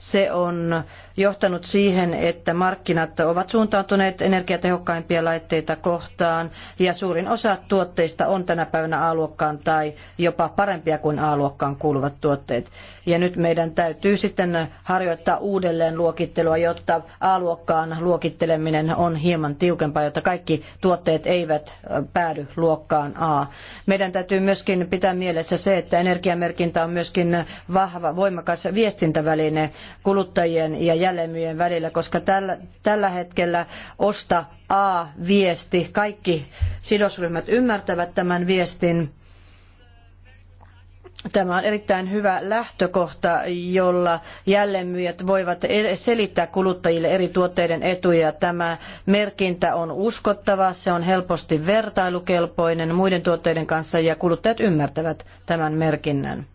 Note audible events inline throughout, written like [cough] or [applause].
Se on johtanut siihen, että markkinat ovat suuntautuneet energiatehokkaimpia laitteita kohtaan ja suurin osa tuotteista on tänä päivänä A-luokkaan tai jopa parempia kuin A-luokkaan kuuluvat tuotteet. Ja nyt meidän täytyy sitten harjoittaa uudelleen luokittelua, jotta A-luokkaan luokitteleminen on hieman tiukempaa, jotta kaikki tuotteet eivät päädy luokkaan A. Meidän täytyy myöskin pitää mielessä se, että energiamerkintä on myöskin vahva, voimakas viestintäväline kuluttajien ja jälleenmyyjien välillä, koska tällä, tällä hetkellä osta A-viesti, kaikki sidosryhmät ymmärtävät tämän viestin, Tämä on erittäin hyvä lähtökohta, jolla jälleenmyyjät voivat selittää kuluttajille eri tuotteiden etuja. Tämä merkintä on uskottava, se on helposti vertailukelpoinen muiden tuotteiden kanssa ja kuluttajat ymmärtävät tämän merkinnän.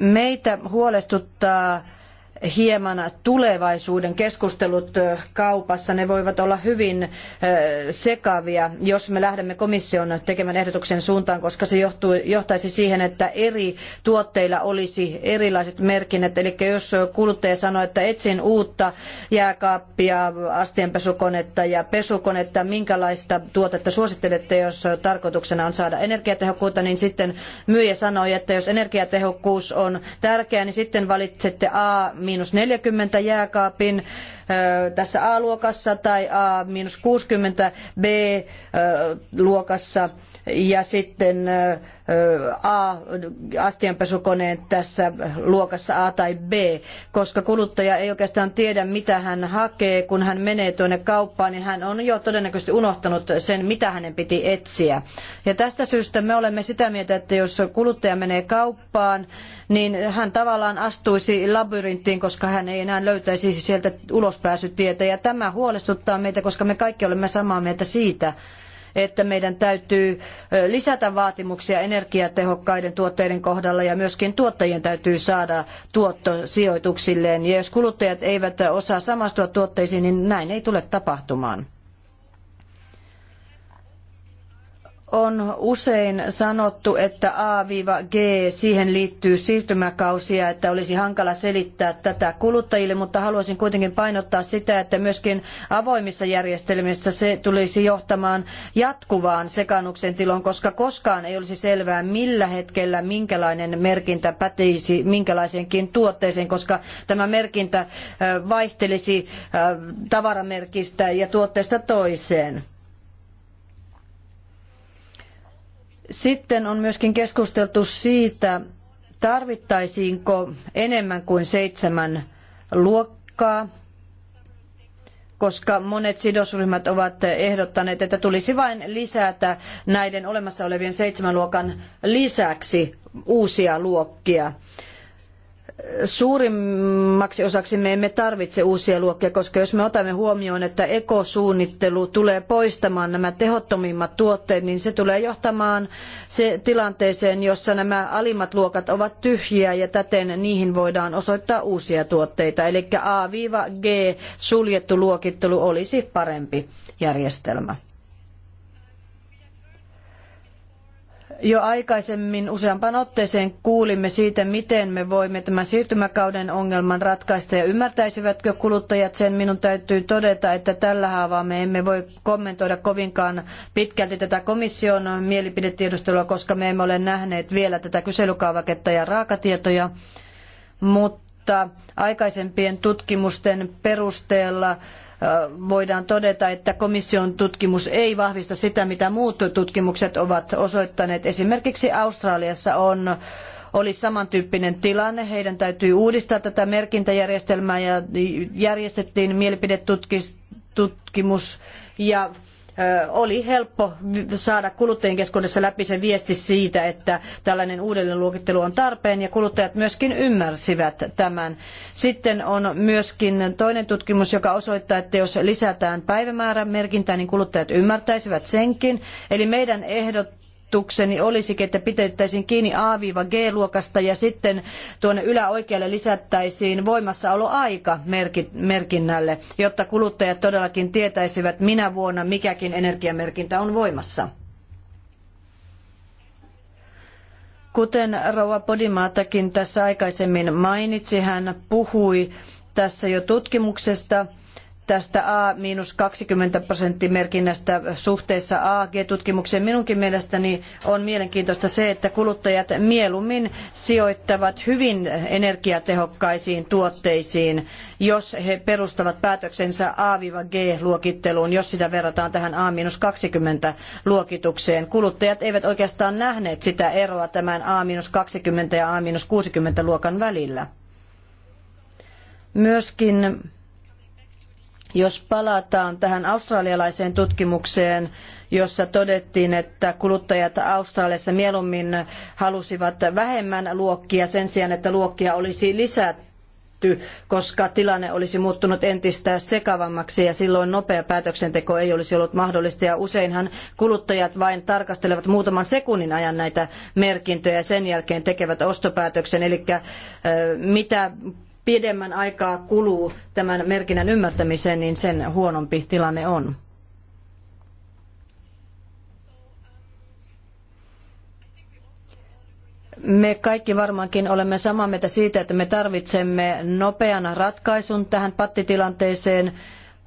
Meitä huolestuttaa hieman tulevaisuuden keskustelut kaupassa, ne voivat olla hyvin sekavia, jos me lähdemme komission tekemän ehdotuksen suuntaan, koska se johtuu, johtaisi siihen, että eri tuotteilla olisi erilaiset merkinnät. Eli jos kuluttaja sanoo, että etsin uutta jääkaappia, astianpesukonetta ja pesukonetta, minkälaista tuotetta suosittelette, jos tarkoituksena on saada energiatehokkuutta, niin sitten myyjä sanoi, että jos energiatehokkuus on tärkeää, niin sitten valitsette A, miinus 40 jääkaapin tässä A-luokassa tai A miinus 60 B-luokassa ja sitten A-astianpesukoneen tässä luokassa A tai B, koska kuluttaja ei oikeastaan tiedä, mitä hän hakee. Kun hän menee tuonne kauppaan, niin hän on jo todennäköisesti unohtanut sen, mitä hänen piti etsiä. Ja tästä syystä me olemme sitä mieltä, että jos kuluttaja menee kauppaan, niin hän tavallaan astuisi labyrinttiin, koska hän ei enää löytäisi sieltä ulospääsytietä. Ja tämä huolestuttaa meitä, koska me kaikki olemme samaa mieltä siitä, että meidän täytyy lisätä vaatimuksia energiatehokkaiden tuotteiden kohdalla ja myöskin tuottajien täytyy saada tuotto sijoituksilleen. Ja jos kuluttajat eivät osaa samastua tuotteisiin, niin näin ei tule tapahtumaan. on usein sanottu, että A-G, siihen liittyy siirtymäkausia, että olisi hankala selittää tätä kuluttajille, mutta haluaisin kuitenkin painottaa sitä, että myöskin avoimissa järjestelmissä se tulisi johtamaan jatkuvaan sekannuksen tiloon, koska koskaan ei olisi selvää, millä hetkellä minkälainen merkintä pätisi minkälaiseenkin tuotteeseen, koska tämä merkintä vaihtelisi tavaramerkistä ja tuotteesta toiseen. Sitten on myöskin keskusteltu siitä, tarvittaisiinko enemmän kuin seitsemän luokkaa, koska monet sidosryhmät ovat ehdottaneet, että tulisi vain lisätä näiden olemassa olevien seitsemän luokan lisäksi uusia luokkia suurimmaksi osaksi me emme tarvitse uusia luokkia, koska jos me otamme huomioon, että ekosuunnittelu tulee poistamaan nämä tehottomimmat tuotteet, niin se tulee johtamaan se tilanteeseen, jossa nämä alimmat luokat ovat tyhjiä ja täten niihin voidaan osoittaa uusia tuotteita. Eli A-G suljettu luokittelu olisi parempi järjestelmä. jo aikaisemmin useampaan otteeseen kuulimme siitä, miten me voimme tämän siirtymäkauden ongelman ratkaista ja ymmärtäisivätkö kuluttajat sen. Minun täytyy todeta, että tällä haavaa me emme voi kommentoida kovinkaan pitkälti tätä komission mielipidetiedustelua, koska me emme ole nähneet vielä tätä kyselykaavaketta ja raakatietoja. Mutta aikaisempien tutkimusten perusteella voidaan todeta, että komission tutkimus ei vahvista sitä, mitä muut tutkimukset ovat osoittaneet. Esimerkiksi Australiassa on oli samantyyppinen tilanne. Heidän täytyy uudistaa tätä merkintäjärjestelmää ja järjestettiin mielipidetutkimus ja oli helppo saada kuluttajien keskuudessa läpi se viesti siitä, että tällainen uudelleenluokittelu on tarpeen ja kuluttajat myöskin ymmärsivät tämän. Sitten on myöskin toinen tutkimus, joka osoittaa, että jos lisätään päivämäärän merkintää, niin kuluttajat ymmärtäisivät senkin. Eli meidän ehdot ehdotukseni olisikin, että pidettäisiin kiinni A-G-luokasta ja sitten tuonne yläoikealle lisättäisiin voimassaoloaika merkinnälle, jotta kuluttajat todellakin tietäisivät minä vuonna mikäkin energiamerkintä on voimassa. Kuten Rouva Podimaatakin tässä aikaisemmin mainitsi, hän puhui tässä jo tutkimuksesta, tästä A-20 prosenttimerkinnästä suhteessa AG-tutkimukseen. Minunkin mielestäni on mielenkiintoista se, että kuluttajat mieluummin sijoittavat hyvin energiatehokkaisiin tuotteisiin, jos he perustavat päätöksensä A-G-luokitteluun, jos sitä verrataan tähän A-20 luokitukseen. Kuluttajat eivät oikeastaan nähneet sitä eroa tämän A-20 ja A-60 luokan välillä. Myöskin jos palataan tähän australialaiseen tutkimukseen, jossa todettiin, että kuluttajat Australiassa mieluummin halusivat vähemmän luokkia sen sijaan, että luokkia olisi lisätty, koska tilanne olisi muuttunut entistä sekavammaksi ja silloin nopea päätöksenteko ei olisi ollut mahdollista. Ja useinhan kuluttajat vain tarkastelevat muutaman sekunnin ajan näitä merkintöjä ja sen jälkeen tekevät ostopäätöksen. Eli mitä pidemmän aikaa kuluu tämän merkinnän ymmärtämiseen, niin sen huonompi tilanne on. Me kaikki varmaankin olemme samaa mieltä siitä, että me tarvitsemme nopean ratkaisun tähän pattitilanteeseen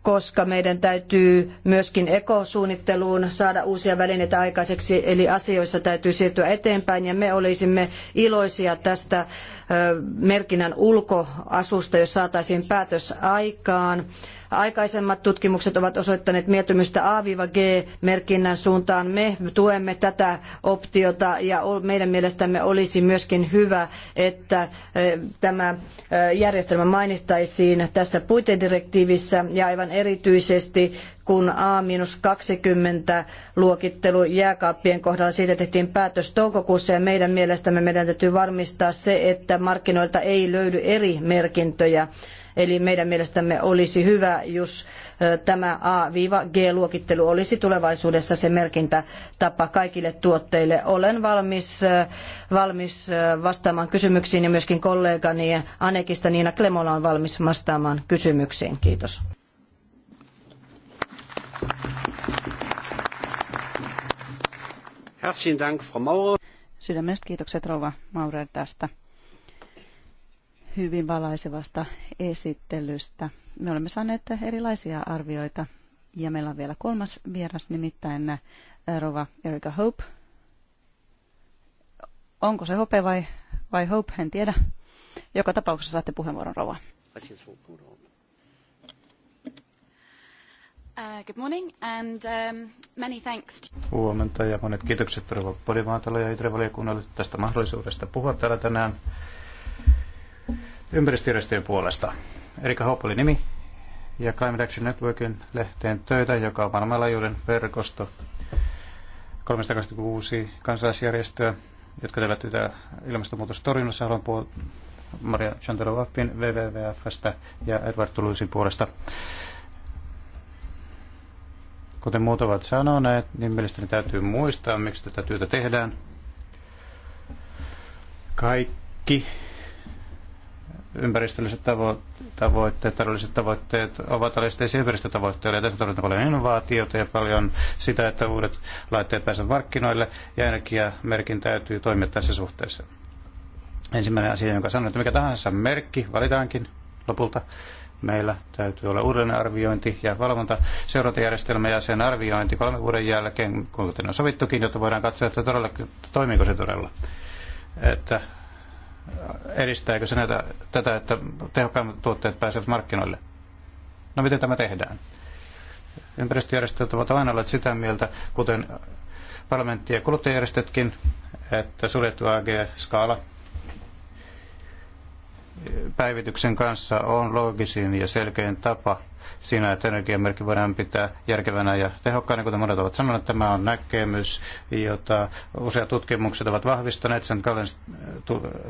koska meidän täytyy myöskin ekosuunnitteluun saada uusia välineitä aikaiseksi, eli asioissa täytyy siirtyä eteenpäin, ja me olisimme iloisia tästä merkinnän ulkoasusta, jos saataisiin päätös aikaan. Aikaisemmat tutkimukset ovat osoittaneet mieltymystä A-G-merkinnän suuntaan. Me tuemme tätä optiota ja meidän mielestämme olisi myöskin hyvä, että e, tämä e, järjestelmä mainistaisiin tässä puitedirektiivissä ja aivan erityisesti kun A-20 luokittelu jääkaappien kohdalla siitä tehtiin päätös toukokuussa ja meidän mielestämme meidän täytyy varmistaa se, että markkinoilta ei löydy eri merkintöjä. Eli meidän mielestämme olisi hyvä, jos tämä A-G-luokittelu olisi tulevaisuudessa se merkintätapa kaikille tuotteille. Olen valmis, valmis vastaamaan kysymyksiin ja myöskin kollegani Anekista Niina Klemola on valmis vastaamaan kysymyksiin. Kiitos. Herzlichen Dank, Frau Maurer. Sydämestä kiitokset rouva Maurer tästä hyvin valaisevasta esittelystä. Me olemme saaneet erilaisia arvioita ja meillä on vielä kolmas vieras, nimittäin äh, Rova Erika Hope. Onko se Hope vai, vai Hope, en tiedä. Joka tapauksessa saatte puheenvuoron, Rova. Uh, good morning and um, many thanks. To... Huomenta ja monet kiitokset Rova Podimaatalo ja itre tästä mahdollisuudesta puhua täällä tänään ympäristöjärjestöjen puolesta. Erika Hopp oli nimi ja Climate Action Networkin lehteen töitä, joka on maailmanlaajuinen verkosto. 326 kansalaisjärjestöä, jotka tekevät työtä ilmastonmuutostorjunnassa. Haluan puhua Maria Chantelovappin WWFstä ja Edward Tuluisin puolesta. Kuten muut ovat sanoneet, niin mielestäni täytyy muistaa, miksi tätä työtä tehdään. Kaikki ympäristölliset tavoitteet, taloudelliset tavoitteet ovat alisteisia ympäristötavoitteille. Ja tässä tarvitaan paljon innovaatiota ja paljon sitä, että uudet laitteet pääsevät markkinoille ja energiamerkin täytyy toimia tässä suhteessa. Ensimmäinen asia, jonka sanon, että mikä tahansa merkki valitaankin lopulta, meillä täytyy olla arviointi ja valvonta, seurantajärjestelmä ja sen arviointi kolmen vuoden jälkeen, kuten on sovittukin, jotta voidaan katsoa, että todella, toimiiko se todella. Että edistääkö se näitä, tätä, että tehokkaimmat tuotteet pääsevät markkinoille? No miten tämä tehdään? Ympäristöjärjestöt ovat aina olleet sitä mieltä, kuten parlamentti- ja kuluttajajärjestötkin, että suljettu AG-skaala päivityksen kanssa on loogisin ja selkein tapa siinä, että energiamerkki voidaan pitää järkevänä ja tehokkaana, kuten monet ovat sanoneet. Tämä on näkemys, jota useat tutkimukset ovat vahvistaneet. Sen Kallen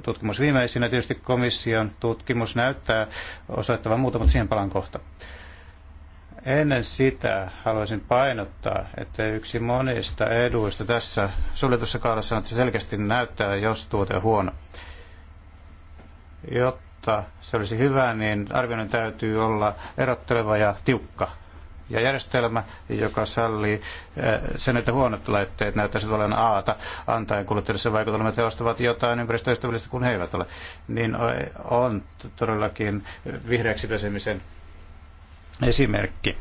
tutkimus viimeisinä tietysti komission tutkimus näyttää osoittavan mutta siihen palaan kohta. Ennen sitä haluaisin painottaa, että yksi monista eduista tässä suljetussa kaalassa on, että se selkeästi näyttää, jos tuote on huono. Jotta se olisi hyvä, niin arvioinnin täytyy olla erotteleva ja tiukka. Ja järjestelmä, joka sallii eh, sen, että huonot laitteet näyttäisivät olevan aata, antaen kuluttajille vaikutelma, että he ostavat jotain ympäristöystävällistä, kun he eivät ole, niin on todellakin vihreäksi pesemisen esimerkki.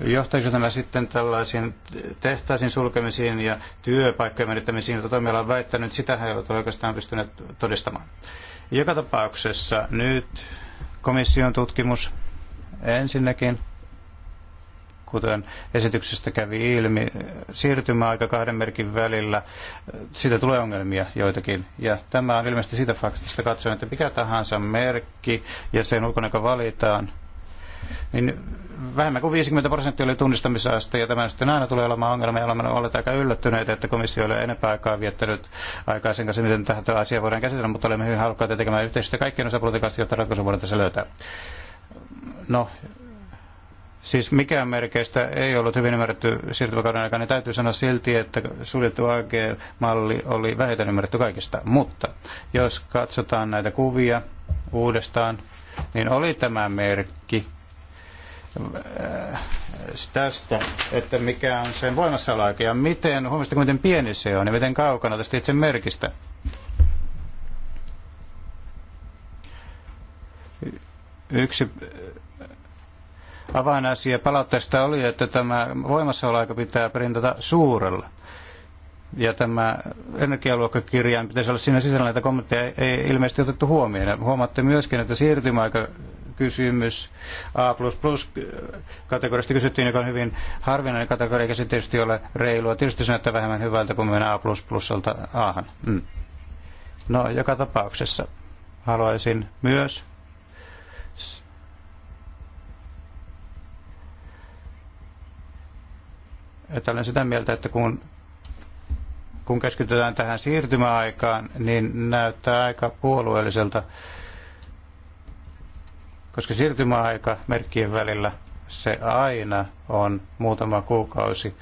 Johtaisiko tämä sitten tällaisiin tehtaisiin sulkemisiin ja työpaikkojen menettämisiin, joita toimiala on väittänyt, sitä he ovat oikeastaan pystyneet todistamaan. Joka tapauksessa nyt komission tutkimus ensinnäkin, kuten esityksestä kävi ilmi, siirtymäaika kahden merkin välillä, siitä tulee ongelmia joitakin. Ja tämä on ilmeisesti siitä faktista katsoen, että mikä tahansa merkki ja sen ulkonäkö valitaan, niin vähemmän kuin 50 prosenttia oli tunnistamisaste, ja tämä sitten aina tulee olemaan ongelma, ja olemme olleet aika yllättyneitä, että komissio ei ole enempää aikaa viettänyt aikaa sen kanssa, miten tähän asiaa voidaan käsitellä, mutta olemme hyvin halukkaita tekemään yhteistyötä kaikkien osapuolten kanssa, jotta ratkaisu voidaan tässä löytää. No, siis mikään merkeistä ei ollut hyvin ymmärretty siirtymäkauden aikana, niin täytyy sanoa silti, että suljettu AG-malli oli vähiten ymmärretty kaikista. Mutta jos katsotaan näitä kuvia uudestaan, niin oli tämä merkki Äh, tästä, että mikä on sen voimassaoloaika ja miten, huomasitteko miten pieni se on ja miten kaukana tästä itse merkistä. Yksi äh, avainasia palautteesta oli, että tämä voimassaoloaika pitää printata suurella. Ja tämä energialuokkakirjain pitäisi olla siinä sisällä että kommentteja ei ilmeisesti otettu huomioon. Ja huomaatte myöskin, että siirtymäaika kysymys. A++ kategoriasta kysyttiin, joka on hyvin harvinainen kategoria, eikä se tietysti ole reilua. Tietysti se näyttää vähemmän hyvältä, kun mennään A++lta Ahan. Mm. No, joka tapauksessa haluaisin myös että olen sitä mieltä, että kun, kun keskitytään tähän siirtymäaikaan, niin näyttää aika puolueelliselta koska siirtymäaika merkkien välillä se aina on muutama kuukausi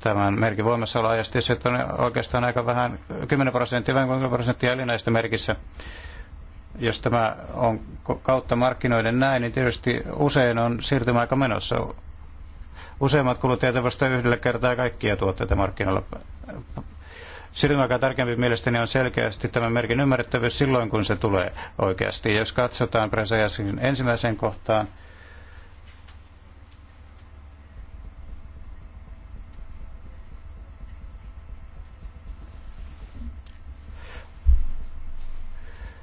tämän merkin voimassaoloajasta, ja se on oikeastaan aika vähän, 10 prosenttia, vähän 10 prosenttia näistä merkissä. Jos tämä on kautta markkinoiden näin, niin tietysti usein on siirtymäaika menossa. Useimmat kuluttajat vasta yhdellä kertaa kaikkia tuotteita markkinoilla Siirtymäaika tärkeämpi mielestäni on selkeästi tämän merkin ymmärrettävyys silloin, kun se tulee oikeasti. Jos katsotaan Presajasin ensimmäiseen kohtaan,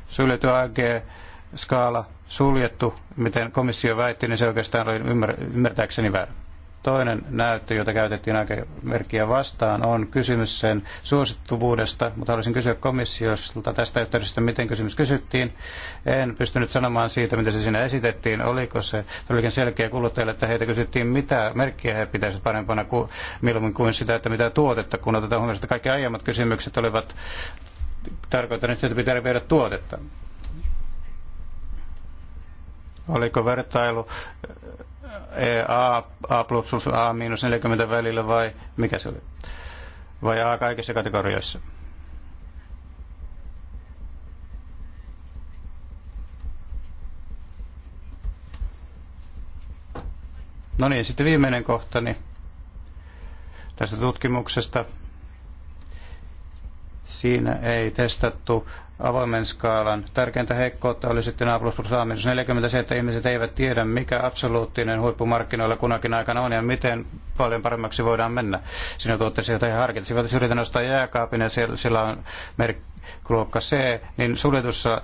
suljettu AG-skaala suljettu, miten komissio väitti, niin se oikeastaan oli ymmär- ymmärtääkseni väärä. Toinen näyttö, jota käytettiin aikamerkkiä vastaan, on kysymys sen suosittuvuudesta, mutta haluaisin kysyä komissiosta tästä yhteydestä, miten kysymys kysyttiin. En pystynyt sanomaan siitä, mitä se siinä esitettiin. Oliko se todellakin selkeä kuluttajille, että heitä kysyttiin, mitä merkkiä he pitäisivät parempana kuin, milloin kuin sitä, että mitä tuotetta, kun otetaan huomioon, että kaikki aiemmat kysymykset olivat tarkoittaneet, että pitää viedä tuotetta. Oliko vertailu eh, eh, A, A plus A miinus 40 välillä vai mikä se oli? Vai A kaikissa kategorioissa? No niin, sitten viimeinen kohtani niin tästä tutkimuksesta. Siinä ei testattu avoimen skaalan. Tärkeintä heikkoutta oli sitten naapurustussaamisessa 40 se, että ihmiset eivät tiedä, mikä absoluuttinen huippumarkkinoilla kunakin aikana on ja miten paljon paremmaksi voidaan mennä. Siinä tuotteessa, jota he harkitsivat, jos yritän ostaa jääkaapin ja siellä, siellä on merkki luokka C, niin suljetussa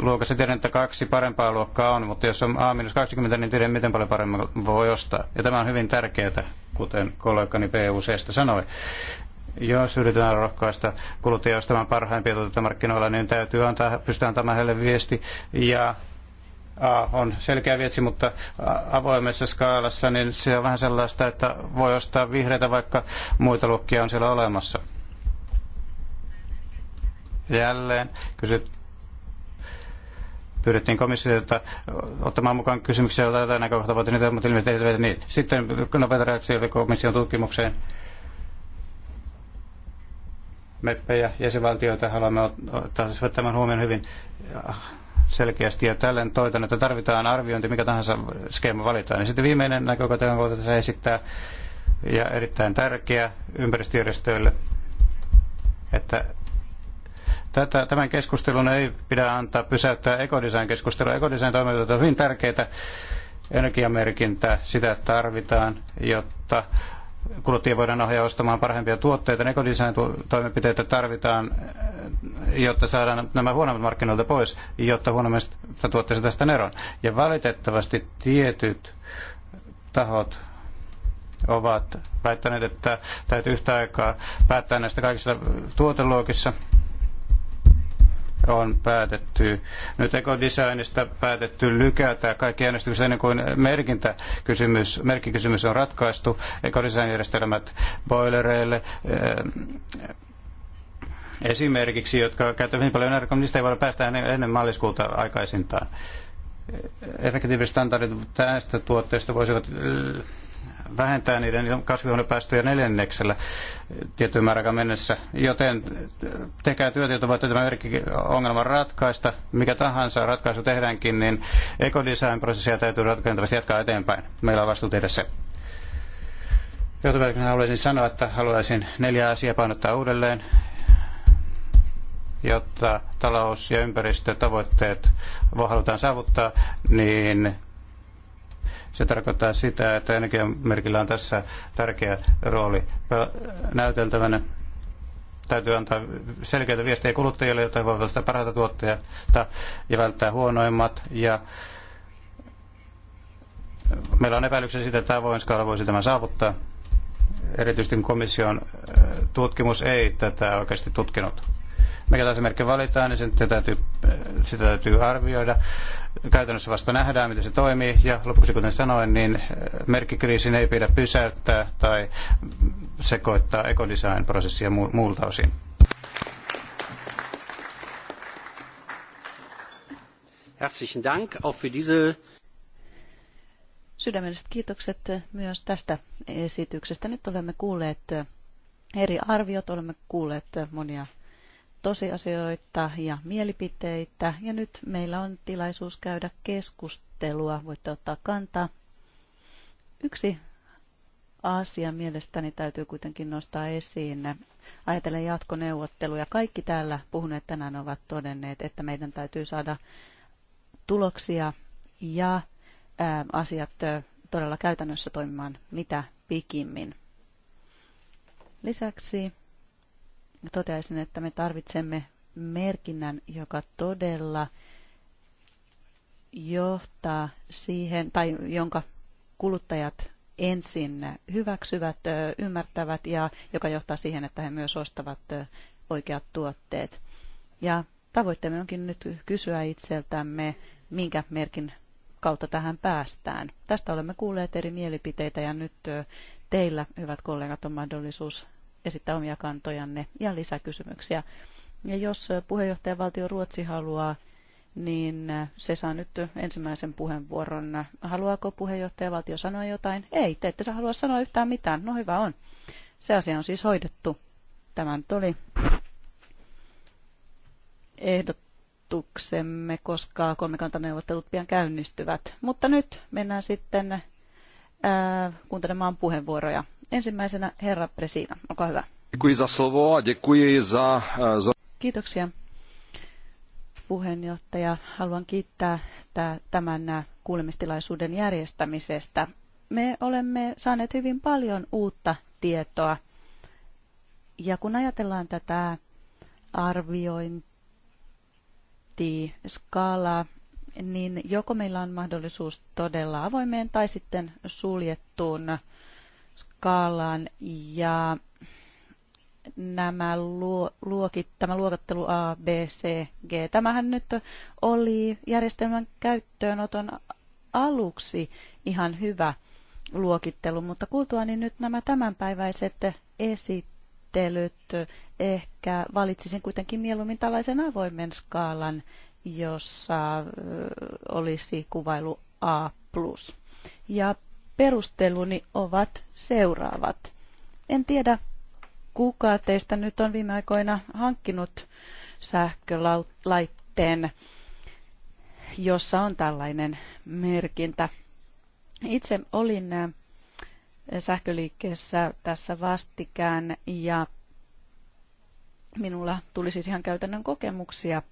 luokassa tiedän, että kaksi parempaa luokkaa on, mutta jos on A-20, niin tiedän, miten paljon paremmin voi ostaa. Ja tämä on hyvin tärkeää, kuten kollegani PUCstä sanoi jos yritetään rohkaista kuluttajia ostamaan parhaimpia tuotteita markkinoilla, niin täytyy antaa, pystyä antamaan heille viesti. Ja A, on selkeä viesti, mutta avoimessa skaalassa niin se on vähän sellaista, että voi ostaa vihreitä, vaikka muita lukkia on siellä olemassa. Jälleen kysyt, pyydettiin komissiota ottamaan mukaan kysymyksiä, joita näkökohta voitiin niitä, mutta ilmeisesti eivät niitä. Sitten nopeita reaktioita komission tutkimukseen meppejä jäsenvaltioita haluamme ottaa siis tämän huomioon hyvin selkeästi ja tällöin toitan, että tarvitaan arviointi, mikä tahansa skeema valitaan. Ja sitten viimeinen näkökohta, jonka voin tässä esittää, ja erittäin tärkeä ympäristöjärjestöille, että tätä, tämän keskustelun ei pidä antaa pysäyttää ekodesign-keskustelua. Ekodesign-toimijat ovat hyvin tärkeitä energiamerkintää, sitä tarvitaan, jotta kuluttajia voidaan ohjaa ostamaan parhempia tuotteita. Ekodesign-toimenpiteitä tarvitaan, eh, jotta saadaan nämä huonommat markkinoilta pois, jotta huonommista tuotteista tästä eroon. Ja valitettavasti tietyt tahot ovat väittäneet, että täytyy yhtä aikaa päättää näistä kaikista tuoteluokissa – on päätetty, nyt ekodesignista päätetty lykätä kaikki äänestykset ennen kuin merkintäkysymys, merkkikysymys on ratkaistu, ekodesign boilereille, eh, esimerkiksi, jotka käyttävät hyvin niin paljon energiaa, niistä ei voida päästä ennen maaliskuuta aikaisintaan. Eh, efektiiviset standardit tästä tuotteesta voisivat eh, vähentää niiden kasvihuonepäästöjä neljänneksellä tietyn määrän mennessä, joten tekää työtä, jotta voitte tämän ongelman ratkaista. Mikä tahansa ratkaisu tehdäänkin, niin ekodesign-prosessia täytyy ratkaisentavasti jatkaa eteenpäin. Meillä on vastuu tehdä se. Johtopäätöksenä haluaisin sanoa, että haluaisin neljä asiaa painottaa uudelleen jotta talous- ja ympäristötavoitteet halutaan saavuttaa, niin se tarkoittaa sitä, että energiamerkillä on tässä tärkeä rooli näyteltävänä. Täytyy antaa selkeitä viestejä kuluttajille, jotta he voivat ostaa parhaita tuotteita ja välttää huonoimmat. Ja meillä on epäilyksiä siitä, että avoin skaala voisi tämän saavuttaa. Erityisesti komission äh, tutkimus ei tätä oikeasti tutkinut mikä taisimerkki valitaan, niin sitä täytyy, sitä täytyy arvioida. Käytännössä vasta nähdään, miten se toimii. Ja lopuksi, kuten sanoin, niin merkkikriisin ei pidä pysäyttää tai sekoittaa ekodesign-prosessia muulta osin. Herzlichen Dank auch für diese Sydämelliset kiitokset myös tästä esityksestä. Nyt olemme kuulleet eri arviot, olemme kuulleet monia tosiasioita ja mielipiteitä. Ja nyt meillä on tilaisuus käydä keskustelua. Voitte ottaa kantaa. Yksi asia mielestäni täytyy kuitenkin nostaa esiin. Ajatellen jatkoneuvotteluja. Kaikki täällä puhuneet tänään ovat todenneet, että meidän täytyy saada tuloksia ja ää, asiat todella käytännössä toimimaan mitä pikimmin. Lisäksi toteaisin, että me tarvitsemme merkinnän, joka todella johtaa siihen, tai jonka kuluttajat ensin hyväksyvät, ymmärtävät ja joka johtaa siihen, että he myös ostavat oikeat tuotteet. Ja tavoitteemme onkin nyt kysyä itseltämme, minkä merkin kautta tähän päästään. Tästä olemme kuulleet eri mielipiteitä ja nyt teillä, hyvät kollegat, on mahdollisuus esittää omia kantojanne ja lisäkysymyksiä. Ja jos puheenjohtajavaltio Ruotsi haluaa, niin se saa nyt ensimmäisen puheenvuoron. Haluaako puheenjohtajavaltio sanoa jotain? Ei, te ette halua sanoa yhtään mitään. No hyvä on. Se asia on siis hoidettu. Tämä nyt oli ehdotuksemme, koska kolmikantaneuvottelut pian käynnistyvät. Mutta nyt mennään sitten ää, äh, kuuntelemaan puheenvuoroja. Ensimmäisenä herra Presina, olkaa hyvä. Eh, Kiitoksia puheenjohtaja. Haluan kiittää tämän eh, kuulemistilaisuuden järjestämisestä. Me olemme saaneet hyvin paljon uutta tietoa. Ja kun ajatellaan tätä arviointiskaalaa, niin joko meillä on mahdollisuus todella avoimeen tai sitten suljettuun skaalaan ja nämä luokit, tämä luokattelu A, B, C, G. Tämähän nyt oli järjestelmän käyttöönoton aluksi ihan hyvä luokittelu, mutta kuultua niin nyt nämä tämänpäiväiset esittelyt ehkä valitsisin kuitenkin mieluummin tällaisen avoimen skaalan, jossa olisi kuvailu A+. Ja perusteluni ovat seuraavat. En tiedä, kuka teistä nyt on viime aikoina hankkinut sähkölaitteen, jossa on tällainen merkintä. Itse olin sähköliikkeessä tässä vastikään ja minulla tuli siis ihan käytännön kokemuksia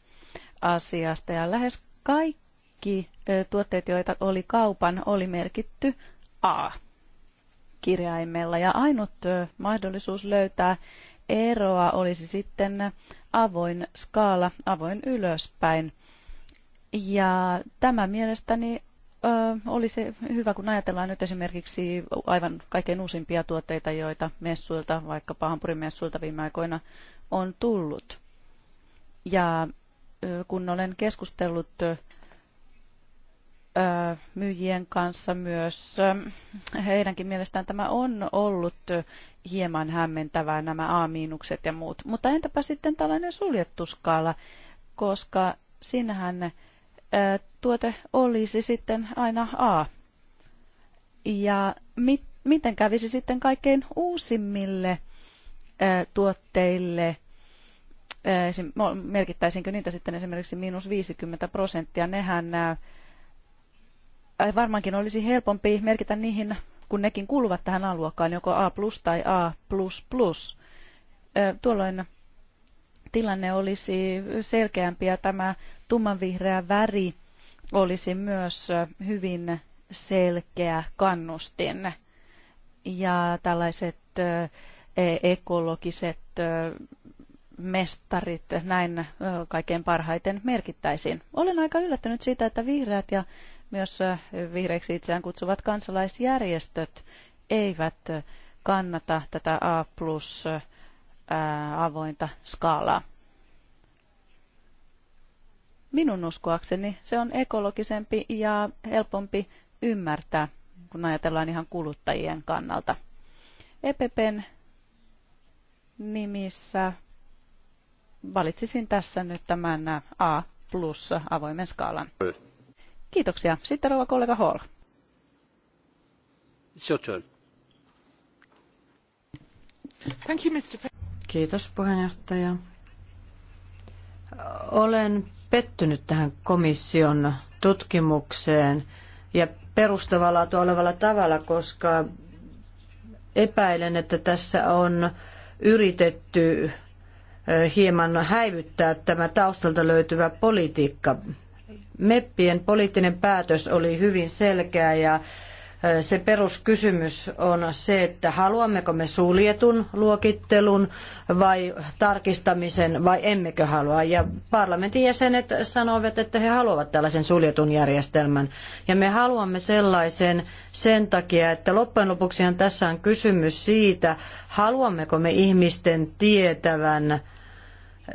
asiasta ja lähes kaikki tuotteet, joita oli kaupan, oli merkitty A kirjaimella. Ja ainut mahdollisuus löytää eroa olisi sitten avoin skaala, avoin ylöspäin. Ja tämä mielestäni ö, olisi hyvä, kun ajatellaan nyt esimerkiksi aivan kaikkein uusimpia tuotteita, joita messuilta, vaikkapa Hampurin messuilta viime aikoina on tullut. Ja ö, kun olen keskustellut ö, myyjien kanssa myös. Heidänkin mielestään tämä on ollut hieman hämmentävää nämä A-miinukset ja muut. Mutta entäpä sitten tällainen suljettu skaala, koska sinähän tuote olisi sitten aina A. Ja mit, miten kävisi sitten kaikkein uusimmille tuotteille – merkittäisinkö niitä sitten esimerkiksi miinus 50 prosenttia, nehän varmaankin olisi helpompi merkitä niihin, kun nekin kuuluvat tähän A-luokkaan, joko A plus tai A plus plus. Tuolloin tilanne olisi selkeämpi ja tämä tummanvihreä väri olisi myös hyvin selkeä kannustin. Ja tällaiset e, ekologiset mestarit näin kaikkein parhaiten merkittäisiin. Olen aika yllättynyt siitä, että vihreät ja myös vihreiksi itseään kutsuvat kansalaisjärjestöt eivät kannata tätä A plus avointa skaalaa. Minun uskoakseni se on ekologisempi ja helpompi ymmärtää, kun ajatellaan ihan kuluttajien kannalta. EPPn nimissä valitsisin tässä nyt tämän A plus avoimen skaalan. Kiitoksia. Sitten rouva kollega Hall. It's your turn. Thank you, Mr. Kiitos puheenjohtaja. Olen pettynyt tähän komission tutkimukseen ja perustavaa olevalla tavalla, koska epäilen, että tässä on yritetty hieman häivyttää tämä taustalta löytyvä politiikka Meppien poliittinen päätös oli hyvin selkeä ja se peruskysymys on se, että haluammeko me suljetun luokittelun vai tarkistamisen vai emmekö halua. Ja parlamentin jäsenet sanoivat, että he haluavat tällaisen suljetun järjestelmän. Ja me haluamme sellaisen sen takia, että loppujen lopuksihan tässä on kysymys siitä, haluammeko me ihmisten tietävän,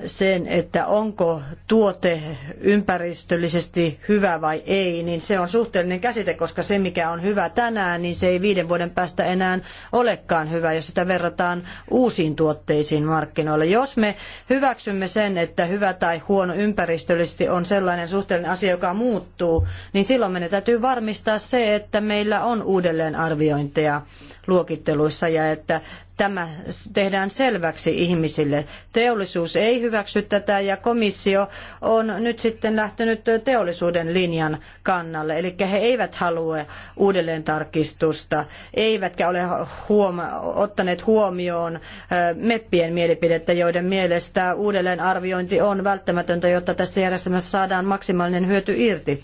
sen, että onko tuote ympäristöllisesti hyvä vai ei, niin se on suhteellinen käsite, koska se mikä on hyvä tänään, niin se ei viiden vuoden päästä enää olekaan hyvä, jos sitä verrataan uusiin tuotteisiin markkinoilla. Jos me hyväksymme sen, että hyvä tai huono ympäristöllisesti on sellainen suhteellinen asia, joka muuttuu, niin silloin meidän täytyy varmistaa se, että meillä on uudelleenarviointeja luokitteluissa ja että tämä tehdään selväksi ihmisille. Teollisuus ei hyväksy tätä ja komissio on nyt sitten lähtenyt teollisuuden linjan kannalle. Eli he eivät halua uudelleen tarkistusta, eivätkä ole huoma- ottaneet huomioon meppien mielipidettä, joiden mielestä uudelleenarviointi on välttämätöntä, jotta tästä järjestelmästä saadaan maksimaalinen hyöty irti.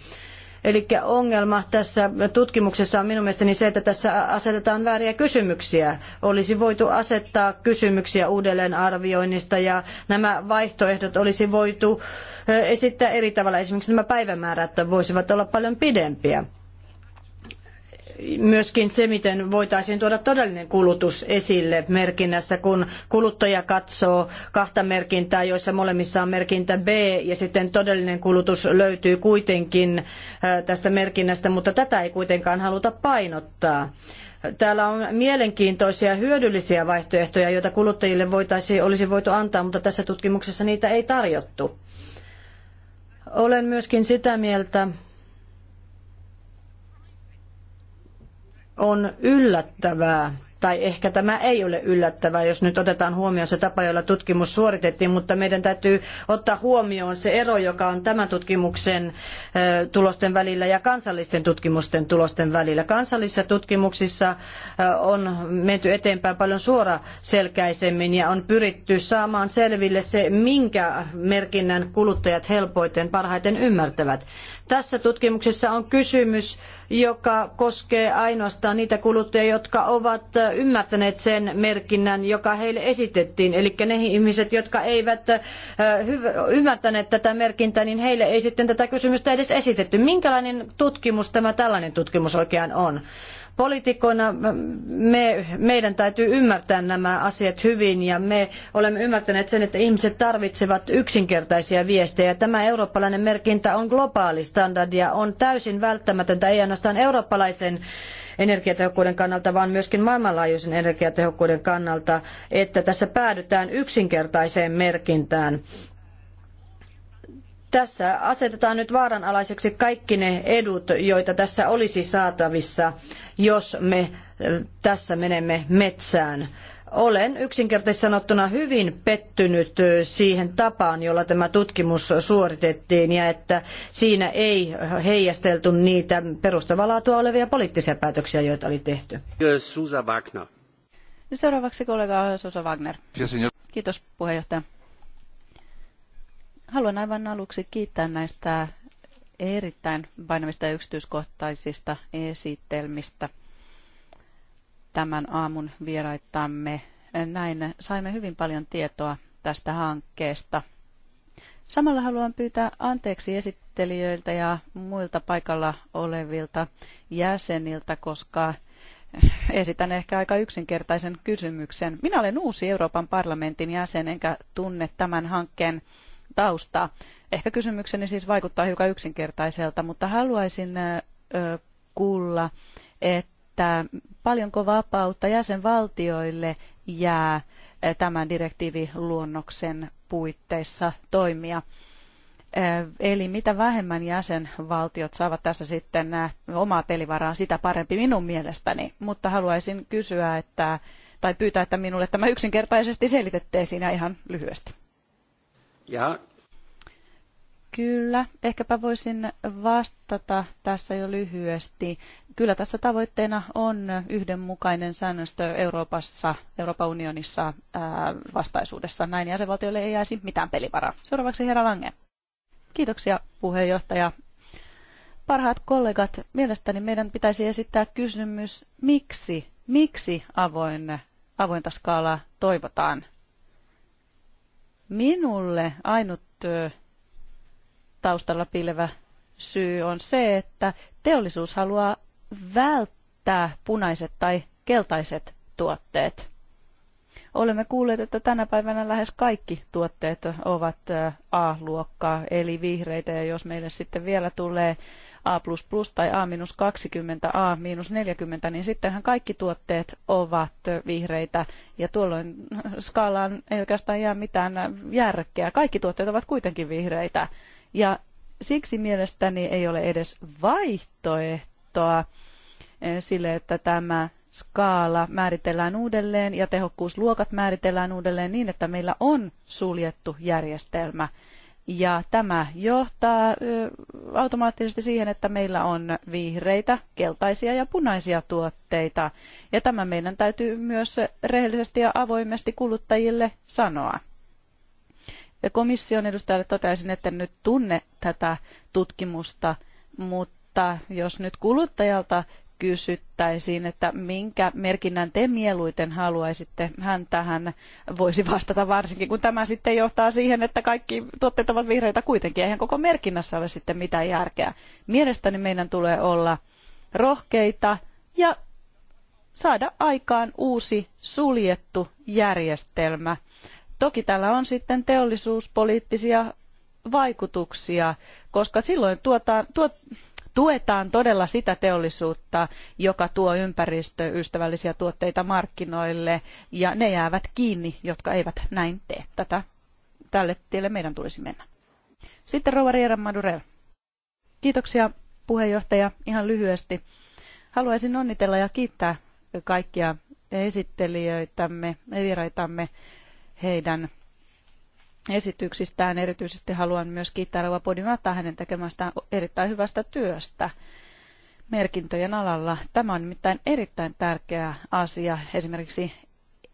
Eli ongelma tässä tutkimuksessa on minun mielestäni se, että tässä asetetaan vääriä kysymyksiä. Olisi voitu asettaa kysymyksiä uudelleenarvioinnista ja nämä vaihtoehdot olisi voitu eh, esittää eri tavalla. Esimerkiksi nämä päivämäärät voisivat olla paljon pidempiä myöskin se, miten voitaisiin tuoda todellinen kulutus esille merkinnässä, kun kuluttaja katsoo kahta merkintää, joissa molemmissa on merkintä B ja sitten todellinen kulutus löytyy kuitenkin äh, tästä merkinnästä, mutta tätä ei kuitenkaan haluta painottaa. Täällä on mielenkiintoisia hyödyllisiä vaihtoehtoja, joita kuluttajille olisi voitu antaa, mutta tässä tutkimuksessa niitä ei tarjottu. Olen myöskin sitä mieltä, on yllättävää, tai ehkä tämä ei ole yllättävää, jos nyt otetaan huomioon se tapa, jolla tutkimus suoritettiin, mutta meidän täytyy ottaa huomioon se ero, joka on tämän tutkimuksen tulosten välillä ja kansallisten tutkimusten tulosten välillä. Kansallisissa tutkimuksissa on menty eteenpäin paljon suoraselkäisemmin ja on pyritty saamaan selville se, minkä merkinnän kuluttajat helpoiten parhaiten ymmärtävät. Tässä tutkimuksessa on kysymys, joka koskee ainoastaan niitä kuluttajia, jotka ovat ymmärtäneet sen merkinnän, joka heille esitettiin. Eli ne ihmiset, jotka eivät ymmärtäneet tätä merkintää, niin heille ei sitten tätä kysymystä edes esitetty. Minkälainen tutkimus tämä tällainen tutkimus oikein on? Poliitikkoina me, meidän täytyy ymmärtää nämä asiat hyvin ja me olemme ymmärtäneet sen, että ihmiset tarvitsevat yksinkertaisia viestejä. Tämä eurooppalainen merkintä on globaali standardi ja on täysin välttämätöntä, ei ainoastaan eurooppalaisen energiatehokkuuden kannalta, vaan myöskin maailmanlaajuisen energiatehokkuuden kannalta, että tässä päädytään yksinkertaiseen merkintään tässä asetetaan nyt vaaranalaiseksi kaikki ne edut, joita tässä olisi saatavissa, jos me tässä menemme metsään. Olen yksinkertaisesti sanottuna hyvin pettynyt siihen tapaan, jolla tämä tutkimus suoritettiin ja että siinä ei heijasteltu niitä perustavalaatua olevia poliittisia päätöksiä, joita oli tehty. Susa Wagner. Seuraavaksi kollega Susa Wagner. Kiitos puheenjohtaja. Haluan aivan aluksi kiittää näistä erittäin painavista yksityiskohtaisista esitelmistä tämän aamun vieraittamme. Näin saimme hyvin paljon tietoa tästä hankkeesta. Samalla haluan pyytää anteeksi esittelijöiltä ja muilta paikalla olevilta jäseniltä, koska esitän ehkä aika yksinkertaisen kysymyksen. Minä olen uusi Euroopan parlamentin jäsen enkä tunne tämän hankkeen taustaa. Ehkä kysymykseni siis vaikuttaa hiukan yksinkertaiselta, mutta haluaisin kuulla, että paljonko vapautta jäsenvaltioille jää tämän direktiiviluonnoksen puitteissa toimia. Eli mitä vähemmän jäsenvaltiot saavat tässä sitten omaa pelivaraa, sitä parempi minun mielestäni. Mutta haluaisin kysyä, että, tai pyytää, että minulle tämä yksinkertaisesti selitettäisiin siinä ihan lyhyesti. Ja, Kyllä, ehkäpä voisin vastata tässä jo lyhyesti. Kyllä tässä tavoitteena on yhdenmukainen säännöstö Euroopassa, Euroopan unionissa ää, vastaisuudessa. Näin jäsenvaltioille ei jäisi mitään pelivaraa. Seuraavaksi herra Lange. Kiitoksia puheenjohtaja. Parhaat kollegat, mielestäni meidän pitäisi esittää kysymys, miksi, miksi avoin, avointa skaalaa toivotaan? Minulle ainut taustalla piilevä syy on se, että teollisuus haluaa välttää punaiset tai keltaiset tuotteet. Olemme kuulleet, että tänä päivänä lähes kaikki tuotteet ovat A-luokkaa, eli vihreitä, ja jos meille sitten vielä tulee A++ tai A-20, A-40, niin sittenhän kaikki tuotteet ovat vihreitä, ja tuolloin skaalaan ei oikeastaan jää mitään järkeä. Kaikki tuotteet ovat kuitenkin vihreitä. Ja siksi mielestäni ei ole edes vaihtoehtoa eh, sille, että tämä skaala määritellään uudelleen ja tehokkuusluokat määritellään uudelleen niin, että meillä on suljettu järjestelmä. Ja tämä johtaa eh, automaattisesti siihen, että meillä on vihreitä, keltaisia ja punaisia tuotteita. Ja tämä meidän täytyy myös rehellisesti ja avoimesti kuluttajille sanoa komission edustajalle toteaisin, että nyt tunne tätä tutkimusta, mutta jos nyt kuluttajalta kysyttäisiin, että minkä merkinnän te mieluiten haluaisitte, hän tähän voisi vastata varsinkin, kun tämä sitten johtaa siihen, että kaikki tuotteet ovat vihreitä kuitenkin. Eihän koko merkinnässä ole sitten mitään järkeä. Mielestäni meidän tulee olla rohkeita ja saada aikaan uusi suljettu järjestelmä – Toki tällä on sitten teollisuuspoliittisia vaikutuksia, koska silloin tuotaan, tuot, tuetaan todella sitä teollisuutta, joka tuo ympäristöystävällisiä tuotteita markkinoille, ja ne jäävät kiinni, jotka eivät näin tee. Tätä, tälle tielle meidän tulisi mennä. Sitten Rova Riera Madurel. Kiitoksia puheenjohtaja ihan lyhyesti. Haluaisin onnitella ja kiittää kaikkia esittelijöitämme, vieraitamme heidän esityksistään. Erityisesti haluan myös kiittää Rova Podimataa hänen tekemästään erittäin hyvästä työstä merkintöjen alalla. Tämä on nimittäin erittäin tärkeä asia esimerkiksi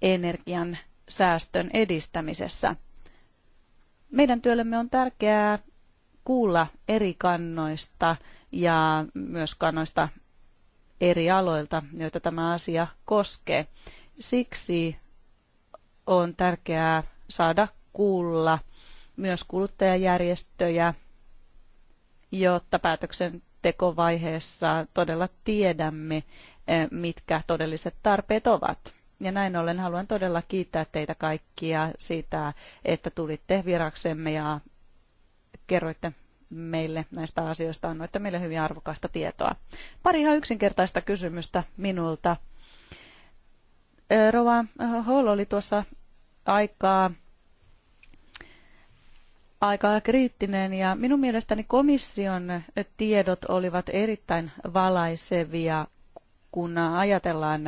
energian säästön edistämisessä. Meidän työllemme on tärkeää kuulla eri kannoista ja myös kannoista eri aloilta, joita tämä asia koskee. Siksi on tärkeää saada kuulla myös kuluttajajärjestöjä, jotta päätöksentekovaiheessa todella tiedämme, eh, mitkä todelliset tarpeet ovat. Ja näin ollen haluan todella kiittää teitä kaikkia siitä, että tulitte viraksemme ja kerroitte meille näistä asioista, annoitte meille hyvin arvokasta tietoa. Pari ihan yksinkertaista kysymystä minulta. Rova Hall oli tuossa aikaa aika kriittinen ja minun mielestäni komission tiedot olivat erittäin valaisevia, kun ajatellaan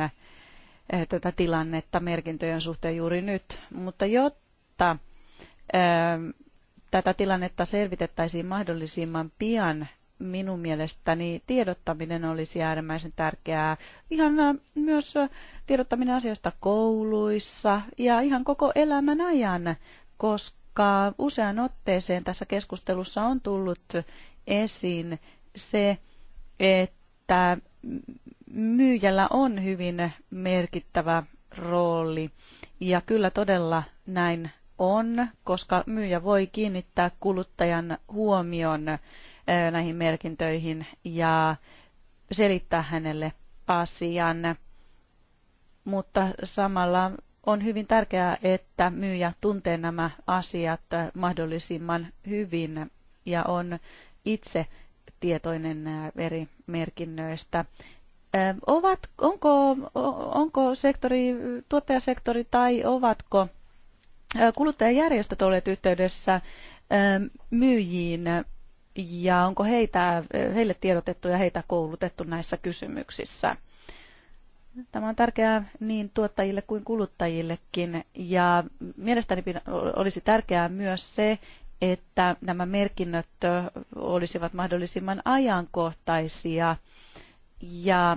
tätä tilannetta merkintöjen suhteen juuri nyt. Mutta jotta tätä tilannetta selvitettäisiin mahdollisimman pian, minun mielestäni tiedottaminen olisi äärimmäisen tärkeää. Ihan äh, myös äh, tiedottaminen asioista kouluissa ja ihan koko elämän ajan, koska usean otteeseen tässä keskustelussa on tullut esiin se, että myyjällä on hyvin merkittävä rooli. Ja kyllä todella näin on, koska myyjä voi kiinnittää kuluttajan huomion näihin merkintöihin ja selittää hänelle asian. Mutta samalla on hyvin tärkeää, että myyjä tuntee nämä asiat mahdollisimman hyvin ja on itse tietoinen eri merkinnöistä. Ovat, onko, onko sektori, tuottajasektori tai ovatko kuluttajajärjestöt olleet yhteydessä myyjiin ja onko heitä, heille tiedotettu ja heitä koulutettu näissä kysymyksissä. Tämä on tärkeää niin tuottajille kuin kuluttajillekin ja mielestäni olisi tärkeää myös se, että nämä merkinnöt olisivat mahdollisimman ajankohtaisia ja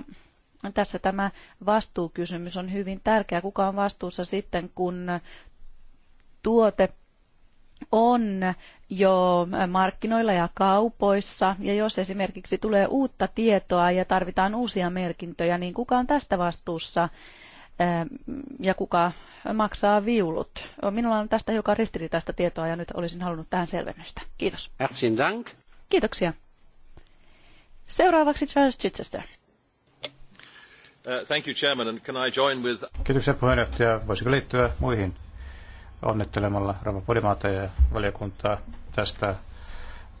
tässä tämä vastuukysymys on hyvin tärkeä. Kuka on vastuussa sitten, kun tuote on jo markkinoilla ja kaupoissa. Ja jos esimerkiksi tulee uutta tietoa ja tarvitaan uusia merkintöjä, niin kuka on tästä vastuussa ja kuka maksaa viulut? Minulla on tästä hiukan ristiriitaista tietoa ja nyt olisin halunnut tähän selvennystä. Kiitos. Herzlichen Dank. Kiitoksia. Seuraavaksi Charles Chichester. Uh, thank you, Chairman, and can I join with... Kiitoksia puheenjohtaja. Voisiko liittyä muihin onnittelemalla Rova Podimaata ja valiokuntaa tästä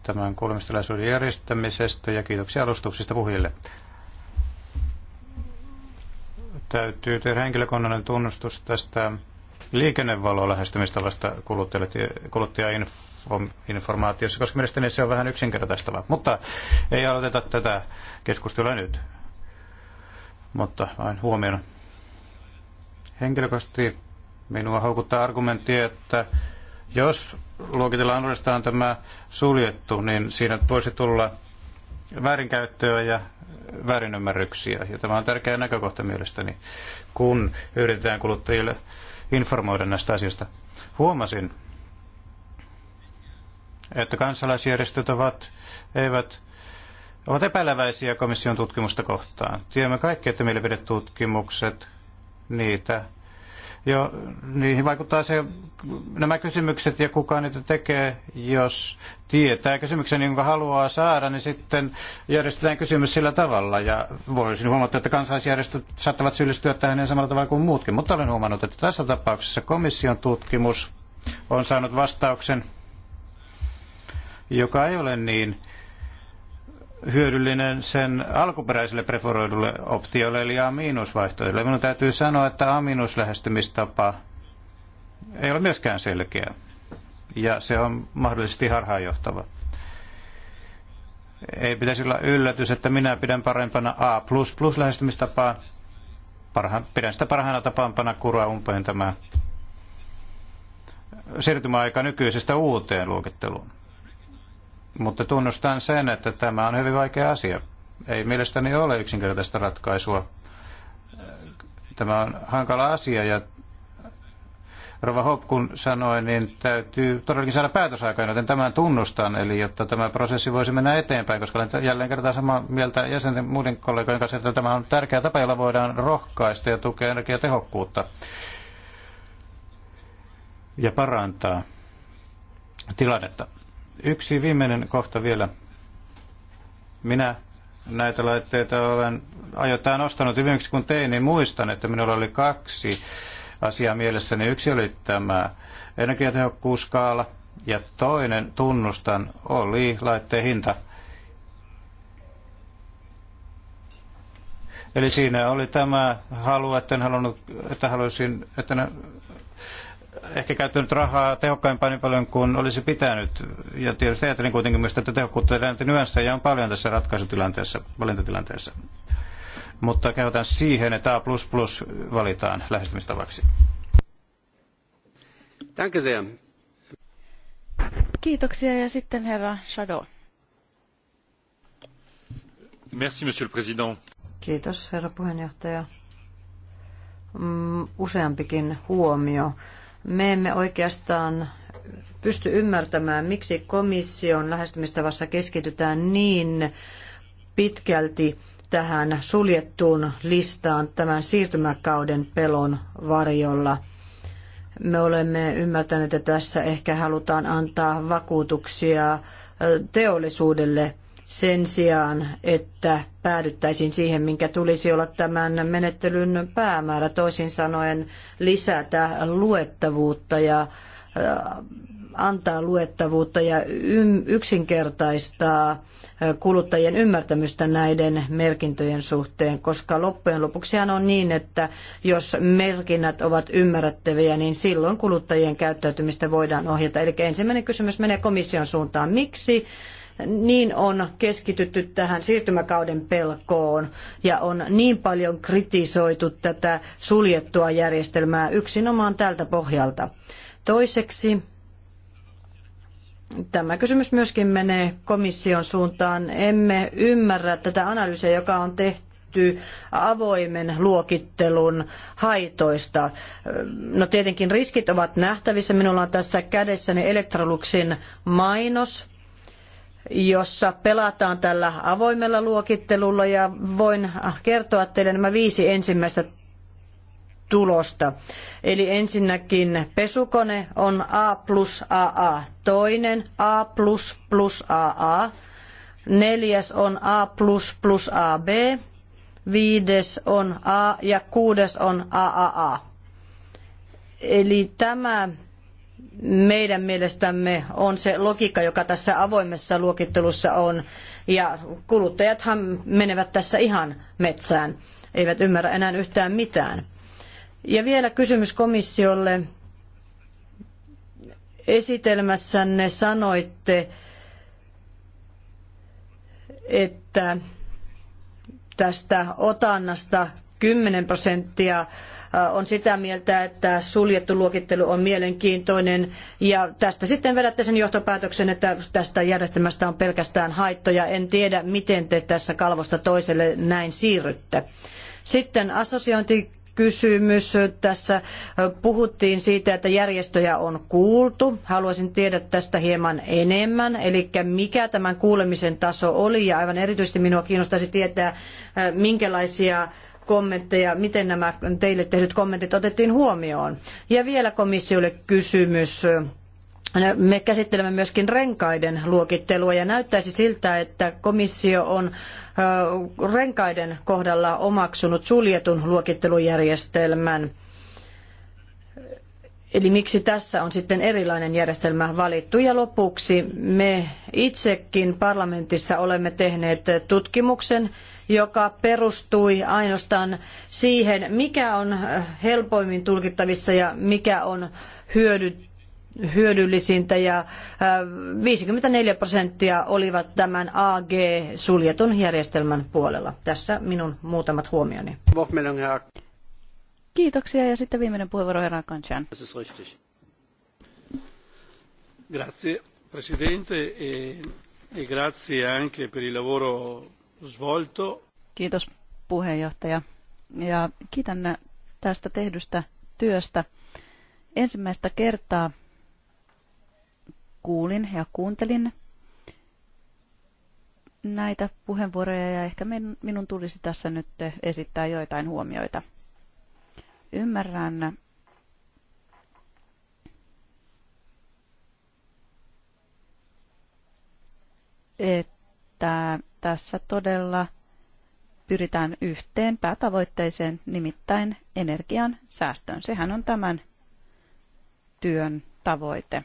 tämän kuulemistilaisuuden järjestämisestä ja kiitoksia alustuksista puhujille. Täytyy tehdä henkilökohtainen tunnustus tästä liikennevaloa lähestymistavasta kuluttajainformaatiossa, koska mielestäni se on vähän yksinkertaistava. Mutta ei aloiteta tätä keskustelua nyt, mutta vain huomiona. Henkilökohtaisesti Minua houkuttaa argumentti, että jos luokitellaan uudestaan tämä suljettu, niin siinä voisi tulla väärinkäyttöä ja väärinymmärryksiä. Ja tämä on tärkeä näkökohta mielestäni, kun yritetään kuluttajille informoida näistä asioista. Huomasin, että kansalaisjärjestöt ovat, eivät, ovat epäileväisiä komission tutkimusta kohtaan. Tiedämme kaikki, että mielipidetutkimukset, niitä Joo, niihin vaikuttaa se, nämä kysymykset ja kuka niitä tekee, jos tietää kysymyksen, jonka haluaa saada, niin sitten järjestetään kysymys sillä tavalla. Ja voisin huomata, että kansalaisjärjestöt saattavat syyllistyä tähän niin samalla tavalla kuin muutkin, mutta olen huomannut, että tässä tapauksessa komission tutkimus on saanut vastauksen, joka ei ole niin hyödyllinen sen alkuperäiselle preferoidulle optiolle eli A-vaihtoehdolle. Minun täytyy sanoa, että A-lähestymistapa ei ole myöskään selkeä ja se on mahdollisesti harhaanjohtava. Ei pitäisi olla yllätys, että minä pidän parempana A++ lähestymistapaa. Parha, pidän sitä parhaana tapampana kuroa umpeen tämä siirtymäaika nykyisestä uuteen luokitteluun. Mutta tunnustan sen, että tämä on hyvin vaikea asia. Ei mielestäni ole yksinkertaista ratkaisua. Tämä on hankala asia ja Rova Hopkun sanoi, niin täytyy todellakin saada päätösaikaan, joten tämän tunnustan, eli jotta tämä prosessi voisi mennä eteenpäin, koska olen jälleen kertaa samaa mieltä jäsenten muiden kollegojen kanssa, että tämä on tärkeä tapa, jolla voidaan rohkaista ja tukea energiatehokkuutta ja parantaa tilannetta. Yksi viimeinen kohta vielä. Minä näitä laitteita olen ajoittain ostanut viimeksi kun tein, niin muistan, että minulla oli kaksi asiaa mielessäni. Yksi oli tämä energiatehokkuuskaala ja toinen, tunnustan, oli laitteen hinta. Eli siinä oli tämä halu, että en halunnut, että haluaisin, että ne ehkä käyttänyt rahaa tehokkaimpaan niin paljon kuin olisi pitänyt. Ja tietysti ajattelin kuitenkin myös, että tehokkuutta ja on paljon tässä ratkaisutilanteessa, valintatilanteessa. Mutta kehotan siihen, että A++ valitaan lähestymistavaksi. Danke sehr. Kiitoksia ja sitten herra Shadow. Merci, monsieur le président. Kiitos, herra puheenjohtaja mm, useampikin huomio. Me emme oikeastaan pysty ymmärtämään, miksi komission lähestymistavassa keskitytään niin pitkälti tähän suljettuun listaan tämän siirtymäkauden pelon varjolla. Me olemme ymmärtäneet, että tässä ehkä halutaan antaa vakuutuksia teollisuudelle – sen sijaan, että päädyttäisiin siihen, minkä tulisi olla tämän menettelyn päämäärä, toisin sanoen lisätä luettavuutta ja äh, antaa luettavuutta ja yksinkertaistaa äh, kuluttajien ymmärtämystä näiden merkintöjen suhteen, koska loppujen lopuksihan on niin, että jos merkinnät ovat ymmärrettäviä, niin silloin kuluttajien käyttäytymistä voidaan ohjata. Eli ensimmäinen kysymys menee komission suuntaan. Miksi niin on keskitytty tähän siirtymäkauden pelkoon ja on niin paljon kritisoitu tätä suljettua järjestelmää yksinomaan tältä pohjalta. Toiseksi Tämä kysymys myöskin menee komission suuntaan. Emme ymmärrä tätä analyysiä, joka on tehty avoimen luokittelun haitoista. No tietenkin riskit ovat nähtävissä. Minulla on tässä kädessäni Electroluxin mainos jossa pelataan tällä avoimella luokittelulla ja voin kertoa teille nämä viisi ensimmäistä tulosta. Eli ensinnäkin pesukone on A plus AA, toinen A plus plus AA, neljäs on A plus plus AB, viides on A ja kuudes on AAA. Eli tämä meidän mielestämme on se logiikka, joka tässä avoimessa luokittelussa on. Ja kuluttajathan menevät tässä ihan metsään, eivät ymmärrä enää yhtään mitään. Ja vielä kysymys komissiolle. Esitelmässänne sanoitte, että tästä otannasta 10 prosenttia Äh, on sitä mieltä, että suljettu luokittelu on mielenkiintoinen ja tästä sitten vedätte sen johtopäätöksen, että tästä järjestelmästä on pelkästään haittoja. En tiedä, miten te tässä kalvosta toiselle näin siirrytte. Sitten assosiointi kysymys. Tässä äh, puhuttiin siitä, että järjestöjä on kuultu. Haluaisin tiedä tästä hieman enemmän, eli mikä tämän kuulemisen taso oli, ja aivan erityisesti minua kiinnostaisi tietää, äh, minkälaisia kommentteja, miten nämä teille tehdyt kommentit otettiin huomioon. Ja vielä komissiolle kysymys. Me käsittelemme myöskin renkaiden luokittelua ja näyttäisi siltä, että komissio on renkaiden kohdalla omaksunut suljetun luokittelujärjestelmän. Eli miksi tässä on sitten erilainen järjestelmä valittu? Ja lopuksi me itsekin parlamentissa olemme tehneet tutkimuksen joka perustui ainoastaan siihen, mikä on äh, helpoimmin tulkittavissa ja mikä on hyödyttävä hyödyllisintä ja 54 äh, prosenttia olivat tämän AG suljetun järjestelmän puolella. Tässä minun muutamat huomioni. Kiitoksia ja sitten viimeinen puheenvuoro herra Kanchan. Grazie Presidente e, e grazie anche per il lavoro svolto. Kiitos puheenjohtaja ja kiitän tästä tehdystä työstä. Ensimmäistä kertaa kuulin ja kuuntelin näitä puheenvuoroja ja ehkä minun tulisi tässä nyt esittää joitain huomioita. Ymmärrän että että tässä todella pyritään yhteen päätavoitteeseen, nimittäin energian säästöön. Sehän on tämän työn tavoite.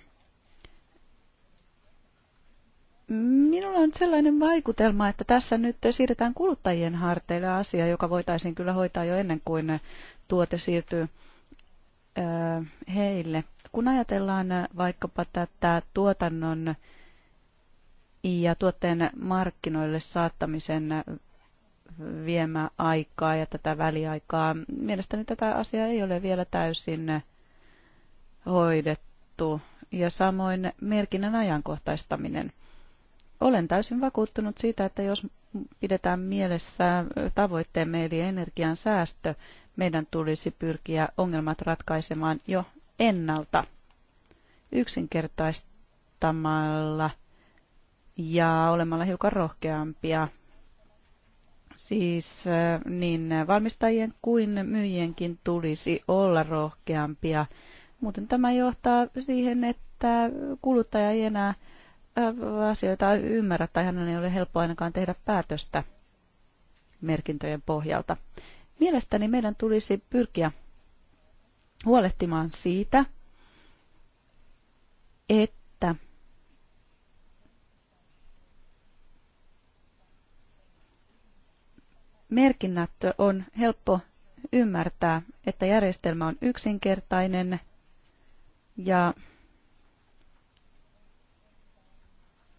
Minulla on sellainen vaikutelma, että tässä nyt siirretään kuluttajien harteille asia, joka voitaisiin kyllä hoitaa jo ennen kuin tuote siirtyy heille. Kun ajatellaan vaikkapa tätä tuotannon ja tuotteen markkinoille saattamisen viemäaikaa ja tätä väliaikaa. Mielestäni tätä asiaa ei ole vielä täysin hoidettu ja samoin merkinnän ajankohtaistaminen. Olen täysin vakuuttunut siitä, että jos pidetään mielessä tavoitteemme eli energian säästö, meidän tulisi pyrkiä ongelmat ratkaisemaan jo ennalta yksinkertaistamalla – ja olemalla hiukan rohkeampia. Siis niin valmistajien kuin myyjienkin tulisi olla rohkeampia. Muuten tämä johtaa siihen, että kuluttaja ei enää asioita ymmärrä tai hänen ei ole helppo ainakaan tehdä päätöstä merkintöjen pohjalta. Mielestäni meidän tulisi pyrkiä huolehtimaan siitä, että merkinnät on helppo ymmärtää, että järjestelmä on yksinkertainen ja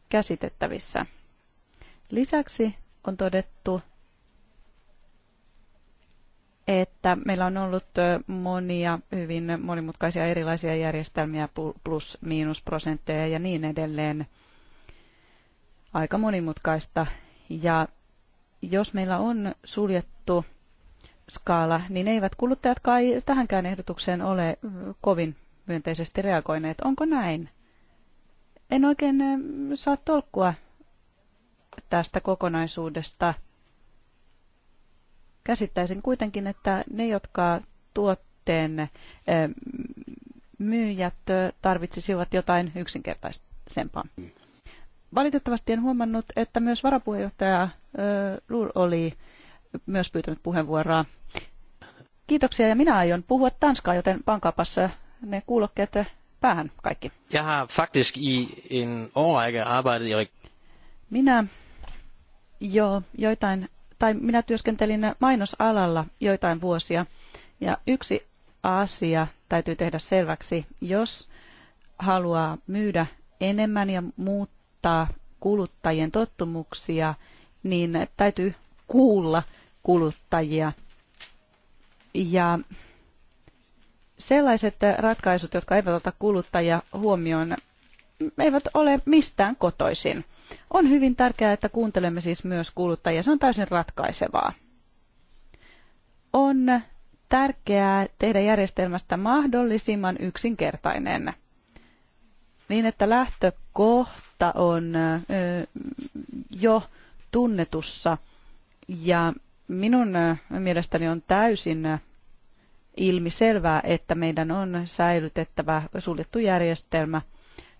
käsitettävissä. Lisäksi on todettu, että meillä on ollut monia hyvin monimutkaisia erilaisia järjestelmiä, plus miinus prosentteja ja niin edelleen. Aika monimutkaista. Ja jos meillä on suljettu skaala, niin eivät kuluttajat kai tähänkään ehdotukseen ole kovin myönteisesti reagoineet. Onko näin? En oikein saa tolkkua tästä kokonaisuudesta. Käsittäisin kuitenkin, että ne, jotka tuotteen myyjät tarvitsisivat jotain yksinkertaisempaa. Valitettavasti en huomannut, että myös varapuheenjohtaja Ruhl oli myös pyytänyt puheenvuoroa. Kiitoksia ja minä aion puhua tanskaa, joten pankaapassa ne kuulokkeet päähän kaikki. en Minä jo joitain, tai minä työskentelin mainosalalla joitain vuosia. Ja yksi asia täytyy tehdä selväksi, jos haluaa myydä enemmän ja muut muuttaa kuluttajien tottumuksia, niin täytyy kuulla kuluttajia. Ja sellaiset ratkaisut, jotka eivät ota kuluttajia huomioon, eivät ole mistään kotoisin. On hyvin tärkeää, että kuuntelemme siis myös kuluttajia. Se on täysin ratkaisevaa. On tärkeää tehdä järjestelmästä mahdollisimman yksinkertainen, niin että lähtökohta tarvetta on jo tunnetussa ja minun mielestäni on täysin ilmiselvää, että meidän on säilytettävä suljettu järjestelmä,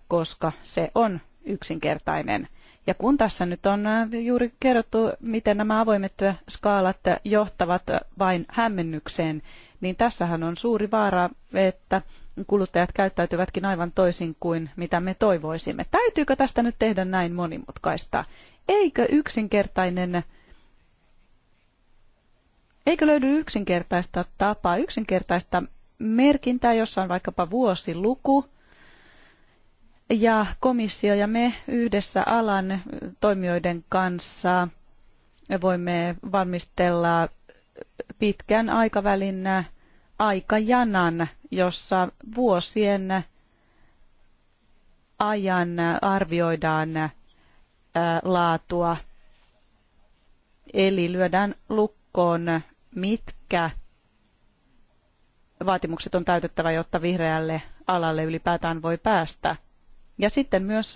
koska se on yksinkertainen. Ja kun tässä nyt on juuri kerrottu, miten nämä avoimet skaalat johtavat vain hämmennykseen, niin tässähän on suuri vaara, että kuluttajat käyttäytyvätkin aivan toisin kuin mitä me toivoisimme. Täytyykö tästä nyt tehdä näin monimutkaista? Eikö yksinkertainen Eikö löydy yksinkertaista tapaa, yksinkertaista merkintää, jossa on vaikkapa vuosiluku, ja komissio ja me yhdessä alan toimijoiden kanssa voimme valmistella pitkän aikavälin aikajanan, jossa vuosien ajan arvioidaan laatua. Eli lyödään lukkoon, mitkä vaatimukset on täytettävä, jotta vihreälle alalle ylipäätään voi päästä. Ja sitten myös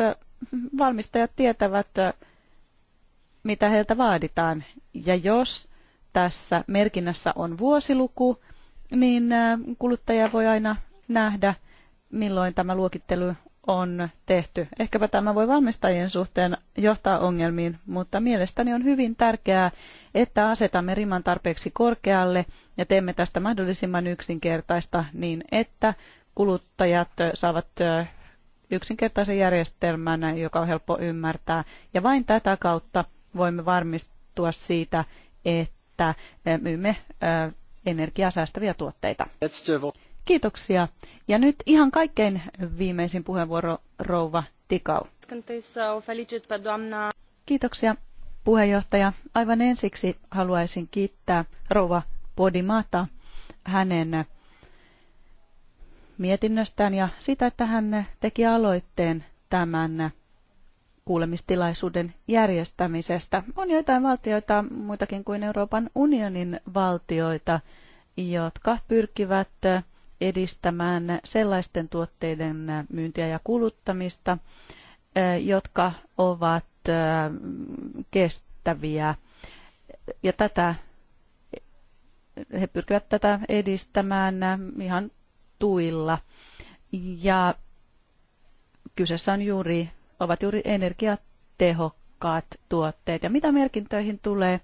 valmistajat tietävät, mitä heiltä vaaditaan. Ja jos tässä merkinnässä on vuosiluku, niin äh, kuluttaja voi aina nähdä, milloin tämä luokittelu on tehty. Ehkäpä tämä voi valmistajien suhteen johtaa ongelmiin, mutta mielestäni on hyvin tärkeää, että asetamme riman tarpeeksi korkealle ja teemme tästä mahdollisimman yksinkertaista niin, että kuluttajat saavat äh, yksinkertaisen järjestelmän, joka on helppo ymmärtää. Ja vain tätä kautta voimme varmistua siitä, että äh, myymme säästäviä tuotteita. Kiitoksia. Ja nyt ihan kaikkein viimeisin puheenvuoro rouva Tikau. Kiitoksia puheenjohtaja. Aivan ensiksi haluaisin kiittää rouva Podimata hänen mietinnöstään ja sitä, että hän teki aloitteen tämän kuulemistilaisuuden järjestämisestä. On joitain valtioita, muitakin kuin Euroopan unionin valtioita, jotka pyrkivät edistämään sellaisten tuotteiden myyntiä ja kuluttamista, eh, jotka ovat eh, kestäviä. Ja tätä, he pyrkivät tätä edistämään eh, ihan tuilla. Ja kyseessä on juuri ovat juuri energiatehokkaat tuotteet. Ja mitä merkintöihin tulee?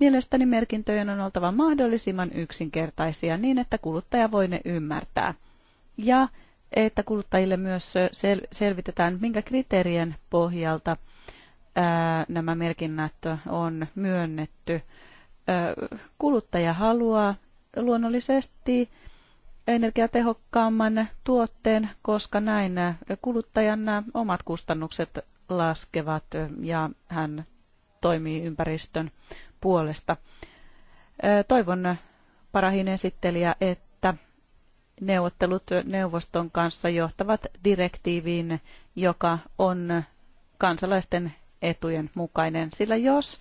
Mielestäni merkintöjen on oltava mahdollisimman yksinkertaisia niin, että kuluttaja voi ne ymmärtää. Ja että kuluttajille myös sel- selvitetään, minkä kriteerien pohjalta ää, nämä merkinnät on myönnetty. Ää, kuluttaja haluaa luonnollisesti energiatehokkaamman tuotteen, koska näin kuluttajan omat kustannukset laskevat ja hän toimii ympäristön puolesta. Toivon parahin esittelijä, että neuvottelut neuvoston kanssa johtavat direktiiviin, joka on kansalaisten etujen mukainen, sillä jos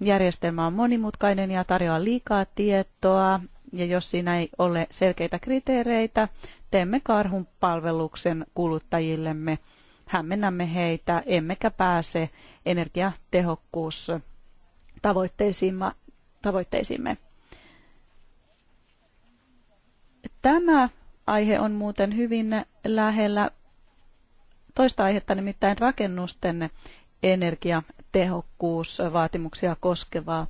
järjestelmä on monimutkainen ja tarjoaa liikaa tietoa, ja jos siinä ei ole selkeitä kriteereitä, teemme karhun palveluksen kuluttajillemme, hämmennämme heitä, emmekä pääse energiatehokkuus tavoitteisiimme. Tämä aihe on muuten hyvin lähellä toista aihetta, nimittäin rakennusten energiatehokkuusvaatimuksia koskevaa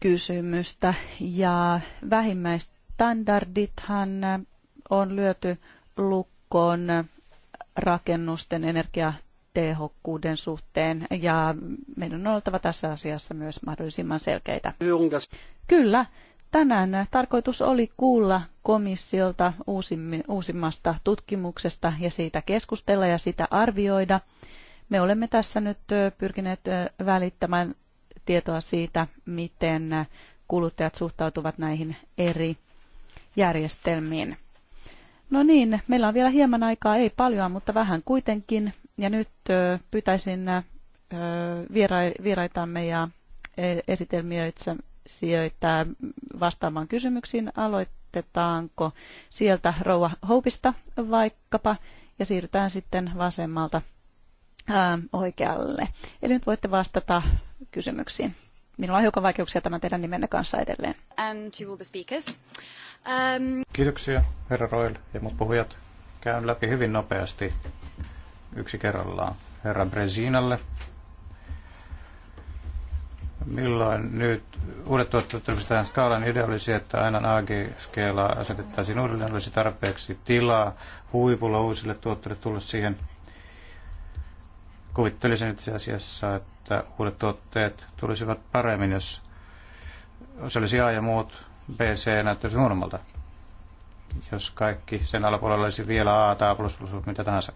kysymystä ja vähimmäistandardithan on lyöty lukkoon rakennusten energiatehokkuuden suhteen ja meidän on oltava tässä asiassa myös mahdollisimman selkeitä. Kyllä, tänään tarkoitus oli kuulla komissiolta uusimmasta tutkimuksesta ja siitä keskustella ja sitä arvioida. Me olemme tässä nyt pyrkineet välittämään tietoa siitä, miten kuluttajat suhtautuvat näihin eri järjestelmiin. No niin, meillä on vielä hieman aikaa, ei paljon, mutta vähän kuitenkin. Ja nyt pyytäisin vieraitamme ja e, esitelmiöitä vastaamaan kysymyksiin. Aloitetaanko sieltä Rouva Houpista vaikkapa ja siirrytään sitten vasemmalta oikealle. Eli nyt voitte vastata kysymyksiin. Minulla on hiukan vaikeuksia tämän teidän nimenne kanssa edelleen. And to all the speakers. Um... Kiitoksia, herra Roel ja muut puhujat. Käyn läpi hyvin nopeasti yksi kerrallaan herra Brezinalle. Milloin nyt uudet tuotteet tähän skaalan idea olisi, että aina AG-skeela asetettaisiin uudelleen, olisi tarpeeksi tilaa huipulla uusille tuotteille tulla siihen Kuvittelisin itse asiassa, että uudet tuotteet tulisivat paremmin, jos se olisi A ja muut BC näyttäisi huonommalta. Jos kaikki sen alapuolella olisi vielä A tai plus, mitä tahansa,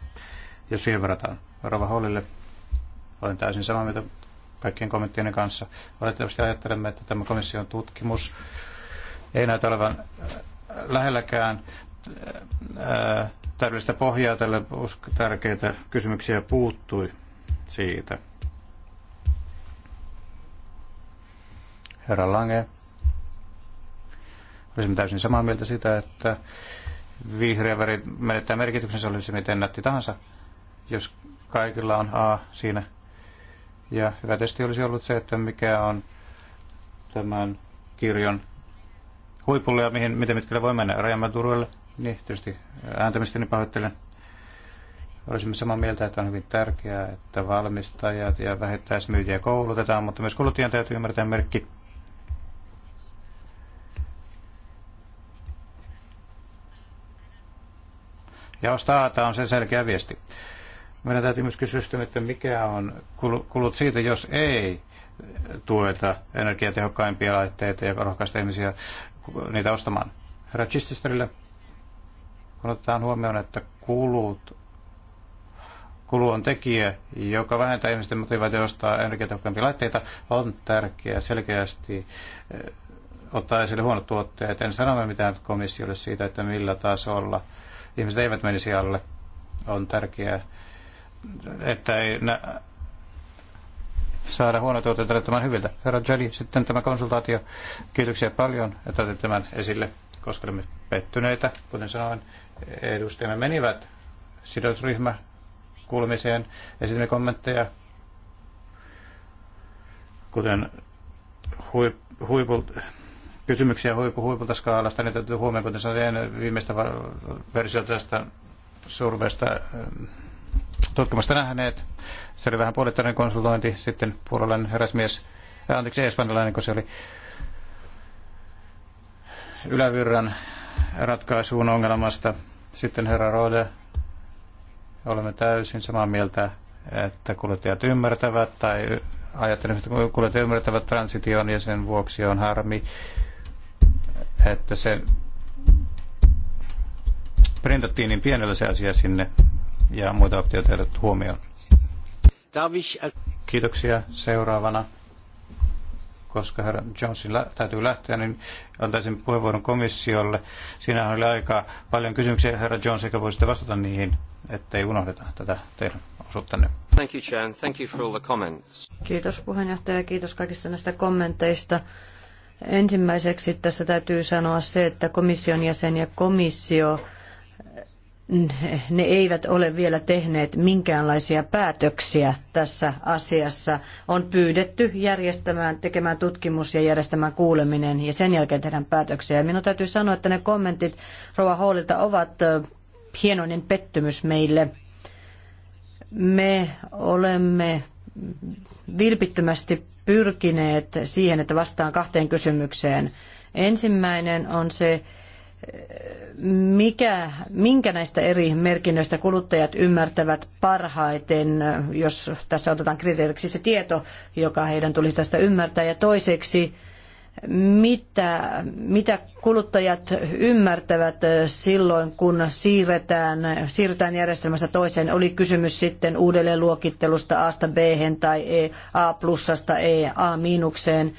jos siihen verrataan. Rova Hollille olen täysin samaa mieltä kaikkien kommenttien kanssa. Valitettavasti ajattelemme, että tämä komission tutkimus ei näytä olevan äh, lähelläkään äh, täydellistä pohjaa tälle tärkeitä kysymyksiä puuttui siitä. Herra Lange, olisimme täysin samaa mieltä sitä, että vihreä väri menettää merkityksensä, olisi miten nätti tahansa, jos kaikilla on A siinä. Ja hyvä testi olisi ollut se, että mikä on tämän kirjon huipulle ja mihin, miten mitkälle voi mennä. rajamaturuille. niin tietysti ääntämistäni niin pahoittelen. Olisimme samaa mieltä, että on hyvin tärkeää, että valmistajat ja vähittäismyyjiä koulutetaan, mutta myös kuluttajan täytyy ymmärtää merkki. Ja ostaa tämä on sen selkeä viesti. Meidän täytyy myös kysyä että mikä on kulut siitä, jos ei tueta energiatehokkaimpia laitteita ja rohkaista ihmisiä niitä ostamaan. Herra Chichesterille, kun otetaan huomioon, että kulut kulu on tekijä, joka vähentää ihmisten motivaatiota ostaa energiatehokkaampia laitteita, on tärkeä selkeästi eh, ottaa esille huonot tuotteet. En sano mitään komissiolle siitä, että millä tasolla ihmiset eivät menisi alle. On tärkeää, että ei nä- saada huonot tuotteita näyttämään hyviltä. Herra Jelly, sitten tämä konsultaatio. Kiitoksia paljon, että otit tämän esille, koska olemme pettyneitä. Kuten sanoin, edustajamme menivät sidosryhmä kuulemiseen. Esitimme kommentteja, kuten huip, huipult, kysymyksiä huipu, huipulta skaalasta, niin täytyy huomioon, kuten sanoin viimeistä versiota tästä surveesta ähm, tutkimusta nähneet. Se oli vähän puolittainen konsultointi, sitten puolalainen herrasmies äh, anteeksi espanjalainen, kun se oli ylävirran ratkaisuun ongelmasta. Sitten herra Rode Olemme täysin samaa mieltä, että kuljettajat ymmärtävät tai ajattelemme, että kuljettajat ymmärtävät transition ja sen vuoksi on harmi, että se printattiin niin pienellä se asia sinne ja muita optioita ei otettu huomioon. Kiitoksia. Seuraavana koska herra Johnson täytyy lähteä, niin antaisin puheenvuoron komissiolle. Siinä oli aika paljon kysymyksiä, herra Johnson, eikä voisitte vastata niihin, ettei unohdeta tätä teidän osuuttanne. Thank you, Chan. Thank you for all the comments. Kiitos puheenjohtaja ja kiitos kaikista näistä kommenteista. Ensimmäiseksi tässä täytyy sanoa se, että komission jäsen ja komissio ne eivät ole vielä tehneet minkäänlaisia päätöksiä tässä asiassa. On pyydetty järjestämään, tekemään tutkimus ja järjestämään kuuleminen ja sen jälkeen tehdään päätöksiä. Ja minun täytyy sanoa, että ne kommentit Rova Hallilta ovat hienoinen pettymys meille. Me olemme vilpittömästi pyrkineet siihen, että vastaan kahteen kysymykseen. Ensimmäinen on se, mikä, minkä näistä eri merkinnöistä kuluttajat ymmärtävät parhaiten, jos tässä otetaan kriteeriksi se tieto, joka heidän tulisi tästä ymmärtää. Ja toiseksi, mitä, mitä kuluttajat ymmärtävät silloin, kun siirretään, siirrytään järjestelmästä toiseen, oli kysymys sitten uudelleenluokittelusta luokittelusta a b tai e, A-plussasta E A-miinukseen.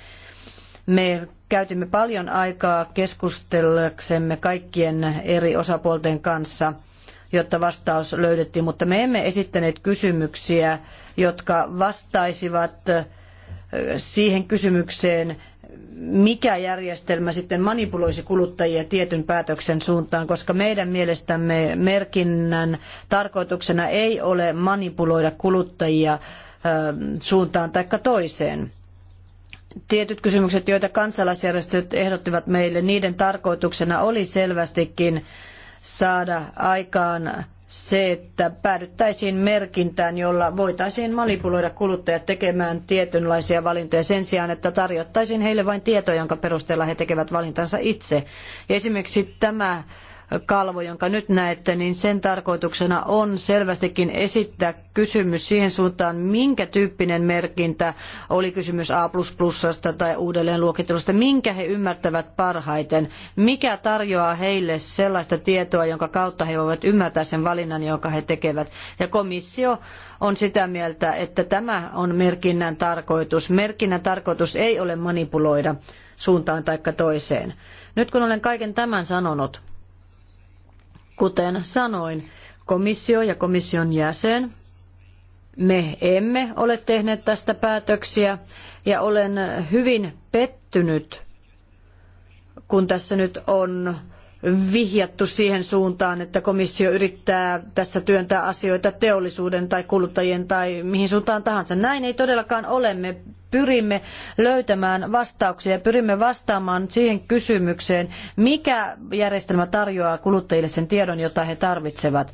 Me käytimme paljon aikaa keskustellaksemme kaikkien eri osapuolten kanssa, jotta vastaus löydettiin, mutta me emme esittäneet kysymyksiä, jotka vastaisivat siihen kysymykseen, mikä järjestelmä sitten manipuloisi kuluttajia tietyn päätöksen suuntaan, koska meidän mielestämme merkinnän tarkoituksena ei ole manipuloida kuluttajia suuntaan taikka toiseen. Tietyt kysymykset, joita kansalaisjärjestöt ehdottivat meille, niiden tarkoituksena oli selvästikin saada aikaan se, että päädyttäisiin merkintään, jolla voitaisiin manipuloida kuluttajat tekemään tietynlaisia valintoja sen sijaan, että tarjottaisiin heille vain tietoja, jonka perusteella he tekevät valintansa itse. esimerkiksi tämä kalvo, jonka nyt näette, niin sen tarkoituksena on selvästikin esittää kysymys siihen suuntaan, minkä tyyppinen merkintä, oli kysymys A++ tai uudelleenluokittelusta, minkä he ymmärtävät parhaiten, mikä tarjoaa heille sellaista tietoa, jonka kautta he voivat ymmärtää sen valinnan, jonka he tekevät. Ja komissio on sitä mieltä, että tämä on merkinnän tarkoitus. Merkinnän tarkoitus ei ole manipuloida suuntaan taikka toiseen. Nyt kun olen kaiken tämän sanonut, Kuten sanoin, komissio ja komission jäsen, me emme ole tehneet tästä päätöksiä ja olen hyvin pettynyt, kun tässä nyt on vihjattu siihen suuntaan, että komissio yrittää tässä työntää asioita teollisuuden tai kuluttajien tai mihin suuntaan tahansa. Näin ei todellakaan ole. Me pyrimme löytämään vastauksia ja pyrimme vastaamaan siihen kysymykseen, mikä järjestelmä tarjoaa kuluttajille sen tiedon, jota he tarvitsevat.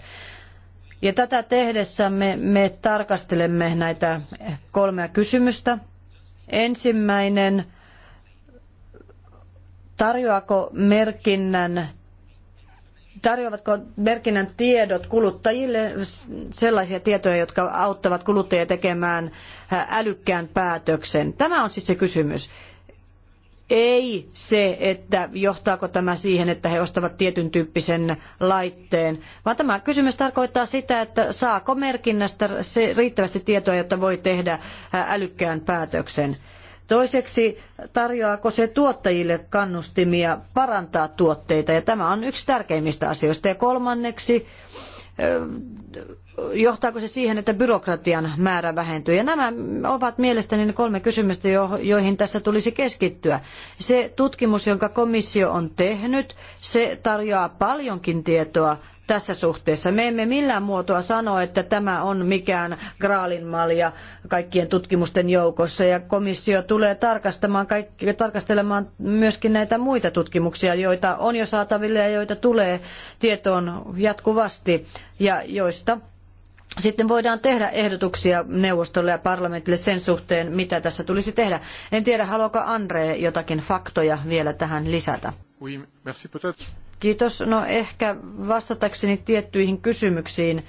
Ja tätä tehdessämme me tarkastelemme näitä kolmea kysymystä. Ensimmäinen, tarjoako merkinnän tarjoavatko merkinnän tiedot kuluttajille sellaisia tietoja, jotka auttavat kuluttajia tekemään älykkään päätöksen? Tämä on siis se kysymys. Ei se, että johtaako tämä siihen, että he ostavat tietyn tyyppisen laitteen, vaan tämä kysymys tarkoittaa sitä, että saako merkinnästä riittävästi tietoa, jotta voi tehdä älykkään päätöksen. Toiseksi, tarjoaako se tuottajille kannustimia parantaa tuotteita, ja tämä on yksi tärkeimmistä asioista. Ja kolmanneksi, johtaako se siihen, että byrokratian määrä vähentyy? Ja nämä ovat mielestäni ne kolme kysymystä, joihin tässä tulisi keskittyä. Se tutkimus, jonka komissio on tehnyt, se tarjoaa paljonkin tietoa tässä suhteessa. Me emme millään muotoa sano, että tämä on mikään graalinmalja kaikkien tutkimusten joukossa ja komissio tulee tarkastamaan kaikki, tarkastelemaan myöskin näitä muita tutkimuksia, joita on jo saatavilla ja joita tulee tietoon jatkuvasti ja joista sitten voidaan tehdä ehdotuksia neuvostolle ja parlamentille sen suhteen, mitä tässä tulisi tehdä. En tiedä, haluaako Andre jotakin faktoja vielä tähän lisätä. Kiitos. No ehkä vastatakseni tiettyihin kysymyksiin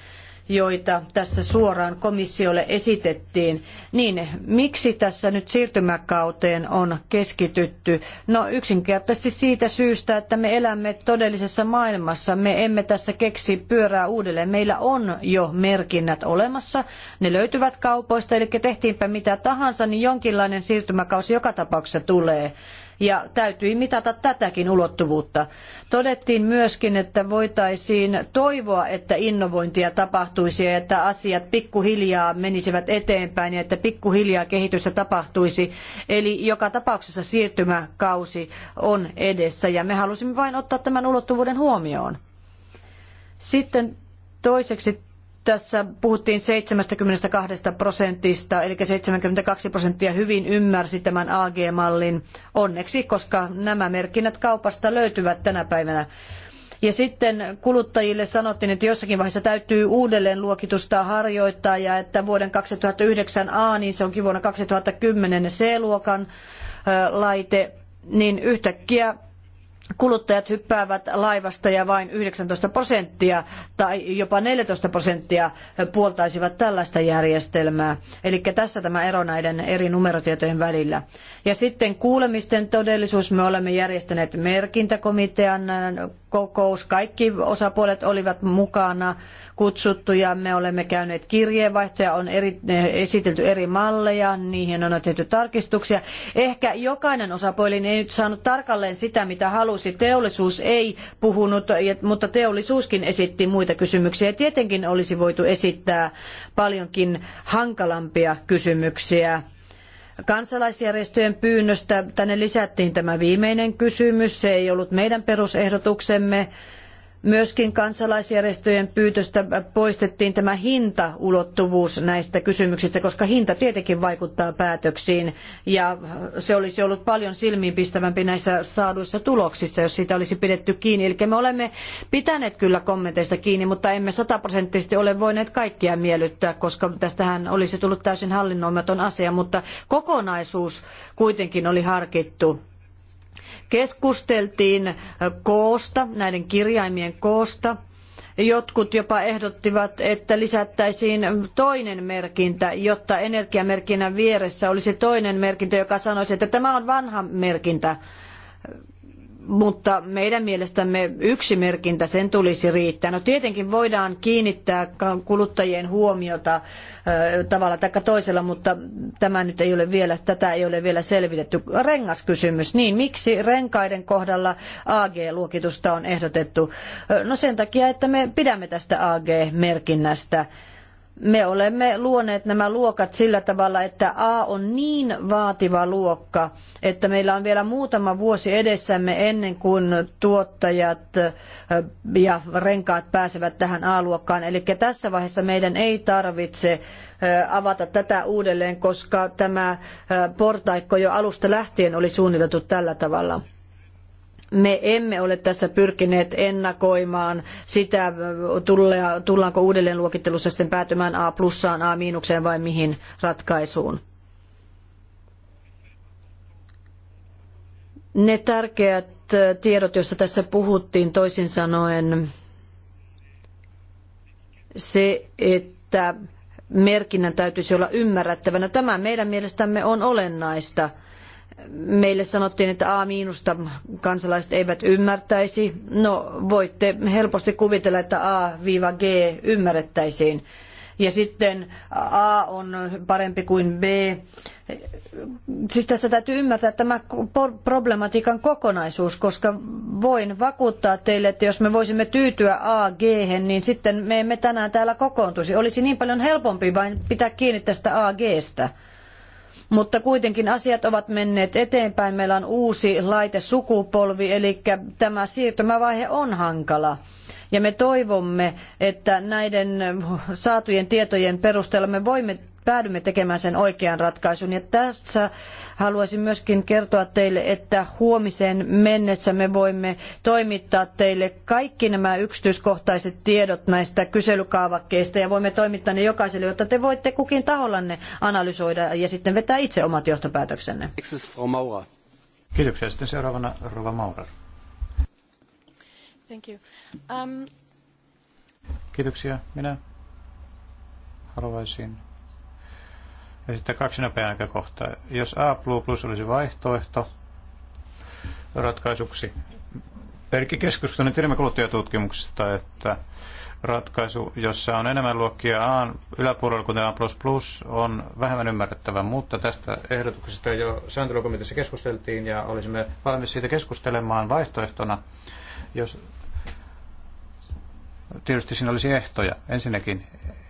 joita tässä suoraan komissiolle esitettiin, niin miksi tässä nyt siirtymäkauteen on keskitytty? No yksinkertaisesti siitä syystä, että me elämme todellisessa maailmassa. Me emme tässä keksi pyörää uudelleen. Meillä on jo merkinnät olemassa. Ne löytyvät kaupoista, eli tehtiinpä mitä tahansa, niin jonkinlainen siirtymäkausi joka tapauksessa tulee ja täytyi mitata tätäkin ulottuvuutta. Todettiin myöskin, että voitaisiin toivoa, että innovointia tapahtuisi ja että asiat pikkuhiljaa menisivät eteenpäin ja että pikkuhiljaa kehitystä tapahtuisi. Eli joka tapauksessa siirtymäkausi on edessä ja me halusimme vain ottaa tämän ulottuvuuden huomioon. Sitten toiseksi tässä puhuttiin 72 prosentista, eli 72 prosenttia hyvin ymmärsi tämän AG-mallin onneksi, koska nämä merkinnät kaupasta löytyvät tänä päivänä. Ja sitten kuluttajille sanottiin, että jossakin vaiheessa täytyy uudelleen luokitusta harjoittaa ja että vuoden 2009 A, niin se onkin vuonna 2010 C-luokan laite, niin yhtäkkiä kuluttajat hyppäävät laivasta ja vain 19 prosenttia tai jopa 14 prosenttia puoltaisivat tällaista järjestelmää. Eli tässä tämä ero näiden eri numerotietojen välillä. Ja sitten kuulemisten todellisuus. Me olemme järjestäneet merkintäkomitean kokous. Kaikki osapuolet olivat mukana kutsuttuja. Me olemme käyneet kirjeenvaihtoja, on eri, esitelty eri malleja, niihin on tehty tarkistuksia. Ehkä jokainen osapuoli ei nyt saanut tarkalleen sitä, mitä halusi. Teollisuus ei puhunut, mutta teollisuuskin esitti muita kysymyksiä. Tietenkin olisi voitu esittää paljonkin hankalampia kysymyksiä Kansalaisjärjestöjen pyynnöstä tänne lisättiin tämä viimeinen kysymys. Se ei ollut meidän perusehdotuksemme Myöskin kansalaisjärjestöjen pyytöstä poistettiin tämä hintaulottuvuus näistä kysymyksistä, koska hinta tietenkin vaikuttaa päätöksiin ja se olisi ollut paljon silmiinpistävämpi näissä saaduissa tuloksissa, jos siitä olisi pidetty kiinni. Eli me olemme pitäneet kyllä kommenteista kiinni, mutta emme sataprosenttisesti ole voineet kaikkia miellyttää, koska tästähän olisi tullut täysin hallinnoimaton asia, mutta kokonaisuus kuitenkin oli harkittu Keskusteltiin koosta, näiden kirjaimien koosta. Jotkut jopa ehdottivat, että lisättäisiin toinen merkintä, jotta energiamerkinnän vieressä olisi toinen merkintä, joka sanoisi, että tämä on vanha merkintä mutta meidän mielestämme yksi merkintä sen tulisi riittää. No tietenkin voidaan kiinnittää kuluttajien huomiota tavalla tai toisella, mutta tämä nyt ei ole vielä, tätä ei ole vielä selvitetty. Rengaskysymys, niin miksi renkaiden kohdalla AG-luokitusta on ehdotettu? No sen takia, että me pidämme tästä AG-merkinnästä me olemme luoneet nämä luokat sillä tavalla, että A on niin vaativa luokka, että meillä on vielä muutama vuosi edessämme ennen kuin tuottajat ja renkaat pääsevät tähän A-luokkaan. Eli tässä vaiheessa meidän ei tarvitse avata tätä uudelleen, koska tämä portaikko jo alusta lähtien oli suunniteltu tällä tavalla me emme ole tässä pyrkineet ennakoimaan sitä, tullaanko uudelleenluokittelussa sitten päätymään A plussaan, A miinukseen vai mihin ratkaisuun. Ne tärkeät tiedot, joista tässä puhuttiin, toisin sanoen se, että merkinnän täytyisi olla ymmärrettävänä. Tämä meidän mielestämme on olennaista – meille sanottiin, että A-miinusta kansalaiset eivät ymmärtäisi. No, voitte helposti kuvitella, että A-G ymmärrettäisiin. Ja sitten A on parempi kuin B. Siis tässä täytyy ymmärtää tämä problematiikan kokonaisuus, koska voin vakuuttaa teille, että jos me voisimme tyytyä A, G, niin sitten me emme tänään täällä kokoontuisi. Olisi niin paljon helpompi vain pitää kiinni tästä A, stä. Mutta kuitenkin asiat ovat menneet eteenpäin. Meillä on uusi laitesukupolvi, eli tämä siirtymävaihe on hankala. Ja me toivomme, että näiden saatujen tietojen perusteella me voimme päädymme tekemään sen oikean ratkaisun. Ja tässä Haluaisin myöskin kertoa teille, että huomiseen mennessä me voimme toimittaa teille kaikki nämä yksityiskohtaiset tiedot näistä kyselykaavakkeista ja voimme toimittaa ne jokaiselle, jotta te voitte kukin tahollanne analysoida ja sitten vetää itse omat johtopäätöksenne. Kiitoksia. Sitten seuraavana Rova Maurer. Thank you. Um... Kiitoksia. Minä haluaisin ja sitten kaksi nopeaa näkökohtaa. Jos A++ olisi vaihtoehto ratkaisuksi, Erkki keskustui nyt enemmän kuluttajatutkimuksesta, että ratkaisu, jossa on enemmän luokkia A yläpuolella, kuten A++, on vähemmän ymmärrettävä, mutta tästä ehdotuksesta jo sääntelykomiteassa keskusteltiin ja olisimme valmis siitä keskustelemaan vaihtoehtona, jos tietysti siinä olisi ehtoja. Ensinnäkin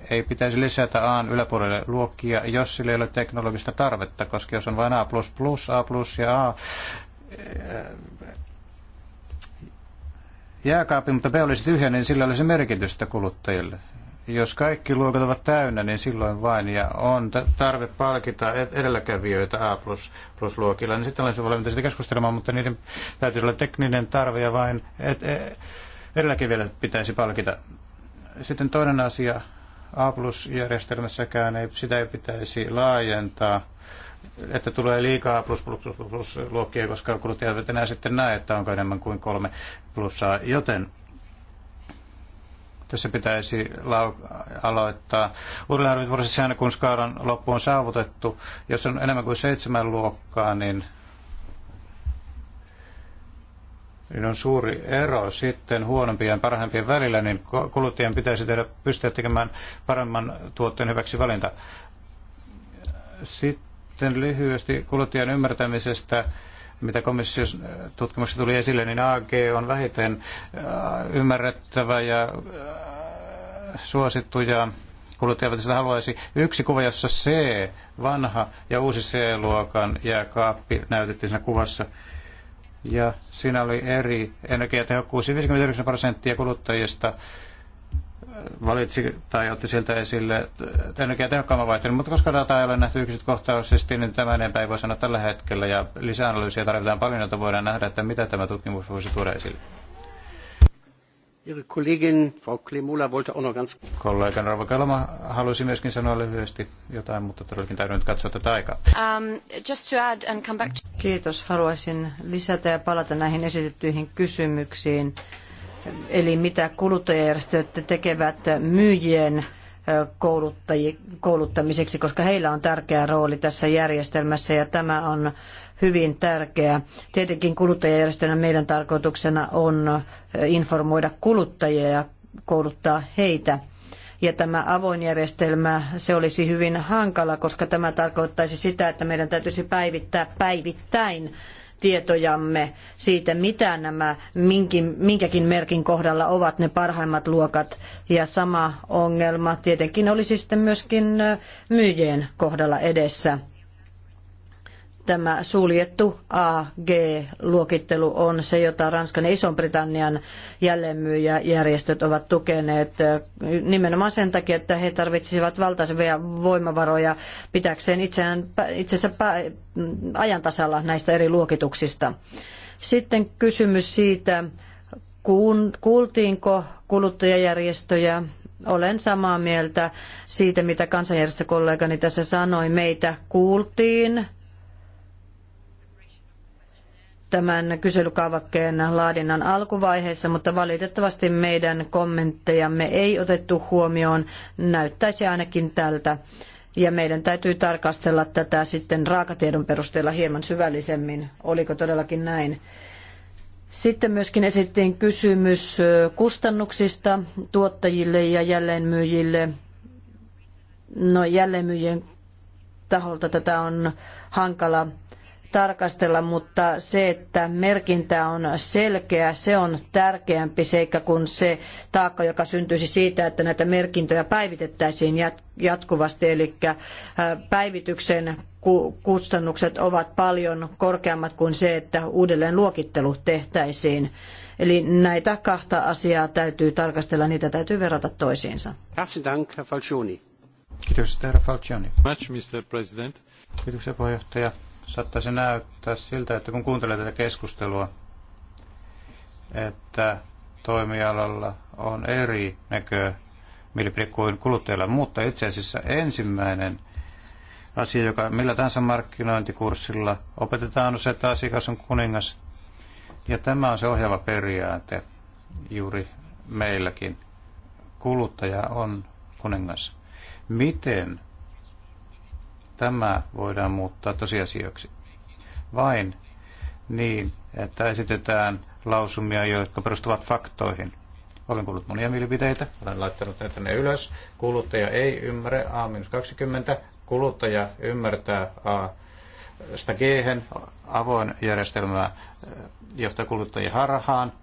ei pitäisi lisätä A yläpuolelle luokkia, jos sillä ei ole teknologista tarvetta, koska jos on vain A++, A++ ja A eh, jääkaappi, mutta B olisi tyhjä, niin sillä olisi merkitystä kuluttajille. Jos kaikki luokat ovat täynnä, niin silloin vain, ja on tarve palkita edelläkävijöitä A++ luokilla, niin sitten olisi valmiita sitä keskustelemaan, mutta niiden täytyisi olla tekninen tarve, ja vain et, et, pitäisi palkita. Sitten toinen asia, A-plus-järjestelmässäkään ei, sitä ei pitäisi laajentaa, että tulee liikaa A++ luokkia, koska kuluttajat eivät enää sitten näe, että onko enemmän kuin kolme plussaa. Joten tässä pitäisi aloittaa uudelleenarviointiprosessi aina kun skaalan loppu on saavutettu. Jos on enemmän kuin seitsemän luokkaa, niin niin on suuri ero sitten huonompien ja parhaimpien välillä, niin kuluttajien pitäisi tehdä, pystyä tekemään paremman tuotteen hyväksi valinta. Sitten lyhyesti kuluttajan ymmärtämisestä, mitä komission tutkimuksessa tuli esille, niin AG on vähiten äh, ymmärrettävä ja äh, suosittu ja kuluttajat sitä haluaisi. Yksi kuva, jossa C, vanha ja uusi C-luokan jääkaappi näytettiin siinä kuvassa ja siinä oli eri energiatehokkuus. 59 prosenttia kuluttajista valitsi tai otti siltä esille energiatehokkaamman vaihtoehdon, mutta koska dataa ei ole nähty yksityiskohtaisesti, niin tämä enempää ei voi sanoa tällä hetkellä ja lisäanalyysiä tarvitaan paljon, jotta voidaan nähdä, että mitä tämä tutkimus voisi tuoda esille. Ihre Kollegin Frau wollte auch noch ganz... Rova Kalma halusi myöskin sanoa lyhyesti jotain, mutta todellakin täytyy nyt katsoa tätä aikaa. Um, just to add and come back to... Kiitos. Haluaisin lisätä ja palata näihin esitettyihin kysymyksiin. Eli mitä kuluttajajärjestöt tekevät myyjien kouluttamiseksi, koska heillä on tärkeä rooli tässä järjestelmässä ja tämä on hyvin tärkeä. Tietenkin kuluttajajärjestönä meidän tarkoituksena on informoida kuluttajia ja kouluttaa heitä ja tämä avoin järjestelmä, se olisi hyvin hankala, koska tämä tarkoittaisi sitä, että meidän täytyisi päivittää päivittäin tietojamme siitä, mitä nämä minkin, minkäkin merkin kohdalla ovat ne parhaimmat luokat. Ja sama ongelma tietenkin olisi sitten myöskin myyjien kohdalla edessä tämä suljettu AG-luokittelu on se, jota Ranskan ja Ison-Britannian jälleenmyyjäjärjestöt ovat tukeneet nimenomaan sen takia, että he tarvitsisivat valtaisia voimavaroja pitääkseen itseään, itsensä ajan tasalla näistä eri luokituksista. Sitten kysymys siitä, kuultiinko kuluttajajärjestöjä olen samaa mieltä siitä, mitä kansanjärjestökollegani tässä sanoi. Meitä kuultiin tämän kyselykaavakkeen laadinnan alkuvaiheessa, mutta valitettavasti meidän kommenttejamme ei otettu huomioon. Näyttäisi ainakin tältä. Ja meidän täytyy tarkastella tätä sitten raakatiedon perusteella hieman syvällisemmin. Oliko todellakin näin? Sitten myöskin esittiin kysymys kustannuksista tuottajille ja jälleenmyyjille. No jälleenmyyjien taholta tätä on hankala tarkastella, mutta se, että merkintä on selkeä, se on tärkeämpi seikka kuin se taakka, joka syntyisi siitä, että näitä merkintöjä päivitettäisiin jatkuvasti. Eli äh, päivityksen kustannukset ovat paljon korkeammat kuin se, että uudelleen luokittelu tehtäisiin. Eli näitä kahta asiaa täytyy tarkastella, niitä täytyy verrata toisiinsa. Kiitos, herra Falcioni. Much, Mr. President. Kiitoksia, puheenjohtaja saattaisi näyttää siltä, että kun kuuntelee tätä keskustelua, että toimialalla on eri näkö kuin kuluttajilla, mutta itse asiassa ensimmäinen asia, joka millä tahansa markkinointikurssilla opetetaan, on se, että asiakas on kuningas. Ja tämä on se ohjaava periaate juuri meilläkin. Kuluttaja on kuningas. Miten tämä voidaan muuttaa tosiasioiksi. Vain niin, että esitetään lausumia, jotka perustuvat faktoihin. Olen kuullut monia mielipiteitä, olen laittanut ne tänne ylös. Kuluttaja ei ymmärrä A-20, kuluttaja ymmärtää A sitä g avoin järjestelmää eh, johtaa kuluttajia harhaan,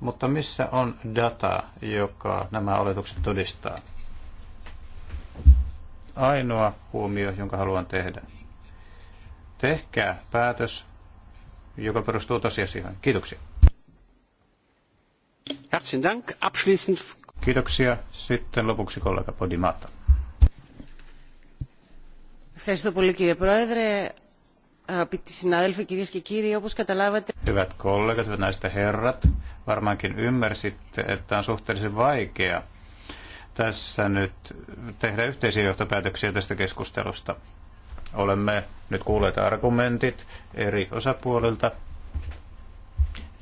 mutta missä on data, joka nämä oletukset todistaa? ainoa huomio, jonka haluan tehdä. Tehkää päätös, joka perustuu tosiasioihin. Kiitoksia. Herzlichen Dank. Abschließend... Kiitoksia. Sitten lopuksi kollega Podimata. Ευχαριστώ πολύ κύριε Πρόεδρε. Αγαπητοί συνάδελφοι, κυρίες και κύριοι, όπως καταλάβατε... Hyvät kollegat, hyvät naiset herrat, varmaankin ymmärsitte, että on suhteellisen vaikea tässä nyt tehdä yhteisiä johtopäätöksiä tästä keskustelusta. Olemme nyt kuulleet argumentit eri osapuolilta.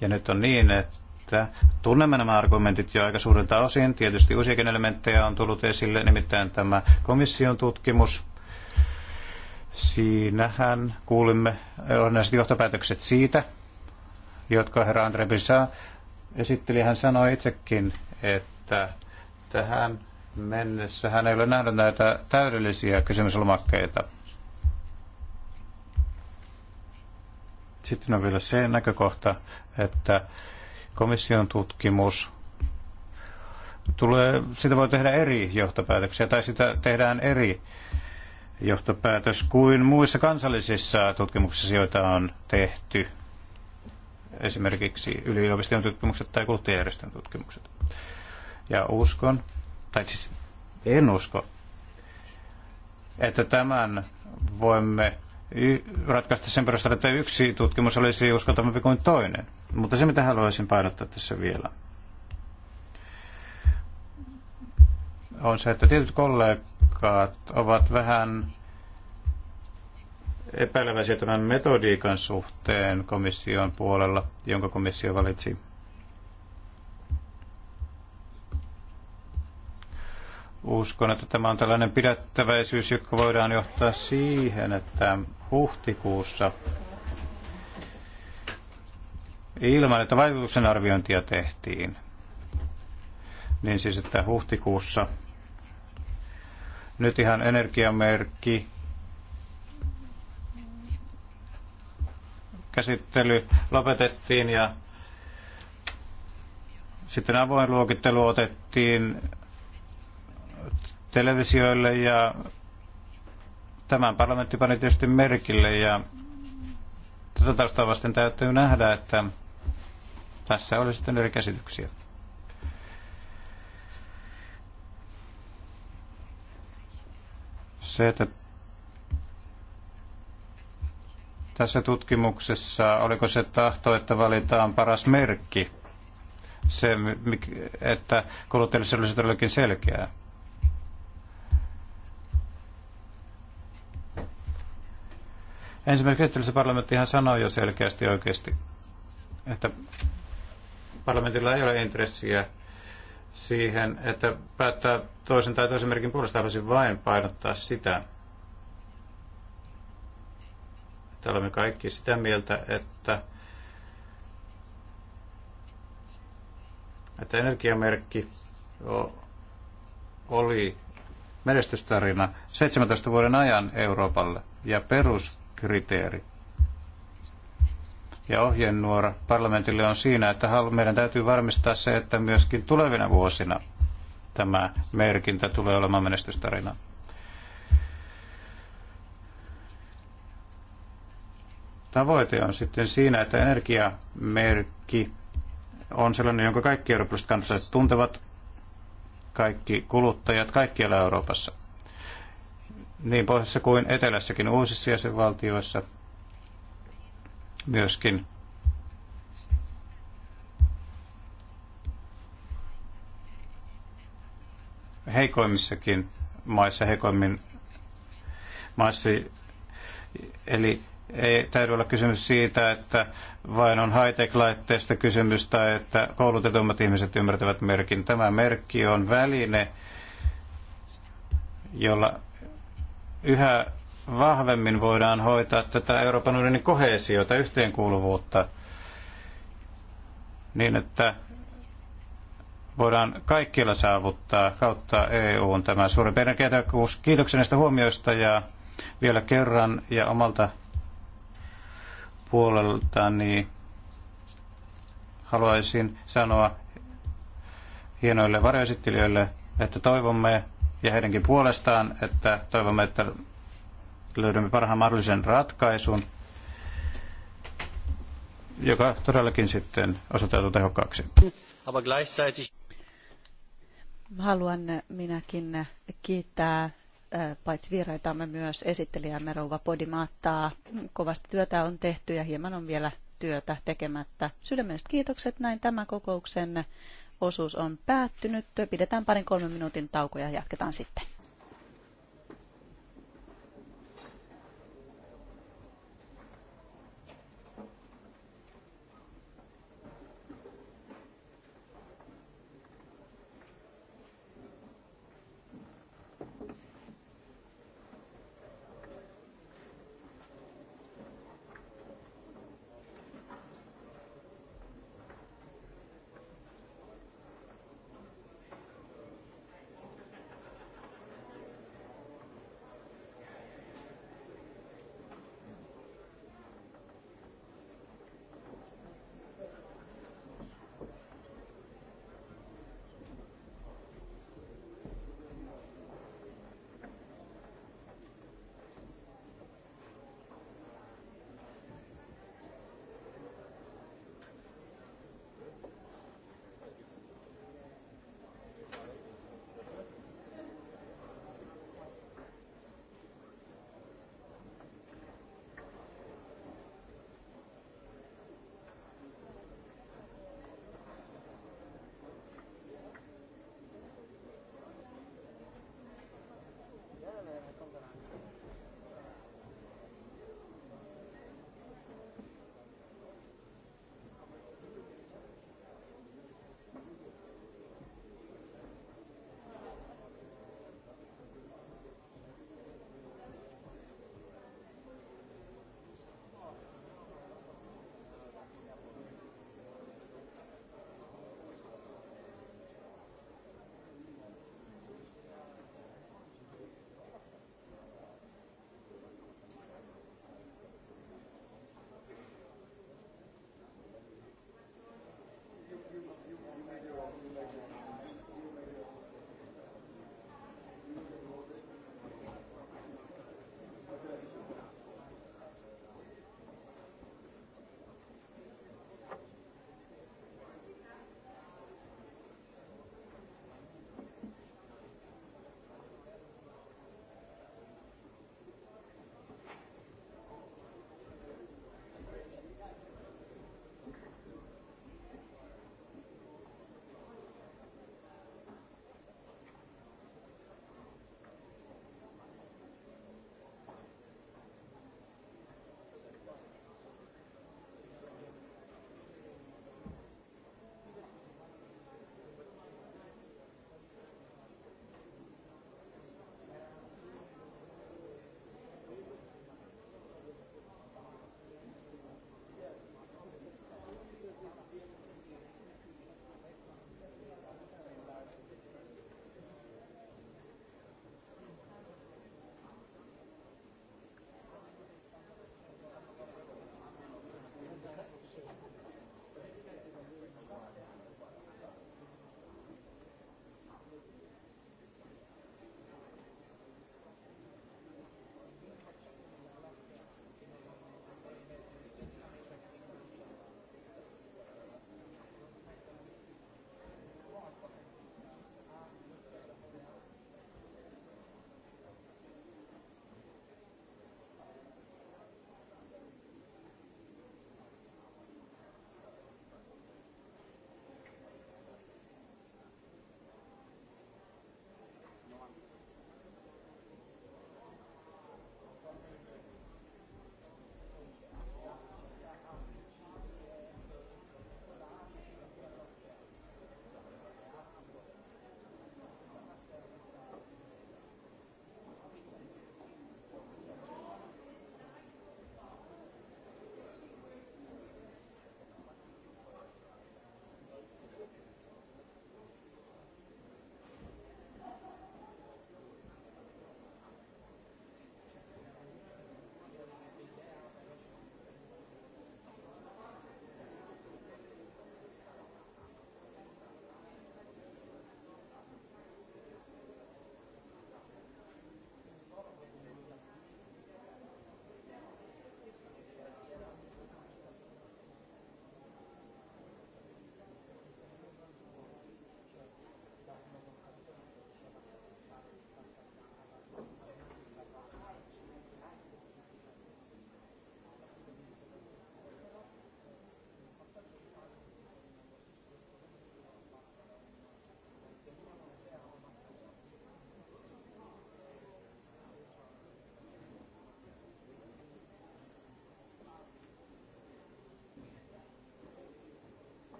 Ja nyt on niin, että tunnemme nämä argumentit jo aika suurelta osin. Tietysti uusiakin elementtejä on tullut esille, nimittäin tämä komission tutkimus. Siinähän kuulimme olennaiset johtopäätökset siitä, jotka herra Andre Bisa esitteli. Hän sanoi itsekin, että tähän mennessä hän ei ole nähnyt näitä täydellisiä kysymyslomakkeita. Sitten on vielä se näkökohta, että komission tutkimus tulee, sitä voi tehdä eri johtopäätöksiä tai sitä tehdään eri johtopäätös kuin muissa kansallisissa tutkimuksissa, joita on tehty. Esimerkiksi yliopiston tutkimukset tai kulttuurijärjestön tutkimukset. Ja uskon, tai siis en usko, että tämän voimme ratkaista sen perusteella, että yksi tutkimus olisi uskottavampi kuin toinen. Mutta se, mitä haluaisin painottaa tässä vielä, on se, että tietyt kollegat ovat vähän epäileväisiä tämän metodiikan suhteen komission puolella, jonka komissio valitsi. Uskon, että tämä on tällainen pidättäväisyys, joka voidaan johtaa siihen, että huhtikuussa ilman, että vaikutuksen arviointia tehtiin, niin siis, että huhtikuussa nyt ihan energiamerkki käsittely lopetettiin ja sitten avoin luokittelu otettiin televisioille ja tämän parlamentti pani tietysti merkille ja tätä taustaa vasten täytyy nähdä, että tässä oli sitten eri käsityksiä. Se, että tässä tutkimuksessa, oliko se tahto, että valitaan paras merkki, se, että kuluttajille se olisi todellakin selkeää. Ensimmäisessä käsittelyssä parlamenttihan sanoi jo selkeästi oikeasti, että parlamentilla ei ole intressiä siihen, että päättää toisen tai toisen merkin puolesta haluaisin vain painottaa sitä, että olemme kaikki sitä mieltä, että, että energiamerkki oli menestystarina 17 vuoden ajan Euroopalle ja perus kriteeri. Ja ohjenuora parlamentille on siinä, että meidän täytyy varmistaa se, että myöskin tulevina vuosina tämä merkintä tulee olemaan menestystarina. Tavoite on sitten siinä, että energiamerkki on sellainen, jonka kaikki eurooppalaiset kansalaiset tuntevat, kaikki kuluttajat kaikkialla Euroopassa – niin pohjoisessa kuin etelässäkin uusissa jäsenvaltioissa myöskin. heikoimmissakin maissa, heikoimmin maissa. Eli ei täytyy olla kysymys siitä, että vain on high tech laitteista kysymys tai että koulutetummat ihmiset ymmärtävät merkin. Tämä merkki on väline, jolla yhä vahvemmin voidaan hoitaa tätä Euroopan unionin kohesiota, yhteenkuuluvuutta, niin että voidaan kaikkialla saavuttaa kautta EUn tämä suuri perinkertakuus. Kiitoksia näistä huomioista ja vielä kerran ja omalta puoleltani haluaisin sanoa hienoille varjoesittelijöille, että toivomme ja heidänkin puolestaan, että toivomme, että löydämme parhaan mahdollisen ratkaisun, joka todellakin sitten osoittautuu tehokkaaksi. Haluan minäkin kiittää paitsi vieraitamme myös esittelijämme Rouva Podimaattaa. Kovasti työtä on tehty ja hieman on vielä työtä tekemättä. Sydämelliset kiitokset näin tämän kokouksen osuus on päättynyt. Pidetään parin kolmen minuutin tauko ja jatketaan sitten.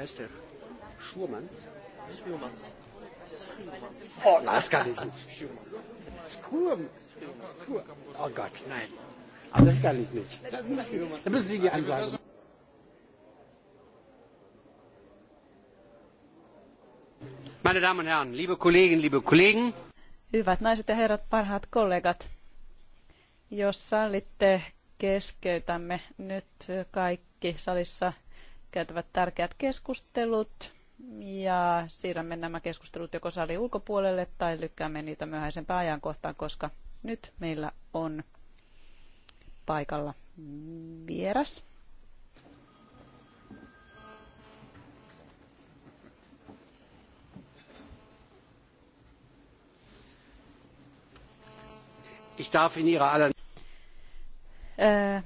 wie heißt der? Schurmanns? Schurmanns. Oh, das kann ich nicht. Skurm. Skurm. Oh Gott, nein. Aber das kann ich nicht. Da da müssen Sie die Ansage Meine Damen und Herren, liebe Kolleginnen, liebe Kollegen. Hyvät naiset ja herrat, parhaat kollegat. Jos sallitte, keskeytämme nyt kaikki salissa käytävät tärkeät keskustelut ja siirrämme nämä keskustelut joko salin ulkopuolelle tai lykkäämme niitä myöhäisempään ajankohtaan, koska nyt meillä on paikalla vieras. Ich darf in ihrer aller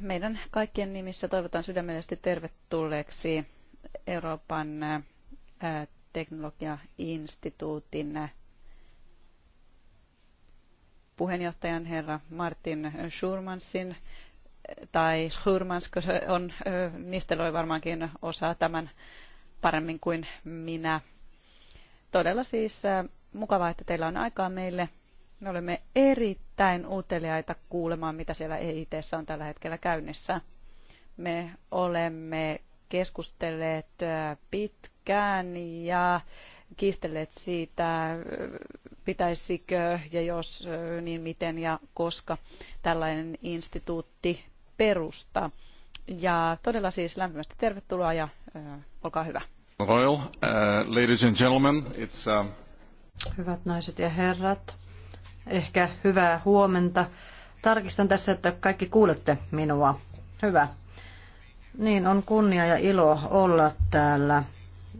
meidän kaikkien nimissä toivotan sydämellisesti tervetulleeksi Euroopan teknologiainstituutin puheenjohtajan herra Martin Schurmansin tai Schurmans, kun se on, nistelöi varmaankin osaa tämän paremmin kuin minä. Todella siis mukavaa, että teillä on aikaa meille me olemme erittäin uteliaita kuulemaan, mitä siellä EIT on tällä hetkellä käynnissä. Me olemme keskustelleet pitkään ja kiistelleet siitä, pitäisikö ja jos, niin miten ja koska tällainen instituutti perusta Ja todella siis lämpimästi tervetuloa ja äh, olkaa hyvä. Royal, uh, ladies and gentlemen, it's, uh... Hyvät naiset ja herrat, ehkä hyvää huomenta. Tarkistan tässä, että kaikki kuulette minua. Hyvä. Niin, on kunnia ja ilo olla täällä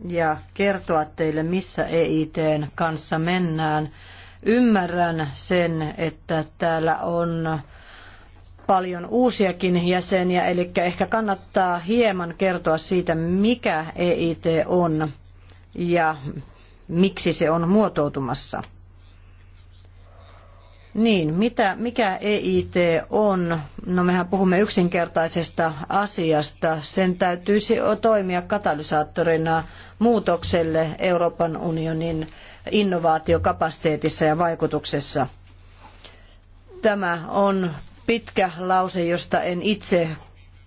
ja kertoa teille, missä EITn kanssa mennään. Ymmärrän sen, että täällä on paljon uusiakin jäseniä, eli ehkä kannattaa hieman kertoa siitä, mikä EIT on ja miksi se on muotoutumassa. Niin, mitä, mikä EIT on? No mehän puhumme yksinkertaisesta asiasta. Sen täytyisi toimia katalysaattorina muutokselle Euroopan unionin innovaatiokapasiteetissa ja vaikutuksessa. Tämä on pitkä lause, josta en itse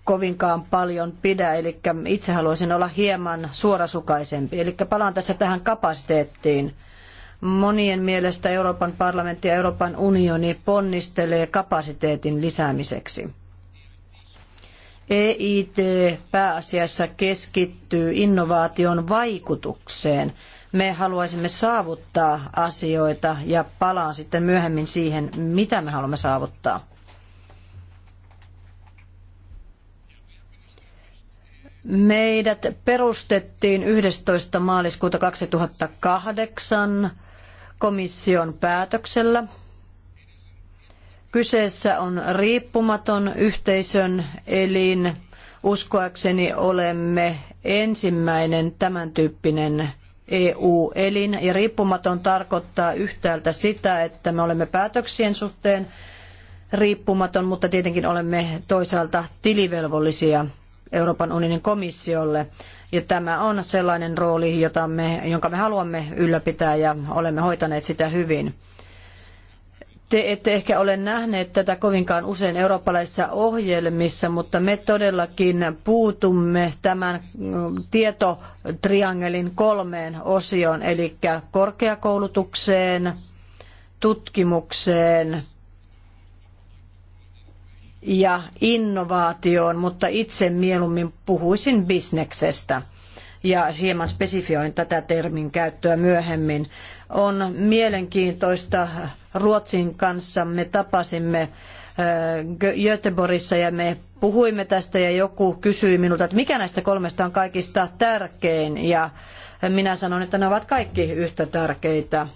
kovinkaan paljon pidä, eli itse haluaisin olla hieman suorasukaisempi. Eli palaan tässä tähän kapasiteettiin. Monien mielestä Euroopan parlamentti ja Euroopan unioni ponnistelee kapasiteetin lisäämiseksi. EIT pääasiassa keskittyy innovaation vaikutukseen. Me haluaisimme saavuttaa asioita ja palaan sitten myöhemmin siihen, mitä me haluamme saavuttaa. Meidät perustettiin 11. maaliskuuta 2008 komission päätöksellä. Kyseessä on riippumaton yhteisön elin. Uskoakseni olemme ensimmäinen tämän tyyppinen EU-elin. Ja riippumaton tarkoittaa yhtäältä sitä, että me olemme päätöksien suhteen riippumaton, mutta tietenkin olemme toisaalta tilivelvollisia Euroopan unionin komissiolle. Ja tämä on sellainen rooli, jota me, jonka me haluamme ylläpitää ja olemme hoitaneet sitä hyvin. Te ette ehkä ole nähneet tätä kovinkaan usein eurooppalaisissa ohjelmissa, mutta me todellakin puutumme tämän tietotriangelin kolmeen osioon, eli korkeakoulutukseen, tutkimukseen ja innovaatioon, mutta itse mieluummin puhuisin bisneksestä ja hieman spesifioin tätä termin käyttöä myöhemmin. On mielenkiintoista. Ruotsin kanssa me tapasimme äh, Göteborgissa ja me puhuimme tästä ja joku kysyi minulta, että mikä näistä kolmesta on kaikista tärkein ja minä sanoin, että ne ovat kaikki yhtä tärkeitä.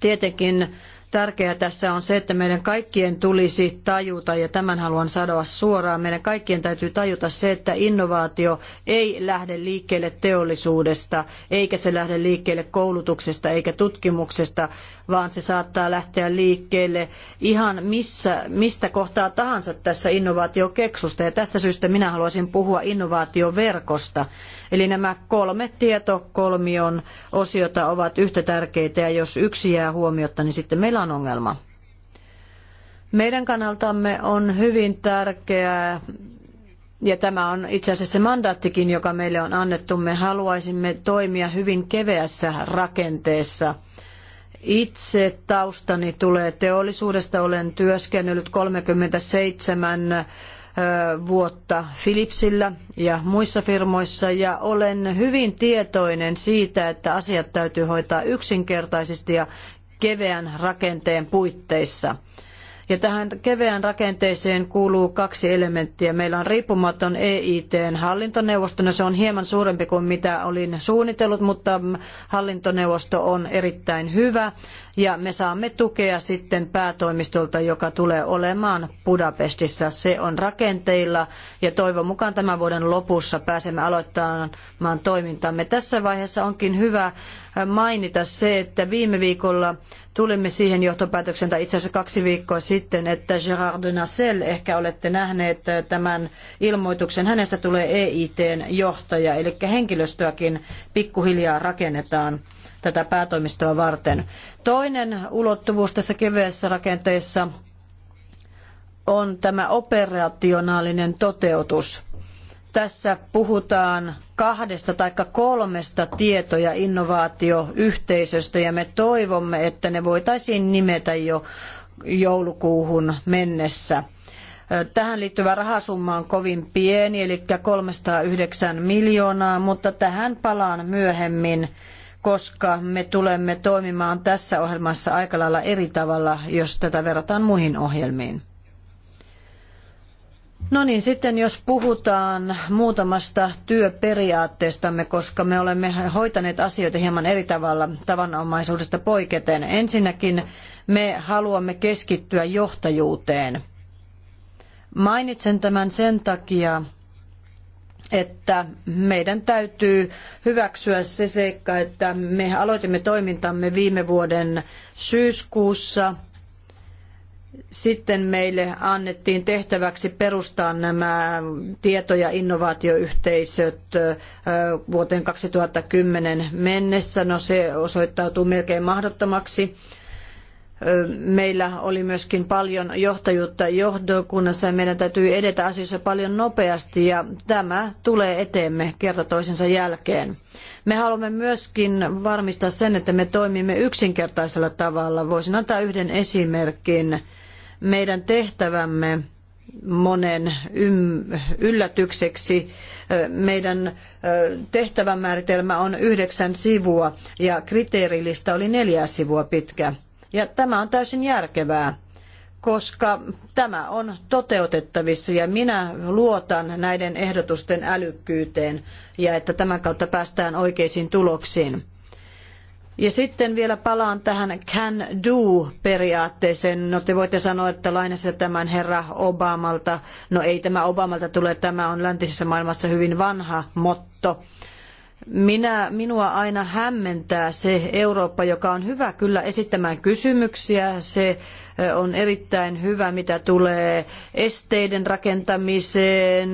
Tietenkin Tärkeää tässä on se, että meidän kaikkien tulisi tajuta, ja tämän haluan sanoa suoraan, meidän kaikkien täytyy tajuta se, että innovaatio ei lähde liikkeelle teollisuudesta, eikä se lähde liikkeelle koulutuksesta eikä tutkimuksesta, vaan se saattaa lähteä liikkeelle ihan missä, mistä kohtaa tahansa tässä innovaatiokeksusta. Ja tästä syystä minä haluaisin puhua innovaatioverkosta. Eli nämä kolme tietokolmion osiota ovat yhtä tärkeitä, ja jos yksi jää huomiotta, niin sitten meillä on ongelma. Meidän kannaltamme on hyvin tärkeää, ja tämä on itse asiassa se mandaattikin, joka meille on annettu, me haluaisimme toimia hyvin keveässä rakenteessa. Itse taustani tulee teollisuudesta, olen työskennellyt 37 vuotta Philipsillä ja muissa firmoissa ja olen hyvin tietoinen siitä, että asiat täytyy hoitaa yksinkertaisesti ja keveän rakenteen puitteissa. Ja tähän keveään rakenteeseen kuuluu kaksi elementtiä. Meillä on riippumaton EITn hallintoneuvosto, no se on hieman suurempi kuin mitä olin suunnitellut, mutta hallintoneuvosto on erittäin hyvä ja me saamme tukea sitten päätoimistolta, joka tulee olemaan Budapestissa. Se on rakenteilla ja toivon mukaan tämän vuoden lopussa pääsemme aloittamaan toimintamme. Tässä vaiheessa onkin hyvä mainita se, että viime viikolla tulimme siihen johtopäätöksen, tai itse asiassa kaksi viikkoa sitten, että Gerard de Nacelle, ehkä olette nähneet tämän ilmoituksen, hänestä tulee EITn johtaja, eli henkilöstöäkin pikkuhiljaa rakennetaan tätä päätoimistoa varten. Toinen ulottuvuus tässä kevyessä rakenteessa on tämä operationaalinen toteutus. Tässä puhutaan kahdesta tai kolmesta tieto- ja innovaatioyhteisöstä ja me toivomme, että ne voitaisiin nimetä jo joulukuuhun mennessä. Tähän liittyvä rahasumma on kovin pieni, eli 309 miljoonaa, mutta tähän palaan myöhemmin koska me tulemme toimimaan tässä ohjelmassa aika lailla eri tavalla, jos tätä verrataan muihin ohjelmiin. No niin, sitten jos puhutaan muutamasta työperiaatteestamme, koska me olemme hoitaneet asioita hieman eri tavalla tavanomaisuudesta poiketen. Ensinnäkin me haluamme keskittyä johtajuuteen. Mainitsen tämän sen takia, että meidän täytyy hyväksyä se seikka, että me aloitimme toimintamme viime vuoden syyskuussa. Sitten meille annettiin tehtäväksi perustaa nämä tieto- ja innovaatioyhteisöt vuoteen 2010 mennessä. No se osoittautuu melkein mahdottomaksi Meillä oli myöskin paljon johtajuutta johdokunnassa ja meidän täytyy edetä asioissa paljon nopeasti ja tämä tulee eteemme kerta toisensa jälkeen. Me haluamme myöskin varmistaa sen, että me toimimme yksinkertaisella tavalla. Voisin antaa yhden esimerkin. Meidän tehtävämme monen yllätykseksi. Meidän tehtävämääritelmä on yhdeksän sivua ja kriteerilista oli neljä sivua pitkä. Ja tämä on täysin järkevää, koska tämä on toteutettavissa ja minä luotan näiden ehdotusten älykkyyteen ja että tämän kautta päästään oikeisiin tuloksiin. Ja sitten vielä palaan tähän can do periaatteeseen. No te voitte sanoa, että lainassa tämän herra Obamalta. No ei tämä Obamalta tule, tämä on läntisessä maailmassa hyvin vanha motto. Minä, minua aina hämmentää se Eurooppa, joka on hyvä kyllä esittämään kysymyksiä. Se on erittäin hyvä, mitä tulee esteiden rakentamiseen,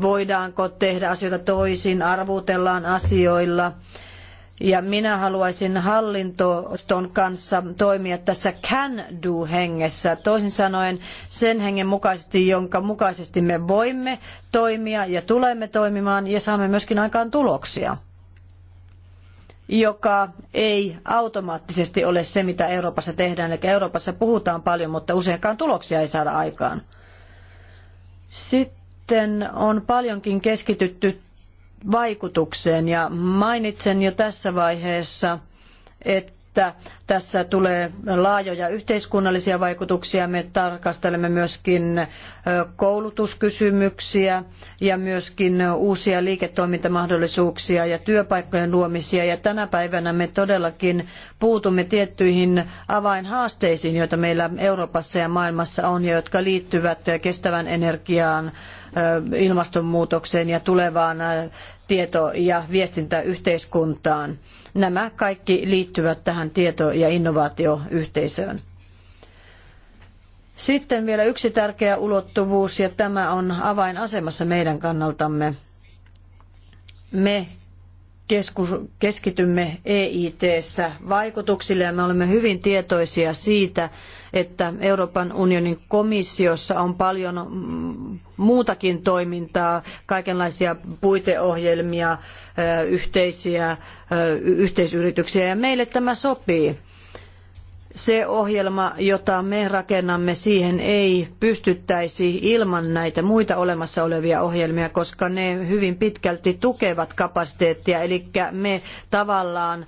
voidaanko tehdä asioita toisin, arvuutellaan asioilla – ja minä haluaisin hallintoston kanssa toimia tässä can do hengessä, toisin sanoen sen hengen mukaisesti, jonka mukaisesti me voimme toimia ja tulemme toimimaan ja saamme myöskin aikaan tuloksia joka ei automaattisesti ole se, mitä Euroopassa tehdään. Eli Euroopassa puhutaan paljon, mutta useinkaan tuloksia ei saada aikaan. Sitten on paljonkin keskitytty vaikutukseen. Ja mainitsen jo tässä vaiheessa, että tässä tulee laajoja yhteiskunnallisia vaikutuksia. Me tarkastelemme myöskin koulutuskysymyksiä ja myöskin uusia liiketoimintamahdollisuuksia ja työpaikkojen luomisia. Ja tänä päivänä me todellakin puutumme tiettyihin avainhaasteisiin, joita meillä Euroopassa ja maailmassa on ja jotka liittyvät kestävän energiaan, ilmastonmuutokseen ja tulevaan tieto- ja viestintäyhteiskuntaan. Nämä kaikki liittyvät tähän tieto- ja innovaatioyhteisöön. Sitten vielä yksi tärkeä ulottuvuus, ja tämä on avainasemassa meidän kannaltamme. Me keskitymme EIT-ssä vaikutuksille, ja me olemme hyvin tietoisia siitä, että Euroopan unionin komissiossa on paljon mm, muutakin toimintaa, kaikenlaisia puiteohjelmia, yhteisiä yhteisyrityksiä ja meille tämä sopii se ohjelma, jota me rakennamme, siihen ei pystyttäisi ilman näitä muita olemassa olevia ohjelmia, koska ne hyvin pitkälti tukevat kapasiteettia, eli me tavallaan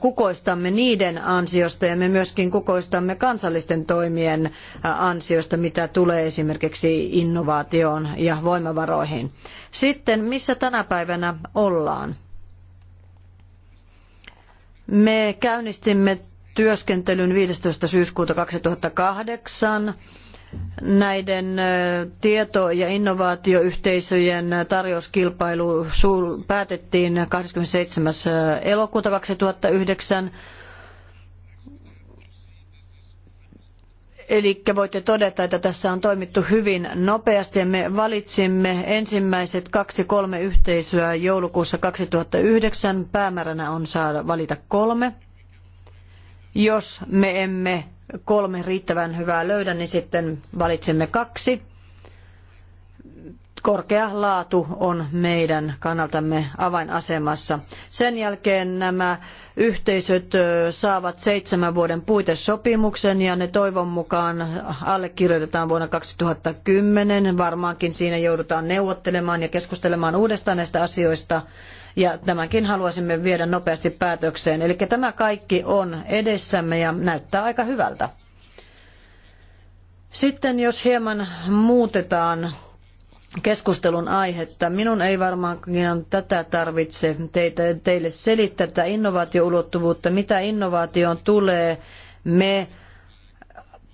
kukoistamme niiden ansiosta ja me myöskin kukoistamme kansallisten toimien ansiosta, mitä tulee esimerkiksi innovaatioon ja voimavaroihin. Sitten, missä tänä päivänä ollaan? Me käynnistimme työskentelyn 15. syyskuuta 2008 näiden tieto- ja innovaatioyhteisöjen tarjouskilpailu päätettiin 27. elokuuta 2009. Eli voitte todeta, että tässä on toimittu hyvin nopeasti ja me valitsimme ensimmäiset kaksi kolme yhteisöä joulukuussa 2009. Päämääränä on saada valita kolme. Jos me emme kolme riittävän hyvää löydä, niin sitten valitsemme kaksi. Korkea laatu on meidän kannaltamme avainasemassa. Sen jälkeen nämä yhteisöt saavat seitsemän vuoden puitesopimuksen ja ne toivon mukaan allekirjoitetaan vuonna 2010. Varmaankin siinä joudutaan neuvottelemaan ja keskustelemaan uudestaan näistä asioista ja tämänkin haluaisimme viedä nopeasti päätökseen. Eli tämä kaikki on edessämme ja näyttää aika hyvältä. Sitten jos hieman muutetaan keskustelun aihetta. Minun ei varmaankin tätä tarvitse teitä, teille selittää, tätä innovaatioulottuvuutta. Mitä innovaatioon tulee, me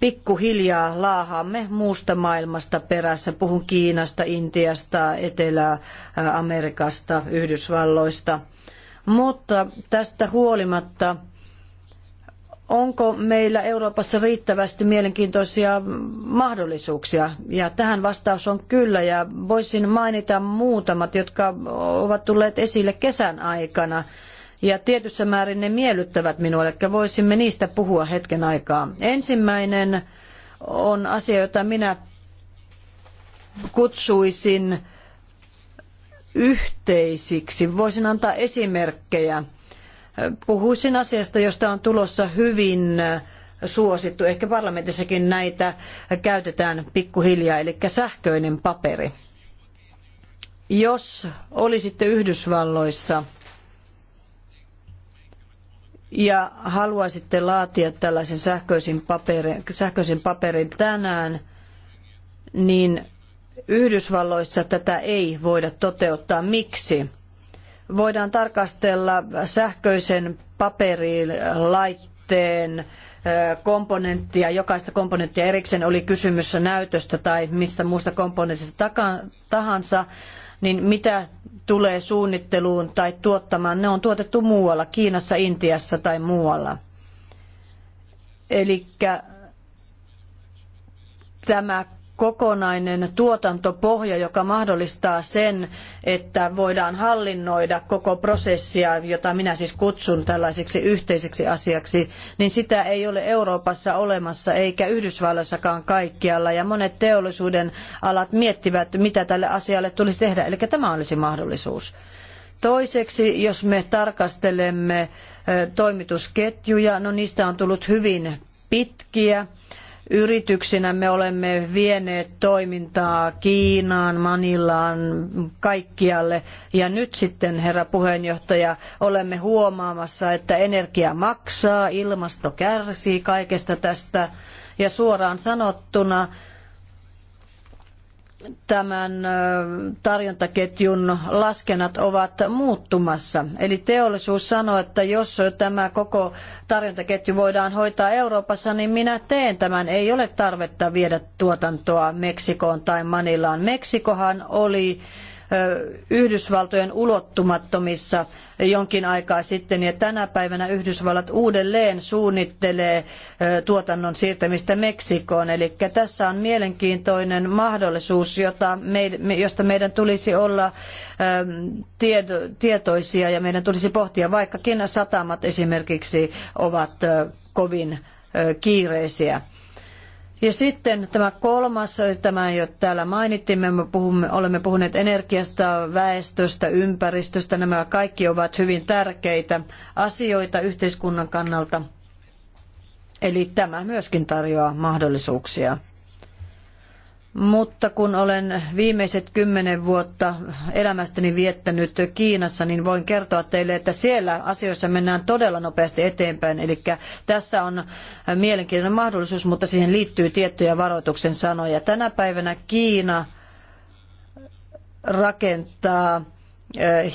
pikkuhiljaa laahaamme muusta maailmasta perässä. Puhun Kiinasta, Intiasta, Etelä-Amerikasta, Yhdysvalloista. Mutta tästä huolimatta, onko meillä Euroopassa riittävästi mielenkiintoisia mahdollisuuksia? Ja tähän vastaus on kyllä, ja voisin mainita muutamat, jotka ovat tulleet esille kesän aikana ja tietyssä määrin ne miellyttävät minua, eli voisimme niistä puhua hetken aikaa. Ensimmäinen on asia, jota minä kutsuisin yhteisiksi. Voisin antaa esimerkkejä. Puhuisin asiasta, josta on tulossa hyvin suosittu. Ehkä parlamentissakin näitä käytetään pikkuhiljaa, eli sähköinen paperi. Jos olisitte Yhdysvalloissa – ja haluaisitte laatia tällaisen sähköisen paperin, sähköisen paperin tänään, niin Yhdysvalloissa tätä ei voida toteuttaa. Miksi? Voidaan tarkastella sähköisen paperin laitteen komponenttia, jokaista komponenttia erikseen oli kysymys näytöstä tai mistä muusta komponentista tahansa, niin mitä tulee suunnitteluun tai tuottamaan, ne on tuotettu muualla, Kiinassa, Intiassa tai muualla. Eli tämä kokonainen tuotantopohja, joka mahdollistaa sen, että voidaan hallinnoida koko prosessia, jota minä siis kutsun tällaiseksi yhteiseksi asiaksi, niin sitä ei ole Euroopassa olemassa eikä Yhdysvalloissakaan kaikkialla. Ja monet teollisuuden alat miettivät, mitä tälle asialle tulisi tehdä. Eli tämä olisi mahdollisuus. Toiseksi, jos me tarkastelemme toimitusketjuja, no niistä on tullut hyvin pitkiä Yrityksinä me olemme vieneet toimintaa Kiinaan, Manilaan, kaikkialle. Ja nyt sitten, herra puheenjohtaja, olemme huomaamassa, että energia maksaa, ilmasto kärsii kaikesta tästä. Ja suoraan sanottuna tämän tarjontaketjun laskennat ovat muuttumassa. Eli teollisuus sanoo, että jos tämä koko tarjontaketju voidaan hoitaa Euroopassa, niin minä teen tämän. Ei ole tarvetta viedä tuotantoa Meksikoon tai Manilaan. Meksikohan oli Yhdysvaltojen ulottumattomissa jonkin aikaa sitten. Ja tänä päivänä Yhdysvallat uudelleen suunnittelee tuotannon siirtämistä Meksikoon. Eli tässä on mielenkiintoinen mahdollisuus, jota josta meidän tulisi olla tietoisia ja meidän tulisi pohtia, vaikkakin satamat esimerkiksi ovat kovin kiireisiä. Ja sitten tämä kolmas, tämä jo täällä mainittiin, me puhumme, olemme puhuneet energiasta, väestöstä, ympäristöstä. Nämä kaikki ovat hyvin tärkeitä asioita yhteiskunnan kannalta. Eli tämä myöskin tarjoaa mahdollisuuksia. Mutta kun olen viimeiset kymmenen vuotta elämästäni viettänyt Kiinassa, niin voin kertoa teille, että siellä asioissa mennään todella nopeasti eteenpäin. Eli tässä on mielenkiintoinen mahdollisuus, mutta siihen liittyy tiettyjä varoituksen sanoja. Tänä päivänä Kiina rakentaa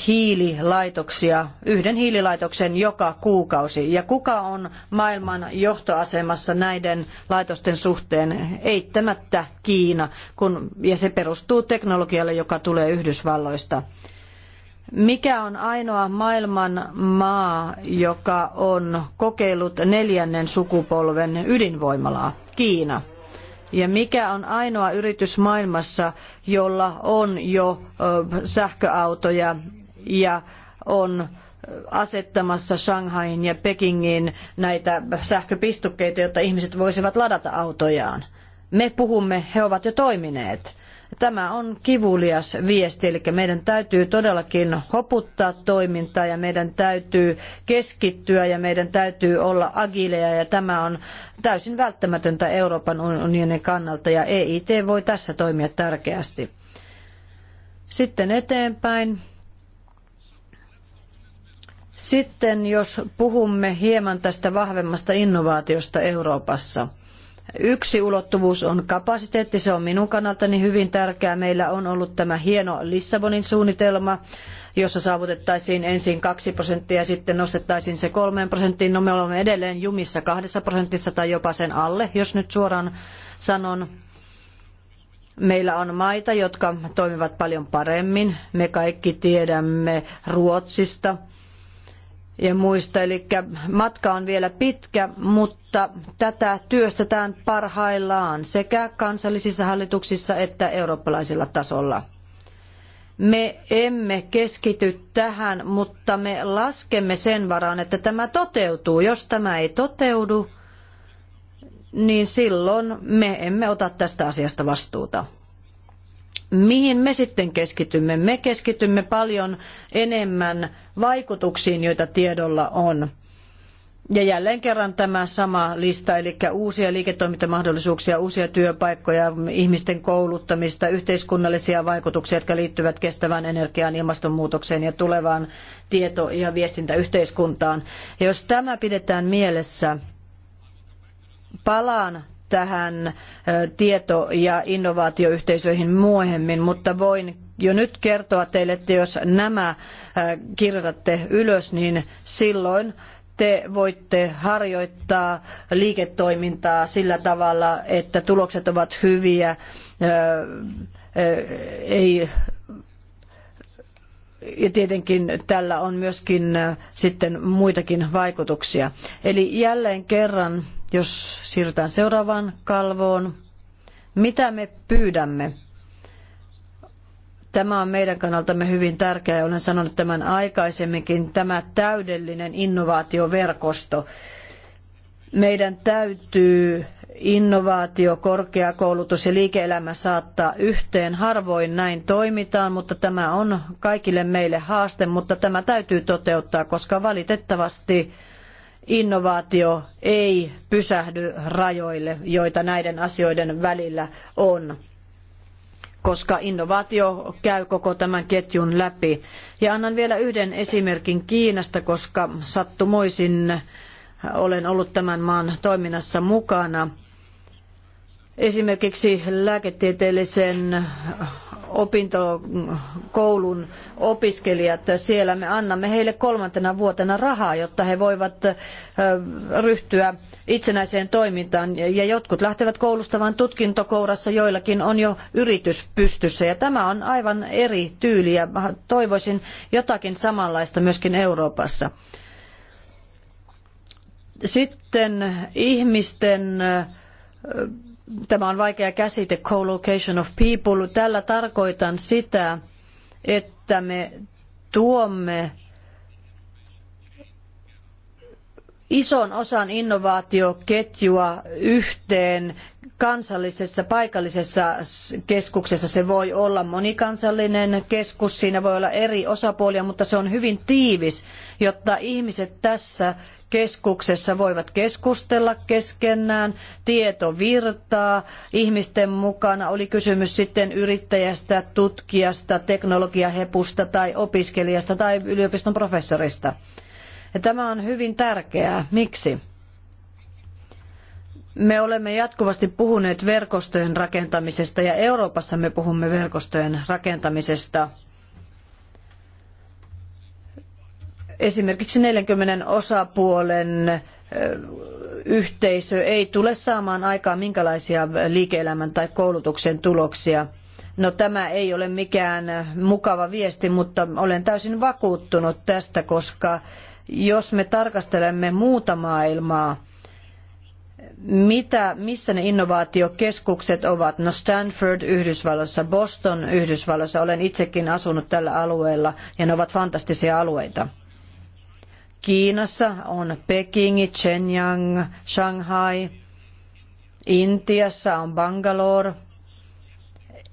hiililaitoksia, yhden hiililaitoksen joka kuukausi. Ja kuka on maailman johtoasemassa näiden laitosten suhteen? Eittämättä Kiina, kun, ja se perustuu teknologialle, joka tulee Yhdysvalloista. Mikä on ainoa maailman maa, joka on kokeillut neljännen sukupolven ydinvoimalaa? Kiina. Ja mikä on ainoa yritys maailmassa, jolla on jo sähköautoja ja on asettamassa Shanghain ja Pekingin näitä sähköpistokkeita, jotta ihmiset voisivat ladata autojaan. Me puhumme, he ovat jo toimineet. Tämä on kivulias viesti, eli meidän täytyy todellakin hoputtaa toimintaa ja meidän täytyy keskittyä ja meidän täytyy olla agileja ja tämä on täysin välttämätöntä Euroopan unionin kannalta ja EIT voi tässä toimia tärkeästi. Sitten eteenpäin. Sitten jos puhumme hieman tästä vahvemmasta innovaatiosta Euroopassa – Yksi ulottuvuus on kapasiteetti, se on minun kannaltani hyvin tärkeää. Meillä on ollut tämä hieno Lissabonin suunnitelma, jossa saavutettaisiin ensin 2 prosenttia ja sitten nostettaisiin se 3 prosenttiin. No me olemme edelleen jumissa 2 prosentissa tai jopa sen alle, jos nyt suoraan sanon. Meillä on maita, jotka toimivat paljon paremmin. Me kaikki tiedämme Ruotsista, ja muista. Eli matka on vielä pitkä, mutta tätä työstetään parhaillaan sekä kansallisissa hallituksissa että eurooppalaisella tasolla. Me emme keskity tähän, mutta me laskemme sen varaan, että tämä toteutuu. Jos tämä ei toteudu, niin silloin me emme ota tästä asiasta vastuuta mihin me sitten keskitymme? Me keskitymme paljon enemmän vaikutuksiin, joita tiedolla on. Ja jälleen kerran tämä sama lista, eli uusia liiketoimintamahdollisuuksia, uusia työpaikkoja, ihmisten kouluttamista, yhteiskunnallisia vaikutuksia, jotka liittyvät kestävään energiaan, ilmastonmuutokseen ja tulevaan tieto- ja viestintäyhteiskuntaan. Ja jos tämä pidetään mielessä, palaan tähän tieto- ja innovaatioyhteisöihin myöhemmin, mutta voin jo nyt kertoa teille, että jos nämä kirjoitatte ylös, niin silloin te voitte harjoittaa liiketoimintaa sillä tavalla, että tulokset ovat hyviä, ei ja tietenkin tällä on myöskin äh, sitten muitakin vaikutuksia. Eli jälleen kerran, jos siirrytään seuraavaan kalvoon, mitä me pyydämme? Tämä on meidän kannaltamme hyvin tärkeä, ja olen sanonut tämän aikaisemminkin, tämä täydellinen innovaatioverkosto. Meidän täytyy innovaatio, korkeakoulutus ja liike-elämä saattaa yhteen. Harvoin näin toimitaan, mutta tämä on kaikille meille haaste, mutta tämä täytyy toteuttaa, koska valitettavasti innovaatio ei pysähdy rajoille, joita näiden asioiden välillä on koska innovaatio käy koko tämän ketjun läpi. Ja annan vielä yhden esimerkin Kiinasta, koska sattumoisin olen ollut tämän maan toiminnassa mukana esimerkiksi lääketieteellisen opintokoulun opiskelijat siellä. Me annamme heille kolmantena vuotena rahaa, jotta he voivat ryhtyä itsenäiseen toimintaan. Ja jotkut lähtevät koulusta vain tutkintokourassa, joillakin on jo yritys pystyssä. Ja tämä on aivan eri tyyli ja toivoisin jotakin samanlaista myöskin Euroopassa. Sitten ihmisten Tämä on vaikea käsite, co-location of people. Tällä tarkoitan sitä, että me tuomme ison osan innovaatioketjua yhteen kansallisessa, paikallisessa keskuksessa. Se voi olla monikansallinen keskus, siinä voi olla eri osapuolia, mutta se on hyvin tiivis, jotta ihmiset tässä keskuksessa voivat keskustella keskenään, tieto virtaa ihmisten mukana, oli kysymys sitten yrittäjästä, tutkijasta, teknologiahepusta tai opiskelijasta tai yliopiston professorista. Ja tämä on hyvin tärkeää. Miksi? Me olemme jatkuvasti puhuneet verkostojen rakentamisesta ja Euroopassa me puhumme verkostojen rakentamisesta – esimerkiksi 40 osapuolen yhteisö ei tule saamaan aikaan minkälaisia liike-elämän tai koulutuksen tuloksia. No tämä ei ole mikään mukava viesti, mutta olen täysin vakuuttunut tästä, koska jos me tarkastelemme muuta maailmaa, mitä, missä ne innovaatiokeskukset ovat. No Stanford Yhdysvalloissa, Boston Yhdysvalloissa, olen itsekin asunut tällä alueella ja ne ovat fantastisia alueita. Kiinassa on Pekingi, Shenyang, Shanghai, Intiassa on Bangalore.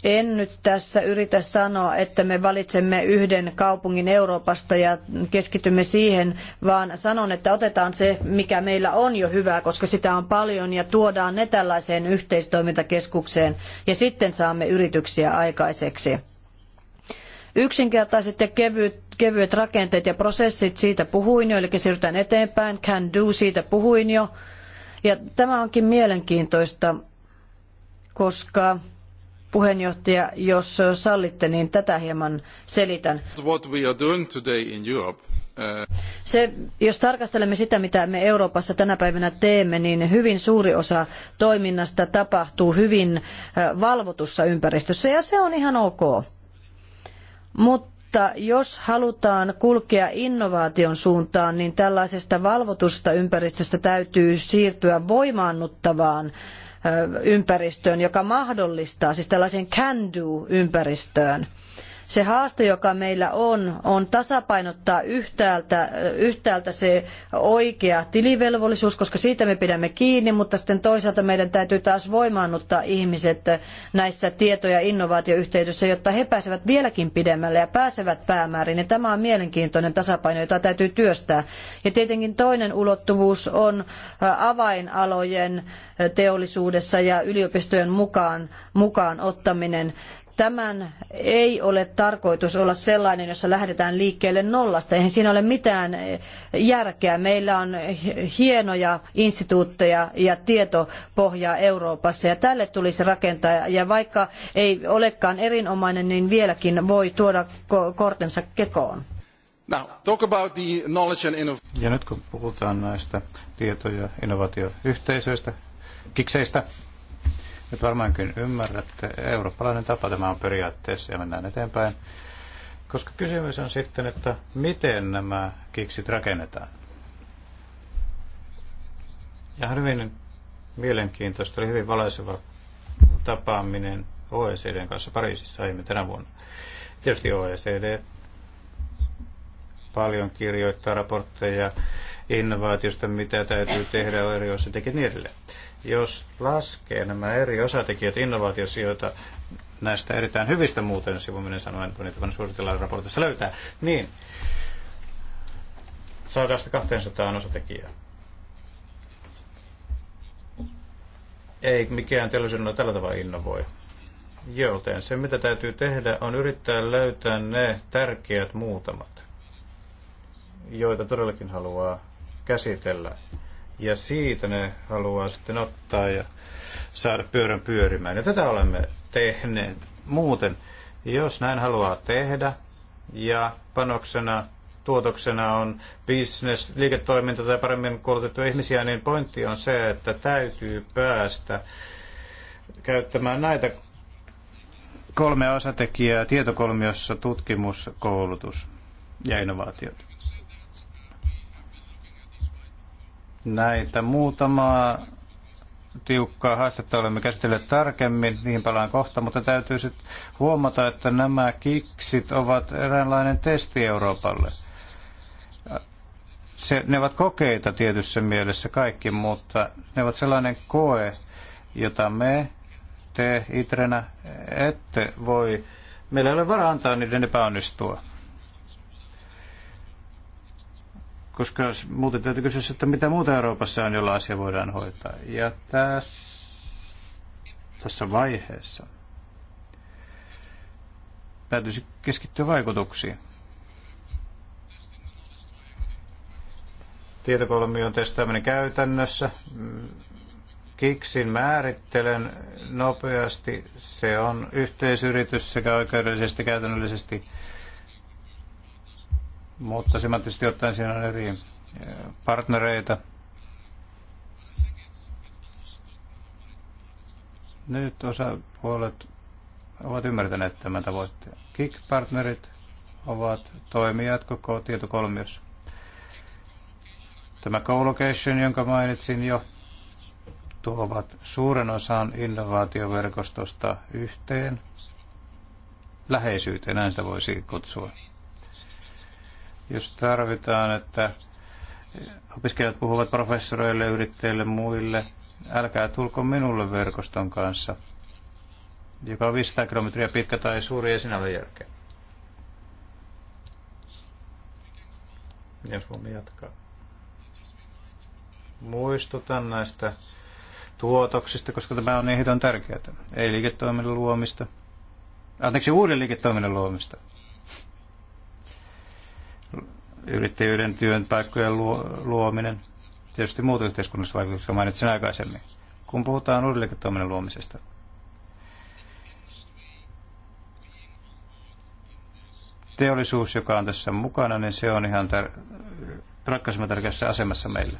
En nyt tässä yritä sanoa, että me valitsemme yhden kaupungin Euroopasta ja keskitymme siihen, vaan sanon, että otetaan se, mikä meillä on jo hyvää, koska sitä on paljon ja tuodaan ne tällaiseen yhteistoimintakeskukseen ja sitten saamme yrityksiä aikaiseksi. Yksinkertaiset ja kevyet rakenteet ja prosessit, siitä puhuin jo, eli siirrytään eteenpäin. Can do, siitä puhuin jo. Ja tämä onkin mielenkiintoista, koska puheenjohtaja, jos sallitte, niin tätä hieman selitän. Uh, se, jos tarkastelemme sitä, mitä me Euroopassa tänä päivänä teemme, niin hyvin suuri osa toiminnasta tapahtuu hyvin uh, valvotussa ympäristössä ja se on ihan ok. Mutta jos halutaan kulkea innovaation suuntaan, niin tällaisesta valvotusta ympäristöstä täytyy siirtyä voimaannuttavaan ympäristöön, joka mahdollistaa siis tällaiseen can-do-ympäristöön. Se haaste, joka meillä on, on tasapainottaa yhtäältä, yhtäältä se oikea tilivelvollisuus, koska siitä me pidämme kiinni, mutta sitten toisaalta meidän täytyy taas voimaannuttaa ihmiset näissä tieto- ja innovaatioyhteydessä, jotta he pääsevät vieläkin pidemmälle ja pääsevät päämäärin. Ja tämä on mielenkiintoinen tasapaino, jota täytyy työstää. Ja tietenkin toinen ulottuvuus on avainalojen teollisuudessa ja yliopistojen mukaan, mukaan ottaminen. Tämän ei ole tarkoitus olla sellainen, jossa lähdetään liikkeelle nollasta. Eihän siinä ole mitään järkeä. Meillä on hienoja instituutteja ja tietopohjaa Euroopassa ja tälle tulisi rakentaa. Ja vaikka ei olekaan erinomainen, niin vieläkin voi tuoda kortensa kekoon. Now, talk about the knowledge and Ja nyt kun puhutaan näistä tieto- ja innovaatioyhteisöistä, kikseistä, nyt varmaankin ymmärrätte, eurooppalainen tapa tämä on periaatteessa ja mennään eteenpäin. Koska kysymys on sitten, että miten nämä kiksit rakennetaan. Ja hyvin mielenkiintoista oli hyvin valaiseva tapaaminen OECDn kanssa Pariisissa aiemmin tänä vuonna. Tietysti OECD paljon kirjoittaa raportteja innovaatiosta, mitä täytyy tehdä eri osa niin edelleen. Jos laskee nämä eri osatekijät innovaatiosijoita näistä erittäin hyvistä muuten sivuminen sanoen, kun niitä voin suositellaan raportissa löytää, niin saadaan sitä 200 osatekijää. Ei mikään teollisuuden tällä tavalla innovoi. Joten se, mitä täytyy tehdä, on yrittää löytää ne tärkeät muutamat, joita todellakin haluaa käsitellä ja siitä ne haluaa sitten ottaa ja saada pyörän pyörimään. Ja tätä olemme tehneet. Muuten, jos näin haluaa tehdä ja panoksena tuotoksena on business, liiketoiminta tai paremmin koulutettuja ihmisiä, niin pointti on se, että täytyy päästä käyttämään näitä kolme osatekijää tietokolmiossa tutkimus, koulutus ja innovaatiot. Näitä muutamaa tiukkaa haastetta olemme käsitelleet tarkemmin, niihin palaan kohta, mutta täytyy sitten huomata, että nämä kiksit ovat eräänlainen testi Euroopalle. Se, ne ovat kokeita tietyssä mielessä kaikki, mutta ne ovat sellainen koe, jota me, te itrenä, ette voi, meillä ei ole varaa antaa niiden epäonnistua. koska muuten täytyy kysyä, että mitä muuta Euroopassa on, jolla asia voidaan hoitaa. Ja tässä, tässä vaiheessa täytyisi keskittyä vaikutuksiin. on testaaminen käytännössä. Kiksin määrittelen nopeasti. Se on yhteisyritys sekä oikeudellisesti, käytännöllisesti mutta semanttisesti ottaen siinä on eri eh, partnereita. Nyt osapuolet ovat ymmärtäneet tämän tavoitteen. Kick-partnerit ovat toimijat koko tietokolmiossa. Tämä co-location, jonka mainitsin jo, tuovat suuren osan innovaatioverkostosta yhteen läheisyyteen, näin sitä voisi kutsua jos tarvitaan, että opiskelijat puhuvat professoreille, yrittäjille, muille, älkää tulko minulle verkoston kanssa, joka on 500 kilometriä pitkä tai suuri ja sinä järkeä. Jos voimme jatkaa. Muistutan näistä tuotoksista, koska tämä on ehdoton niin tärkeää. Ei liiketoiminnan luomista. Anteeksi, uuden liiketoiminnan luomista yrittäjyyden työnpaikkojen luominen, tietysti muut yhteiskunnalliset vaikutukset, mainitsin aikaisemmin, kun puhutaan uudelleenkin luomisesta. Teollisuus, joka on tässä mukana, niin se on ihan tar- ratkaisemaan tärkeässä asemassa meille.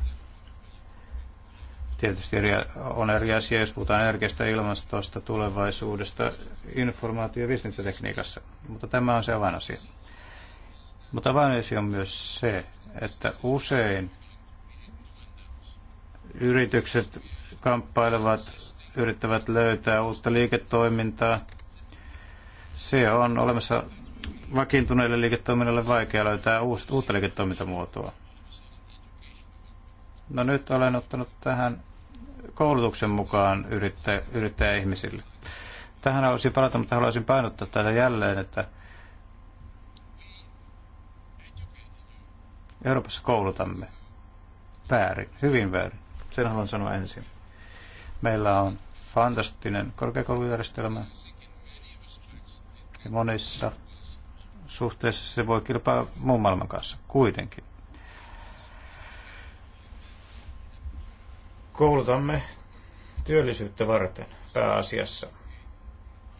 Tietysti eri, on eri asia, jos puhutaan energiasta, ilmastosta, tulevaisuudesta, informaatio- ja viestintätekniikassa, mutta tämä on se avainasia. asia. Mutta vanhesi on myös se, että usein yritykset kamppailevat, yrittävät löytää uutta liiketoimintaa. Se on olemassa vakiintuneille liiketoiminnalle vaikea löytää uutta liiketoimintamuotoa. No nyt olen ottanut tähän koulutuksen mukaan yrittäjä ihmisille. Tähän haluaisin palata, mutta haluaisin painottaa tätä jälleen, että Euroopassa koulutamme. Väärin, hyvin väärin. Sen haluan sanoa ensin. Meillä on fantastinen korkeakoulujärjestelmä. Ja monissa suhteessa se voi kilpailla muun maailman kanssa kuitenkin. Koulutamme työllisyyttä varten pääasiassa.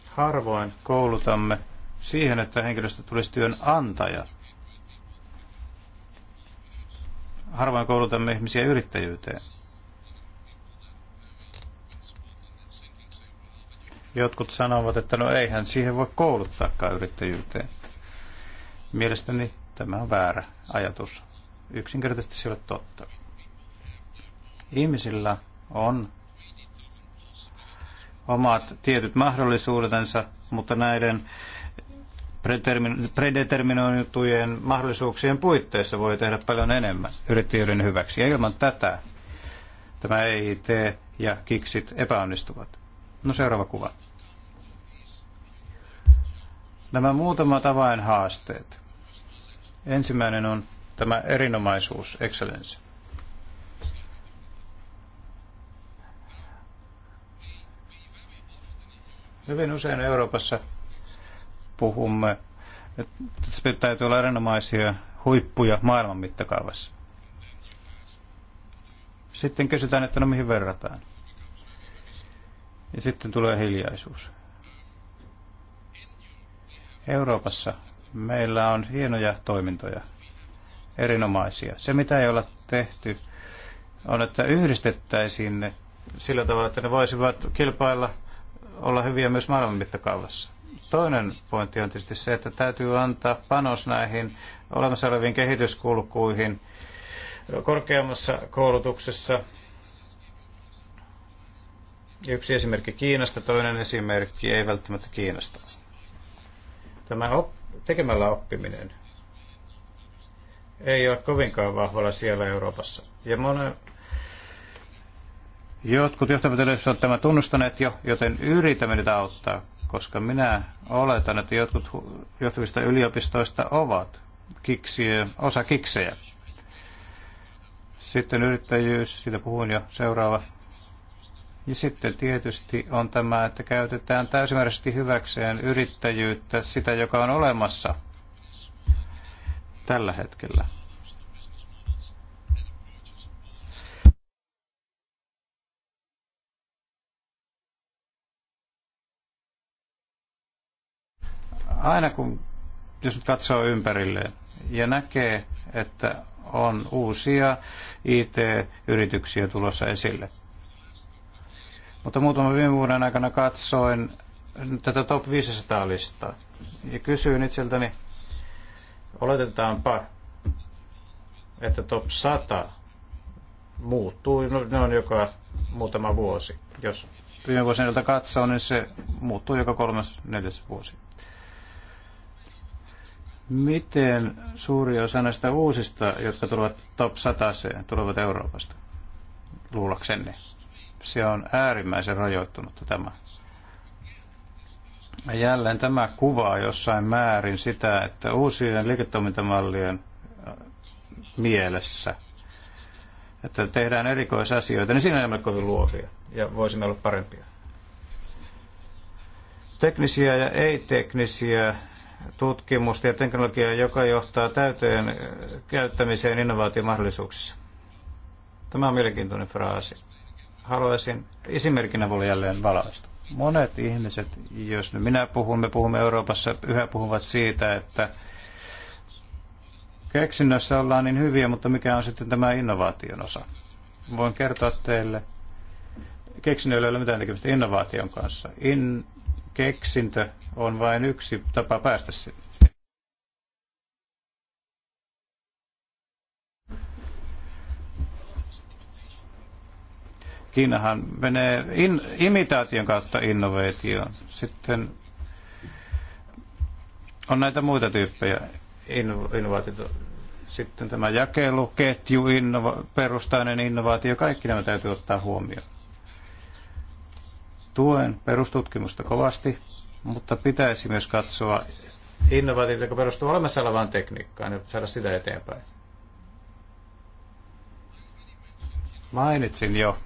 Harvoin koulutamme siihen, että henkilöstä tulisi työnantajat. harvoin koulutamme ihmisiä yrittäjyyteen. Jotkut sanovat, että no eihän siihen voi kouluttaakaan yrittäjyyteen. Mielestäni tämä on väärä ajatus. Yksinkertaisesti se ei ole totta. Ihmisillä on omat tietyt mahdollisuutensa, mutta näiden predeterminoitujen mahdollisuuksien puitteissa voi tehdä paljon enemmän yrittäjyyden hyväksi. Ja ilman tätä tämä EIT ja kiksit epäonnistuvat. No seuraava kuva. Nämä muutamat avainhaasteet. Ensimmäinen on tämä erinomaisuus, excellence. Hyvin usein Euroopassa puhumme, että täytyy olla erinomaisia huippuja maailman mittakaavassa. Sitten kysytään, että no mihin verrataan. Ja sitten tulee hiljaisuus. Euroopassa meillä on hienoja toimintoja, erinomaisia. Se, mitä ei olla tehty, on, että yhdistettäisiin ne sillä tavalla, että ne voisivat kilpailla, olla hyviä myös maailman mittakaavassa. Toinen pointti on tietysti se, että täytyy antaa panos näihin olemassa oleviin kehityskulkuihin korkeammassa koulutuksessa. Yksi esimerkki Kiinasta, toinen esimerkki ei välttämättä Kiinasta. Tämä op- tekemällä oppiminen ei ole kovinkaan vahvalla siellä Euroopassa. Ja monen, Jotkut johtavat yleisöt ovat tämän tunnustaneet jo, joten yritämme nyt auttaa koska minä oletan, että jotkut johtuvista yliopistoista ovat kiksiä, osa kiksejä. Sitten yrittäjyys, siitä puhuin jo seuraava. Ja sitten tietysti on tämä, että käytetään täysimääräisesti hyväkseen yrittäjyyttä, sitä joka on olemassa tällä hetkellä. Aina kun, jos nyt katsoo ympärilleen ja näkee, että on uusia IT-yrityksiä tulossa esille. Mutta muutama viime vuoden aikana katsoin tätä top 500-listaa ja kysyin itseltäni, oletetaanpa, että top 100 muuttuu, no, ne on joka muutama vuosi. Jos viime vuosien katsoo, niin se muuttuu joka kolmas neljäs vuosi. Miten suuri osa näistä uusista, jotka tulevat top 100, tulevat Euroopasta? Luulaksenne. Se on äärimmäisen rajoittunut tämä. Ja jälleen tämä kuvaa jossain määrin sitä, että uusien liiketoimintamallien äh, mielessä, että tehdään erikoisasioita, niin siinä ei ole kovin luovia ja voisimme olla parempia. Teknisiä ja ei-teknisiä tutkimusta ja teknologiaa, joka johtaa täyteen käyttämiseen innovaatiomahdollisuuksissa. Tämä on mielenkiintoinen fraasi. Haluaisin esimerkin avulla jälleen valaista. Monet ihmiset, jos nyt minä puhun, me puhumme Euroopassa, yhä puhuvat siitä, että keksinnössä ollaan niin hyviä, mutta mikä on sitten tämä innovaation osa? Voin kertoa teille, keksinnöillä ei ole mitään tekemistä innovaation kanssa. In, keksintö on vain yksi tapa päästä sinne. Kiinahan menee in, imitaation kautta innovaatioon. Sitten on näitä muita tyyppejä innovaatioita. Sitten tämä jakelu, ketju, innova, perustainen innovaatio, kaikki nämä täytyy ottaa huomioon. Tuen perustutkimusta kovasti mutta pitäisi myös katsoa innovaatiota, joka perustuu olemassa olevaan tekniikkaan ja saada sitä eteenpäin. Mainitsin jo,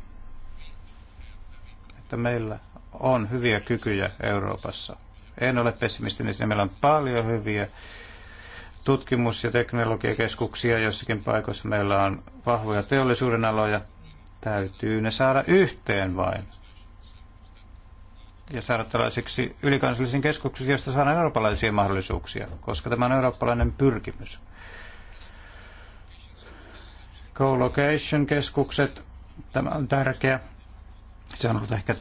että meillä on hyviä kykyjä Euroopassa. En ole pessimistinen, sillä meillä on paljon hyviä tutkimus- ja teknologiakeskuksia jossakin paikoissa. Meillä on vahvoja teollisuuden aloja. Täytyy ne saada yhteen vain ja saada tällaisiksi ylikansallisiin keskuksiksi, joista saadaan eurooppalaisia mahdollisuuksia, koska tämä on eurooppalainen pyrkimys. Co-location-keskukset, tämä on tärkeä. Se on ollut ehkä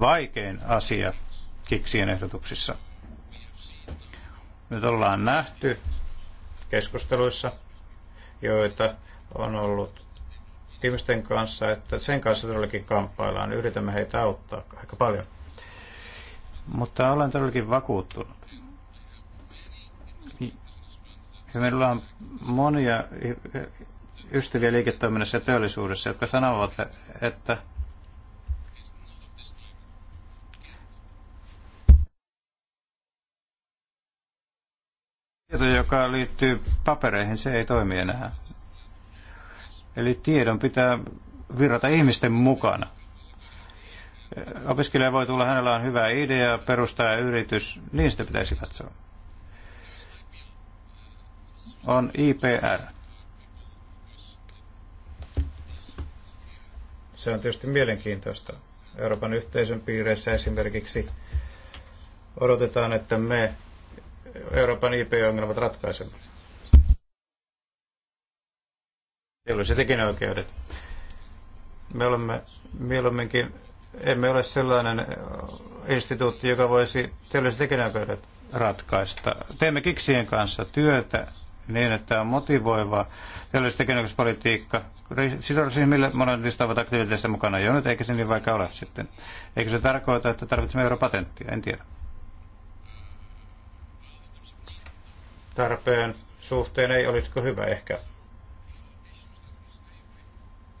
vaikein asia kiksien ehdotuksissa. Nyt ollaan nähty keskusteluissa, joita on ollut ihmisten kanssa, että sen kanssa todellakin kamppaillaan. Yritämme heitä auttaa aika paljon. Mutta olen todellakin vakuuttunut. Ja meillä on monia ystäviä liiketoiminnassa ja teollisuudessa, jotka sanovat, että tieto, joka liittyy papereihin, se ei toimi enää. Eli tiedon pitää virrata ihmisten mukana. Opiskelija voi tulla, hänellä on hyvä idea perustaa yritys, niin sitä pitäisi katsoa. On IPR. Se on tietysti mielenkiintoista. Euroopan yhteisön piireissä esimerkiksi odotetaan, että me Euroopan IP-ongelmat ratkaisemme teolliset oikeudet. Me olemme mieluumminkin, emme ole sellainen instituutti, joka voisi teolliset tekijänoikeudet ratkaista. Teemme kiksien kanssa työtä niin, että on motivoiva teolliset tekijänoikeuspolitiikka. Sidosryhmille monen niistä ovat aktiviteetissa mukana jo nyt, eikä se niin vaikka ole sitten. Eikö se tarkoita, että tarvitsemme europatenttia? En tiedä. Tarpeen suhteen ei olisiko hyvä ehkä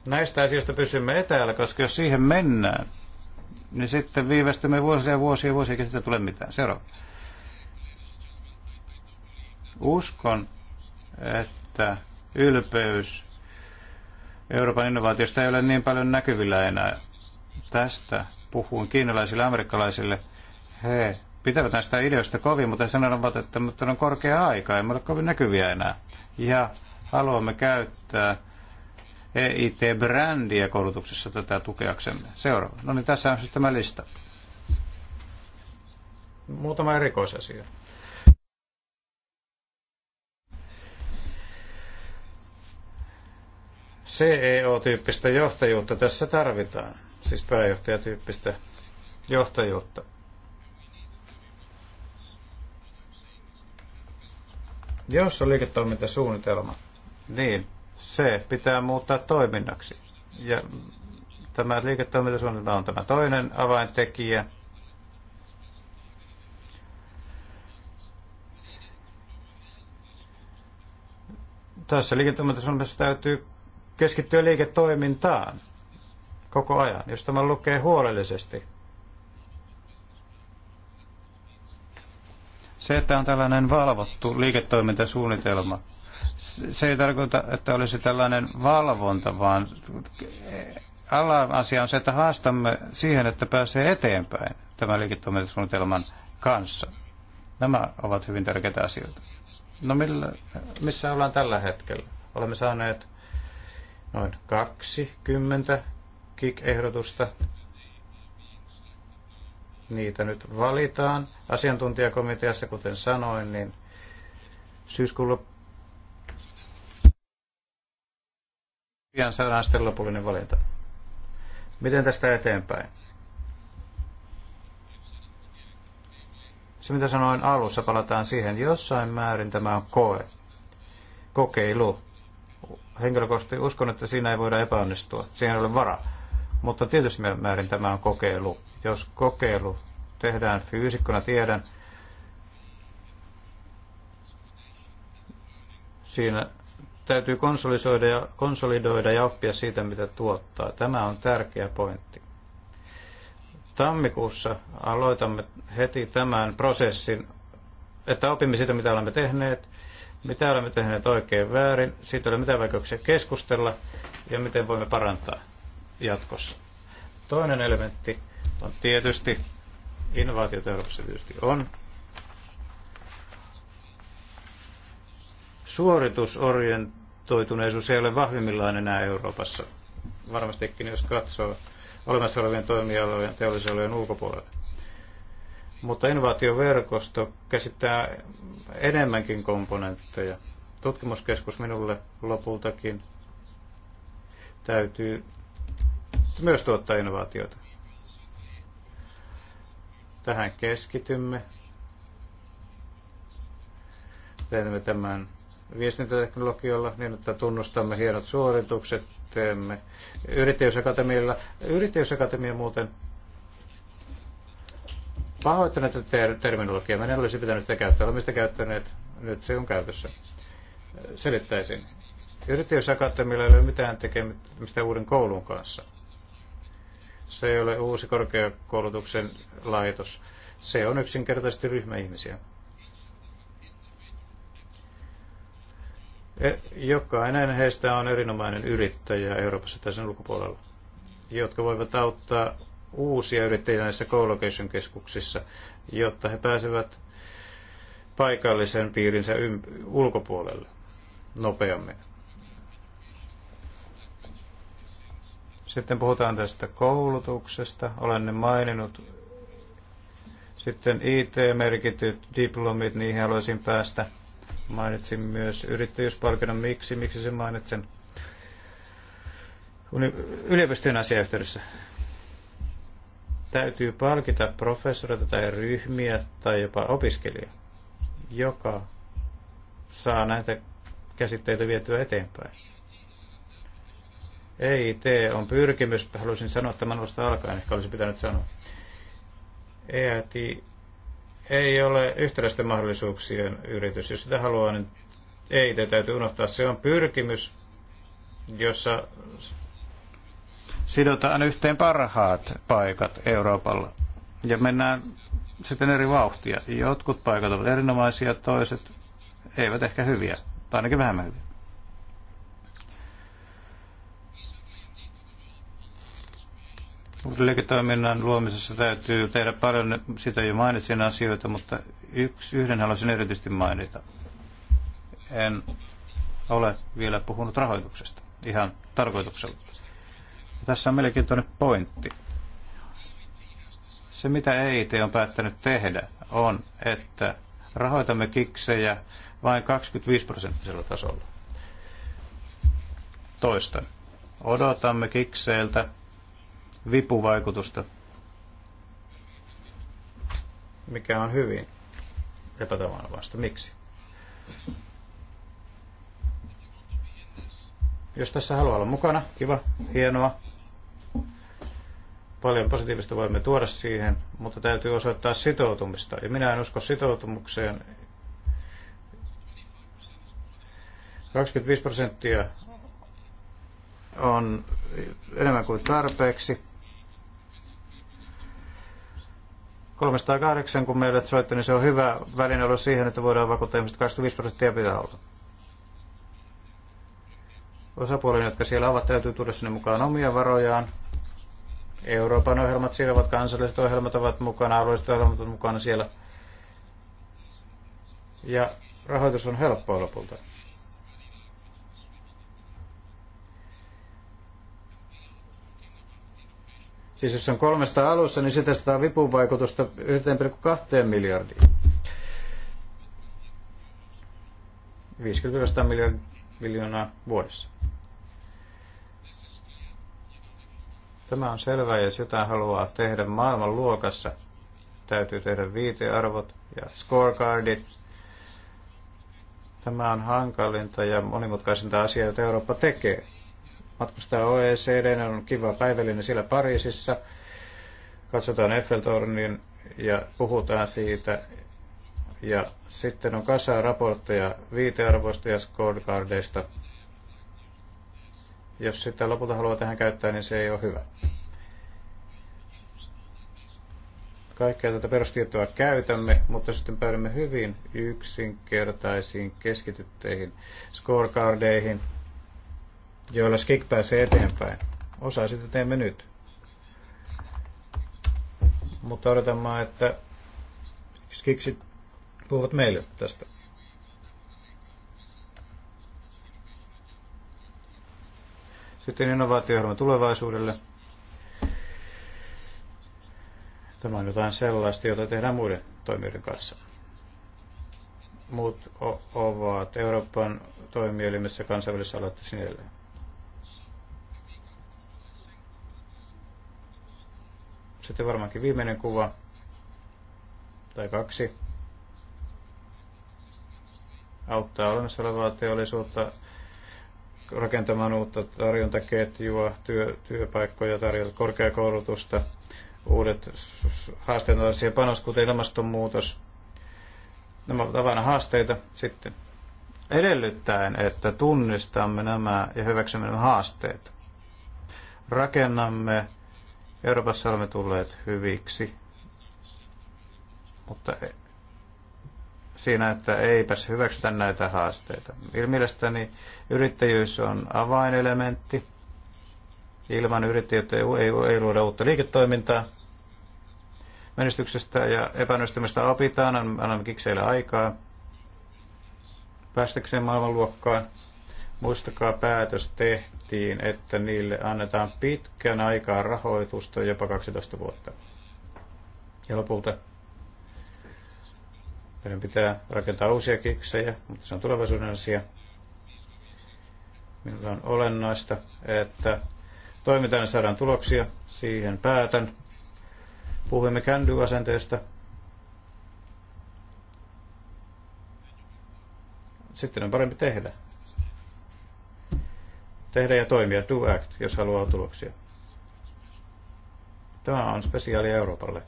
näistä asioista pysymme etäällä, koska jos siihen mennään, niin sitten viivästymme vuosia ja vuosia ja vuosia, eikä sitä tule mitään. Seuraava. Uskon, että ylpeys Euroopan innovaatiosta ei ole niin paljon näkyvillä enää. Tästä puhuin kiinalaisille amerikkalaisille. He pitävät näistä ideoista kovin, mutta sanovat, että mutta on korkea aika, ei ole kovin näkyviä enää. Ja haluamme käyttää EIT-brändiä koulutuksessa tätä tukeaksemme. Seuraava. No niin, tässä on siis tämä lista. Muutama erikoisasia. CEO-tyyppistä johtajuutta tässä tarvitaan, siis pääjohtajatyyppistä johtajuutta. Jos on liiketoimintasuunnitelma, niin se pitää muuttaa toiminnaksi. Ja tämä liiketoimintasuunnitelma on tämä toinen avaintekijä. Tässä liiketoimintasuunnitelmassa täytyy keskittyä liiketoimintaan koko ajan, jos tämä lukee huolellisesti. Se, että on tällainen valvottu liiketoimintasuunnitelma – se ei tarkoita, että olisi tällainen valvonta, vaan ala-asia on se, että haastamme siihen, että pääsee eteenpäin tämän liiketoimintasuunnitelman kanssa. Nämä ovat hyvin tärkeitä asioita. No millä, missä ollaan tällä hetkellä? Olemme saaneet noin 20 kik ehdotusta Niitä nyt valitaan. Asiantuntijakomiteassa, kuten sanoin, niin syyskuun pian saadaan sitten lopullinen valinta. Miten tästä eteenpäin? Se mitä sanoin alussa, palataan siihen. Jossain määrin tämä on koe, kokeilu. Henkilökohtaisesti uskon, että siinä ei voida epäonnistua. Siihen ei ole varaa. Mutta tietysti määrin tämä on kokeilu. Jos kokeilu tehdään fyysikkona, tiedän, siinä täytyy konsolidoida ja, konsolidoida ja oppia siitä, mitä tuottaa. Tämä on tärkeä pointti. Tammikuussa aloitamme heti tämän prosessin, että opimme siitä, mitä olemme tehneet, mitä olemme tehneet oikein väärin, siitä ole mitä vaikeuksia keskustella ja miten voimme parantaa jatkossa. Toinen elementti on tietysti, innovaatiot tietysti on, suoritusorientoituneisuus ei ole vahvimmillaan enää Euroopassa. Varmastikin jos katsoo olemassa olevien toimialojen teollisuuden ulkopuolelle. Mutta innovaatioverkosto käsittää enemmänkin komponentteja. Tutkimuskeskus minulle lopultakin täytyy myös tuottaa innovaatioita. Tähän keskitymme. Teemme tämän viestintäteknologialla, niin, että tunnustamme hienot suoritukset, teemme yrittäjyysakatemialla. Yrittäjyysakatemia muuten pahoittaneet ter- terminologiaa. Meidän olisi pitänyt sitä käyttää. Olemme sitä käyttäneet. Nyt se on käytössä. Selittäisin. Yrittäjyysakatemialla ei ole mitään tekemistä uuden koulun kanssa. Se ei ole uusi korkeakoulutuksen laitos. Se on yksinkertaisesti ryhmä ihmisiä. E, jokainen heistä on erinomainen yrittäjä Euroopassa tai sen ulkopuolella, jotka voivat auttaa uusia yrittäjiä näissä co-location keskuksissa, jotta he pääsevät paikallisen piirinsä ulkopuolelle nopeammin. Sitten puhutaan tästä koulutuksesta. Olen ne maininnut. Sitten IT-merkityt, diplomit, niihin haluaisin päästä. Mainitsin myös yrittäjyyspalkinnon. Miksi? Miksi sen mainitsen? Yliopistojen asiayhteydessä. Täytyy palkita professoreita tai ryhmiä tai jopa opiskelija, joka saa näitä käsitteitä vietyä eteenpäin. EIT on pyrkimys, haluaisin sanoa tämän vasta alkaen, ehkä olisi pitänyt sanoa. EIT ei ole yhtäläisten mahdollisuuksien yritys. Jos sitä haluaa, niin ei, te täytyy unohtaa. Se on pyrkimys, jossa sidotaan yhteen parhaat paikat Euroopalla. Ja mennään sitten eri vauhtia. Jotkut paikat ovat erinomaisia, toiset eivät ehkä hyviä, tai ainakin vähemmän hyviä. Liiketoiminnan luomisessa täytyy tehdä paljon, sitä jo mainitsin asioita, mutta yksi, yhden haluaisin erityisesti mainita. En ole vielä puhunut rahoituksesta ihan tarkoituksella. Tässä on mielenkiintoinen pointti. Se, mitä EIT on päättänyt tehdä, on, että rahoitamme kiksejä vain 25 prosenttisella tasolla. Toista. Odotamme kikseiltä vipuvaikutusta, mikä on hyvin epätavanomaista. Miksi? Jos tässä haluaa olla mukana, kiva, hienoa. Paljon positiivista voimme tuoda siihen, mutta täytyy osoittaa sitoutumista. Ja minä en usko sitoutumukseen. 25 prosenttia on enemmän kuin tarpeeksi. 308, kun meille soitti, niin se on hyvä väline ollut siihen, että voidaan vakuuttaa ihmiset 25 prosenttia pitää olla. Osapuolien, jotka siellä ovat, täytyy tuoda sinne mukaan omia varojaan. Euroopan ohjelmat siellä ovat, kansalliset ohjelmat ovat mukana, alueelliset ohjelmat ovat mukana siellä. Ja rahoitus on helppoa lopulta. Siis jos on kolmesta alussa, niin sitä sitä vipuvaikutusta 1,2 miljardiin. 50-100 miljoonaa vuodessa. Tämä on selvää, jos jotain haluaa tehdä maailman luokassa, täytyy tehdä viitearvot ja scorecardit. Tämä on hankalinta ja monimutkaisinta asiaa, jota Eurooppa tekee matkustaa OECD, on kiva päivällinen siellä Pariisissa. Katsotaan Eiffeltornin ja puhutaan siitä. Ja sitten on kasa raportteja viitearvoista ja scorecardeista. Jos sitä lopulta haluaa tähän käyttää, niin se ei ole hyvä. kaikkea tätä perustietoa käytämme, mutta sitten päädymme hyvin yksinkertaisiin keskitytteihin scorecardeihin, joilla Skik pääsee eteenpäin. Osa sitä teemme nyt. Mutta odotamme, että Skiksit puhuvat meille tästä. Sitten innovaatio tulevaisuudelle. Tämä on jotain sellaista, jota tehdään muiden toimijoiden kanssa. Muut ovat Euroopan toimielimessä kansainvälisessä aloitteessa niin edelleen. Sitten varmaankin viimeinen kuva, tai kaksi, auttaa olemassa olevaa teollisuutta rakentamaan uutta tarjontaketjua, työ, työpaikkoja tarjota, korkeakoulutusta, uudet haasteenalaisia panos, kuten ilmastonmuutos. Nämä ovat aina haasteita sitten edellyttäen, että tunnistamme nämä ja hyväksymme nämä haasteet. Rakennamme Euroopassa olemme tulleet hyviksi, mutta e- siinä, että eipäs hyväksytä näitä haasteita. Mielestäni yrittäjyys on avainelementti. Ilman yrittäjyyttä ei, ei, ei luoda uutta liiketoimintaa. Menestyksestä ja epäonnistumista opitaan, annamme kikseille aikaa päästäkseen maailmanluokkaan. Muistakaa päätös tehtiin, että niille annetaan pitkän aikaa rahoitusta, jopa 12 vuotta. Ja lopulta meidän pitää rakentaa uusia kiksejä, mutta se on tulevaisuuden asia. Minulla on olennaista, että toimitaan ja saadaan tuloksia. Siihen päätän. Puhuimme kändy-asenteesta. Sitten on parempi tehdä tehdä ja toimia, do act, jos haluaa tuloksia. Tämä on spesiaali Euroopalle.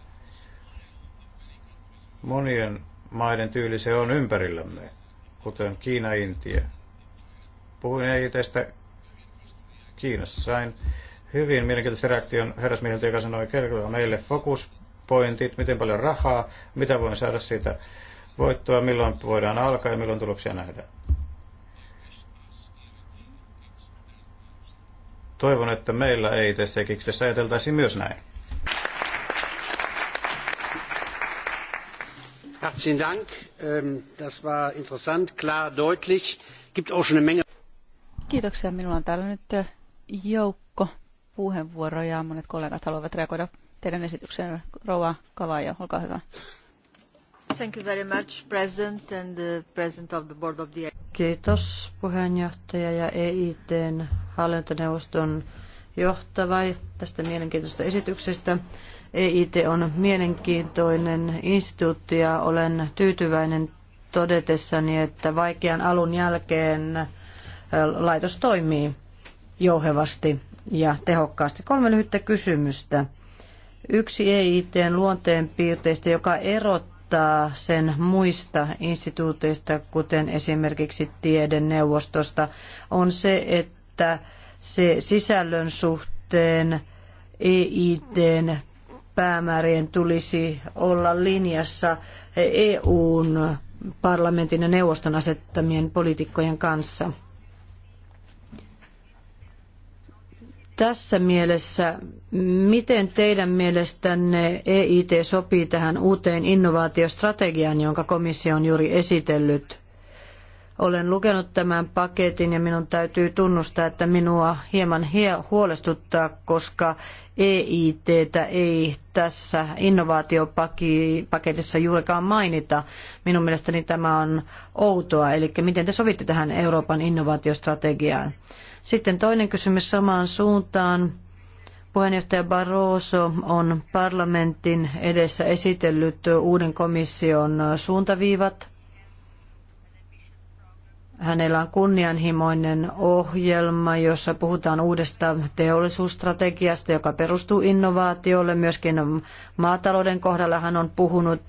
Monien maiden tyyli se on ympärillämme, kuten Kiina, Intia. Puhuin ei tästä Kiinassa. Sain hyvin mielenkiintoisen reaktion herrasmieheltä, joka sanoi, kertoa meille fokus pointit, miten paljon rahaa, mitä voin saada siitä voittoa, milloin voidaan alkaa ja milloin tuloksia nähdään. Toivon, että meillä ei tässä kiksessä ajateltaisi myös näin. Herzlichen Dank. Ähm, das war interessant, klar, deutlich. Gibt auch schon eine Menge. Kiitoksia. Minulla on täällä nyt äh, joukko puheenvuoroja. Monet kollegat haluavat reagoida teidän esitykseen. Rova Kavajo, olkaa hyvä. Thank you very much, President and the President of the Board of the... Kiitos puheenjohtaja ja EITn hallintoneuvoston johtava tästä mielenkiintoisesta esityksestä. EIT on mielenkiintoinen instituutti ja olen tyytyväinen todetessani, että vaikean alun jälkeen laitos toimii jouhevasti ja tehokkaasti. Kolme lyhyttä kysymystä. Yksi EITn luonteenpiirteistä, joka erottaa ottaa sen muista instituuteista, kuten esimerkiksi tiedeneuvostosta, on se, että se sisällön suhteen EITn päämäärien tulisi olla linjassa EUn parlamentin ja neuvoston asettamien poliitikkojen kanssa. tässä mielessä, miten teidän mielestänne EIT sopii tähän uuteen innovaatiostrategiaan, jonka komissio on juuri esitellyt? Olen lukenut tämän paketin ja minun täytyy tunnustaa, että minua hieman huolestuttaa, koska EITtä ei tässä innovaatiopaketissa juurikaan mainita. Minun mielestäni tämä on outoa, eli miten te sovitte tähän Euroopan innovaatiostrategiaan? Sitten toinen kysymys samaan suuntaan. Puheenjohtaja Barroso on parlamentin edessä esitellyt uuden komission suuntaviivat. Hänellä on kunnianhimoinen ohjelma, jossa puhutaan uudesta teollisuusstrategiasta, joka perustuu innovaatiolle. Myöskin maatalouden kohdalla hän on puhunut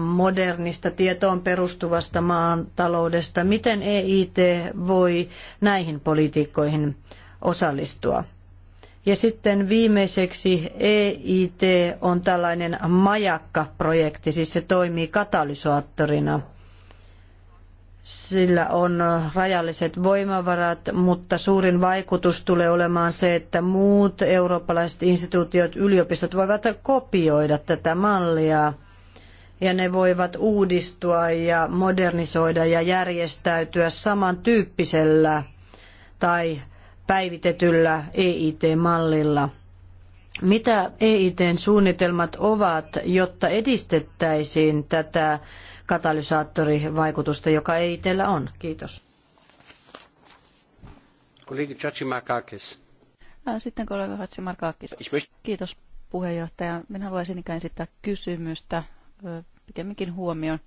modernista tietoon perustuvasta maantaloudesta. Miten EIT voi näihin politiikkoihin osallistua? Ja sitten viimeiseksi EIT on tällainen majakkaprojekti, siis se toimii katalysaattorina. Sillä on rajalliset voimavarat, mutta suurin vaikutus tulee olemaan se, että muut eurooppalaiset instituutiot, yliopistot voivat kopioida tätä mallia – ja ne voivat uudistua ja modernisoida ja järjestäytyä samantyyppisellä tai päivitetyllä EIT-mallilla. Mitä EITn suunnitelmat ovat, jotta edistettäisiin tätä katalysaattorivaikutusta, joka EITllä on? Kiitos. Kollega Chachimakakis. Sitten kollega Hatsimarkakis. Kiitos puheenjohtaja. Minä haluaisin ikään esittää kysymystä pikemminkin huomioon.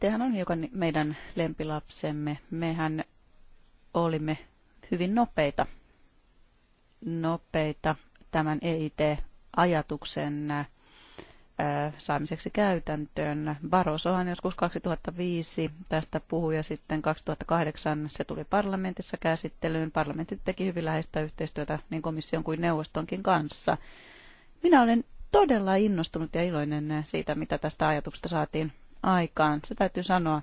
tehän on hiukan meidän lempilapsemme. Mehän olimme hyvin nopeita, nopeita tämän EIT-ajatuksen saamiseksi käytäntöön. Barosohan joskus 2005 tästä puhui ja sitten 2008 se tuli parlamentissa käsittelyyn. Parlamentti teki hyvin läheistä yhteistyötä niin komission kuin neuvostonkin kanssa. Minä olen todella innostunut ja iloinen eh, siitä, mitä tästä ajatuksesta saatiin aikaan. Se täytyy sanoa,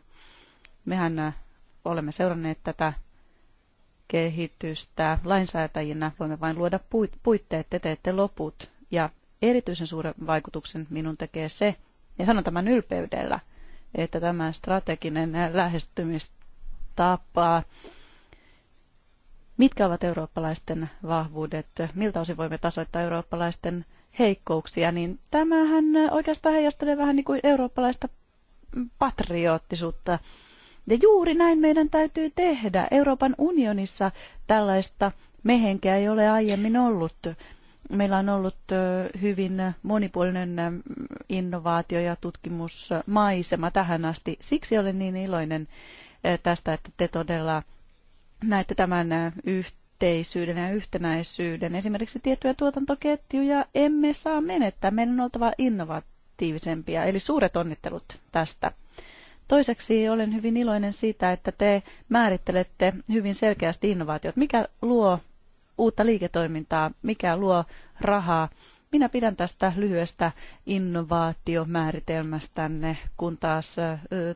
mehän eh, olemme seuranneet tätä kehitystä lainsäätäjinä. Voimme vain luoda puitteet, te teette loput. Ja erityisen suuren vaikutuksen minun tekee se, ja sanon tämän ylpeydellä, että tämä strateginen eh, lähestymistapa, mitkä ovat eurooppalaisten vahvuudet, miltä osin voimme tasoittaa eurooppalaisten heikkouksia, niin tämähän oikeastaan heijastelee vähän niin kuin eurooppalaista patriottisuutta. Ja juuri näin meidän täytyy tehdä. Euroopan unionissa tällaista mehenkeä ei ole aiemmin ollut. Meillä on ollut hyvin monipuolinen innovaatio- ja tutkimusmaisema tähän asti. Siksi olen niin iloinen tästä, että te todella näette tämän yhteyden yhteisyyden ja yhtenäisyyden. Esimerkiksi tiettyjä tuotantoketjuja emme saa menettää. Meidän on oltava innovatiivisempia, eli suuret onnittelut tästä. Toiseksi olen hyvin iloinen siitä, että te määrittelette hyvin selkeästi innovaatiot. Mikä luo uutta liiketoimintaa, mikä luo rahaa. Minä pidän tästä lyhyestä innovaatiomääritelmästänne, kun taas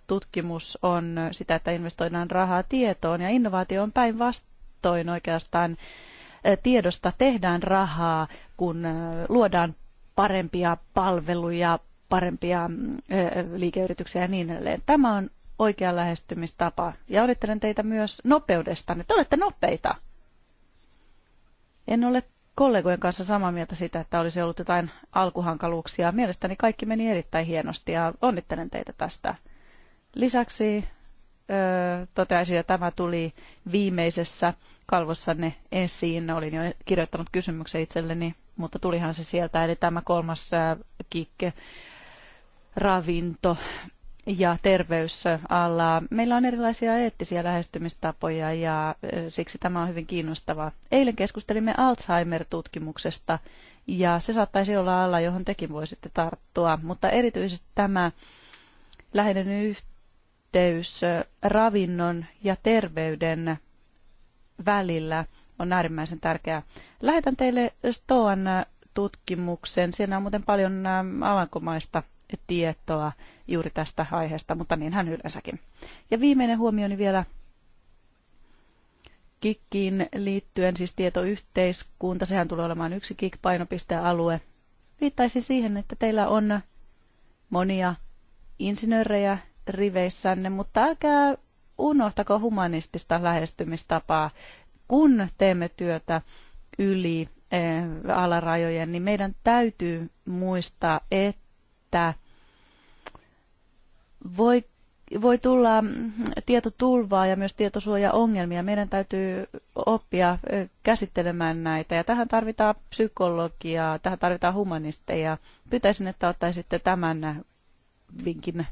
tutkimus on sitä, että investoidaan rahaa tietoon ja innovaatio on päinvastoin vastoin oikeastaan tiedosta tehdään rahaa, kun luodaan parempia palveluja, parempia liikeyrityksiä ja niin edelleen. Tämä on oikea lähestymistapa. Ja onnittelen teitä myös nopeudesta. Te olette nopeita. En ole kollegojen kanssa samaa mieltä siitä, että olisi ollut jotain alkuhankaluuksia. Mielestäni kaikki meni erittäin hienosti ja onnittelen teitä tästä. Lisäksi öö, toteaisin, että tämä tuli viimeisessä kalvossanne esiin. Olin jo kirjoittanut kysymyksen itselleni, mutta tulihan se sieltä. Eli tämä kolmas kikke, ravinto ja terveysala. Meillä on erilaisia eettisiä lähestymistapoja ja siksi tämä on hyvin kiinnostavaa. Eilen keskustelimme Alzheimer-tutkimuksesta ja se saattaisi olla ala, johon tekin voisitte tarttua, mutta erityisesti tämä läheinen yhteys ravinnon ja terveyden välillä on äärimmäisen tärkeää. Lähetän teille Stoan äh, tutkimuksen. Siinä on muuten paljon äh, alankomaista tietoa juuri tästä aiheesta, mutta niin hän yleensäkin. Ja viimeinen huomioni vielä kikkiin liittyen, siis tietoyhteiskunta, sehän tulee olemaan yksi kik-painopistealue. Viittaisin siihen, että teillä on monia insinöörejä riveissänne, mutta älkää unohtako humanistista lähestymistapaa, kun teemme työtä yli eh, alarajojen, niin meidän täytyy muistaa, että voi, voi tulla mm, tietotulvaa ja myös tietosuojaongelmia. Meidän täytyy oppia eh, käsittelemään näitä ja tähän tarvitaan psykologiaa, tähän tarvitaan humanisteja. Pyytäisin, että ottaisitte tämän eh, vinkin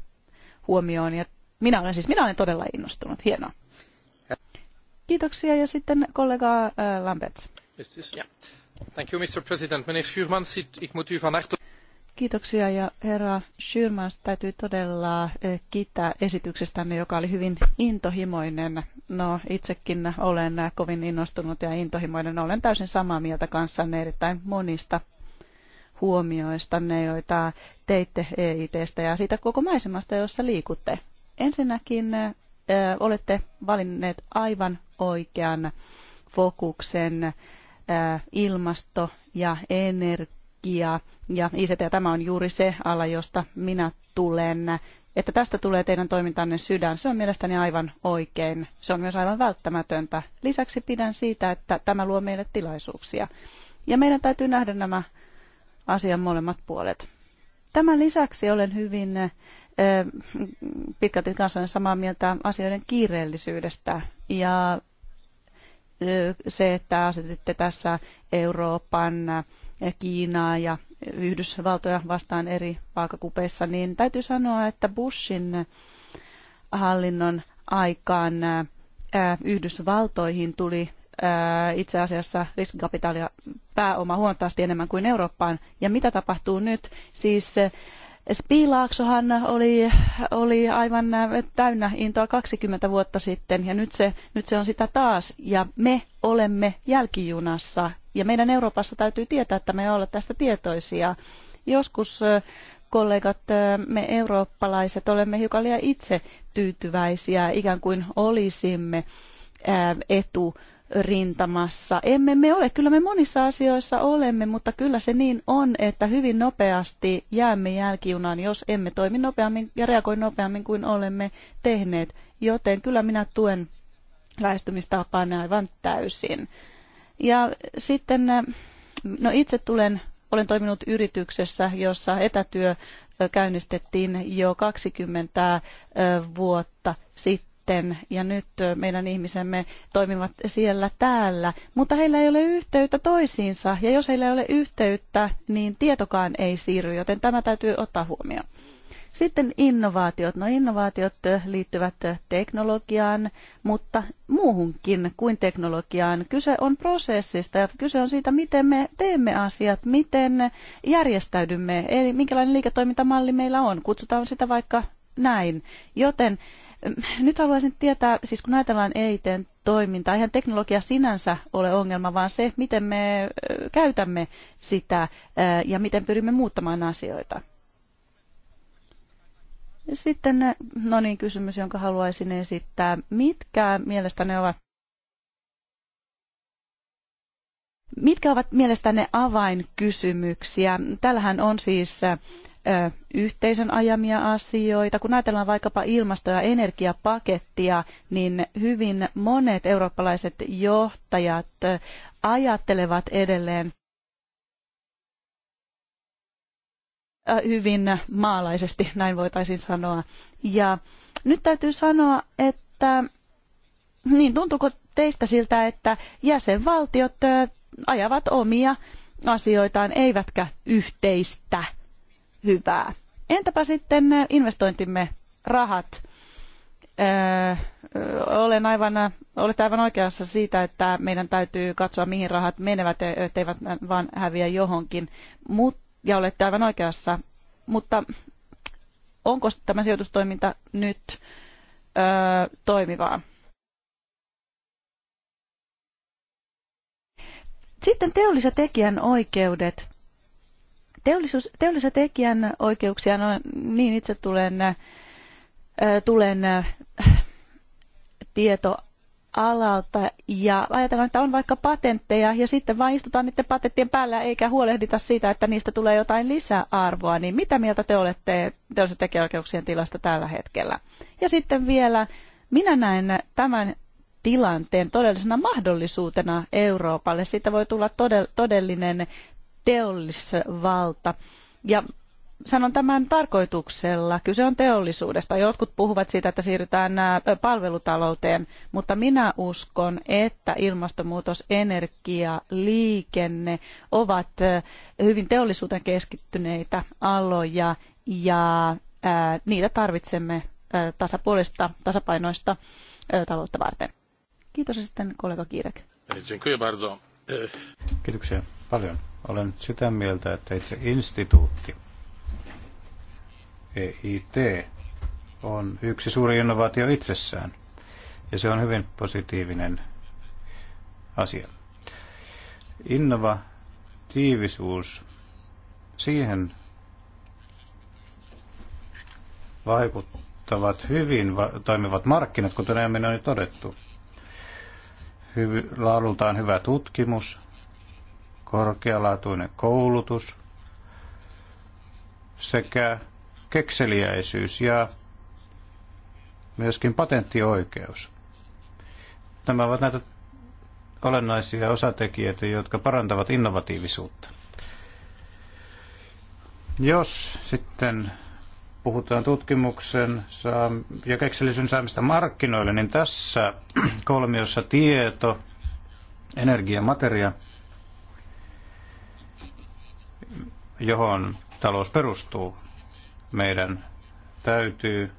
huomioon ja minä olen siis, minä olen todella innostunut. Hienoa. Kiitoksia ja sitten kollega äh, Lambert. Thank you, Mr. President. Meneer Schuurmans, ik moet u van harte... Kiitoksia ja herra Schürmans täytyy todella äh, kiittää esityksestänne, joka oli hyvin intohimoinen. No itsekin olen äh, kovin innostunut ja intohimoinen. Olen täysin samaa mieltä kanssanne erittäin monista huomioista, ne joita teitte EITstä ja siitä koko maisemasta, jossa liikutte. Ensinnäkin olette valinneet aivan oikean fokuksen ilmasto ja energia. Ja ICT, tämä on juuri se ala, josta minä tulen, että tästä tulee teidän toimintanne sydän. Se on mielestäni aivan oikein. Se on myös aivan välttämätöntä. Lisäksi pidän siitä, että tämä luo meille tilaisuuksia. Ja meidän täytyy nähdä nämä asian molemmat puolet. Tämän lisäksi olen hyvin pitkälti kanssanne samaa mieltä asioiden kiireellisyydestä ja se, että asetitte tässä Euroopan, Kiinaa ja Yhdysvaltoja vastaan eri vaakakupeissa, niin täytyy sanoa, että Bushin hallinnon aikaan Yhdysvaltoihin tuli itse asiassa riskikapitaalia pääoma huomattavasti enemmän kuin Eurooppaan. Ja mitä tapahtuu nyt? Siis Spiilaaksohan oli, oli aivan äh, täynnä intoa 20 vuotta sitten ja nyt se, nyt se on sitä taas ja me olemme jälkijunassa ja meidän Euroopassa täytyy tietää, että me olla tästä tietoisia. Joskus äh, kollegat, äh, me eurooppalaiset olemme hiukan liian itse tyytyväisiä, ikään kuin olisimme etu rintamassa. Emme me ole, kyllä me monissa asioissa olemme, mutta kyllä se niin on, että hyvin nopeasti jäämme jälkijunaan, jos emme toimi nopeammin ja reagoi nopeammin kuin olemme tehneet. Joten kyllä minä tuen lähestymistapaan aivan täysin. Ja sitten, äh, no itse tulen, olen toiminut yrityksessä, jossa etätyö äh, käynnistettiin jo 20 äh, vuotta sitten sitten ja nyt meidän ihmisemme toimivat siellä täällä, mutta heillä ei ole yhteyttä toisiinsa ja jos heillä ei ole yhteyttä, niin tietokaan ei siirry, joten tämä täytyy ottaa huomioon. Sitten innovaatiot. No innovaatiot liittyvät teknologiaan, mutta muuhunkin kuin teknologiaan. Kyse on prosessista ja kyse on siitä, miten me teemme asiat, miten järjestäydymme, eli minkälainen liiketoimintamalli meillä on. Kutsutaan sitä vaikka näin. Joten nyt haluaisin tietää, siis kun ajatellaan eiten toimintaa, eihän teknologia sinänsä ole ongelma, vaan se, miten me käytämme sitä ja miten pyrimme muuttamaan asioita. Sitten, no niin, kysymys, jonka haluaisin esittää. Mitkä ne ovat Mitkä ovat mielestäne avainkysymyksiä? Tällähän on siis yhteisön ajamia asioita. Kun ajatellaan vaikkapa ilmasto- ja energiapakettia, niin hyvin monet eurooppalaiset johtajat ajattelevat edelleen hyvin maalaisesti, näin voitaisiin sanoa. Ja nyt täytyy sanoa, että niin tuntuuko teistä siltä, että jäsenvaltiot ajavat omia asioitaan eivätkä yhteistä hyvää. Entäpä sitten äh, investointimme rahat? Öö, olen aivan, äh, olet aivan oikeassa siitä, että meidän täytyy katsoa, mihin rahat menevät, e, etteivät vaan häviä johonkin. Mut, ja olette aivan oikeassa. Mutta onko tämä sijoitustoiminta nyt öö, toimivaa? Sitten teolliset tekijän oikeudet. Teollisuus, teollisen tekijän oikeuksia, no niin itse tulen, tulen tietoalalta ja ajatellaan, että on vaikka patentteja ja sitten vain istutaan niiden patenttien päällä eikä huolehdita siitä, että niistä tulee jotain lisäarvoa, niin mitä mieltä te olette teollisen tekijäoikeuksien tilasta tällä hetkellä? Ja sitten vielä, minä näen tämän tilanteen todellisena mahdollisuutena Euroopalle. Siitä voi tulla todellinen teollisvalta. Ja sanon tämän tarkoituksella. Kyse on teollisuudesta. Jotkut puhuvat siitä, että siirrytään palvelutalouteen, mutta minä uskon, että ilmastonmuutos, energia, liikenne ovat hyvin teollisuuteen keskittyneitä aloja ja niitä tarvitsemme tasapuolista, tasapainoista taloutta varten. Kiitos sitten kollega Kiirek. Dziękuję bardzo. Kiitoksia paljon. Olen sitä mieltä, että itse instituutti, EIT, on yksi suuri innovaatio itsessään. Ja se on hyvin positiivinen asia. Innovatiivisuus, siihen vaikuttavat hyvin toimivat markkinat, kuten aiemmin on jo todettu hyvy, laadultaan hyvä tutkimus, korkealaatuinen koulutus sekä kekseliäisyys ja myöskin patenttioikeus. Nämä ovat näitä olennaisia osatekijöitä, jotka parantavat innovatiivisuutta. Jos sitten puhutaan tutkimuksen ja keksillisyyden saamista markkinoille, niin tässä [clears throat] kolmiossa tieto, energia, materia, johon talous perustuu, meidän täytyy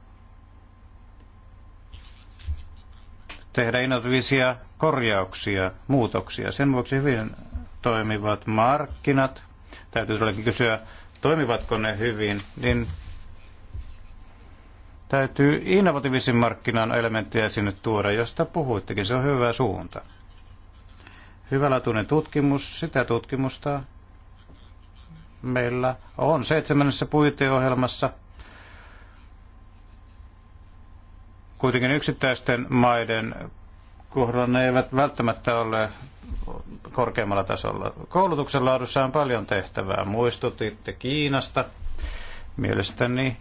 tehdä innovatiivisia korjauksia, muutoksia. Sen vuoksi hyvin toimivat markkinat. Täytyy todellakin kysyä, toimivatko ne hyvin, niin Täytyy innovatiivisen markkinan elementtejä sinne tuoda, josta puhuittekin. Se on hyvä suunta. Hyvälaatuinen tutkimus, sitä tutkimusta meillä on seitsemännessä puiteohjelmassa. Kuitenkin yksittäisten maiden kohdalla ne eivät välttämättä ole korkeammalla tasolla. Koulutuksen laadussa on paljon tehtävää. Muistutitte Kiinasta. Mielestäni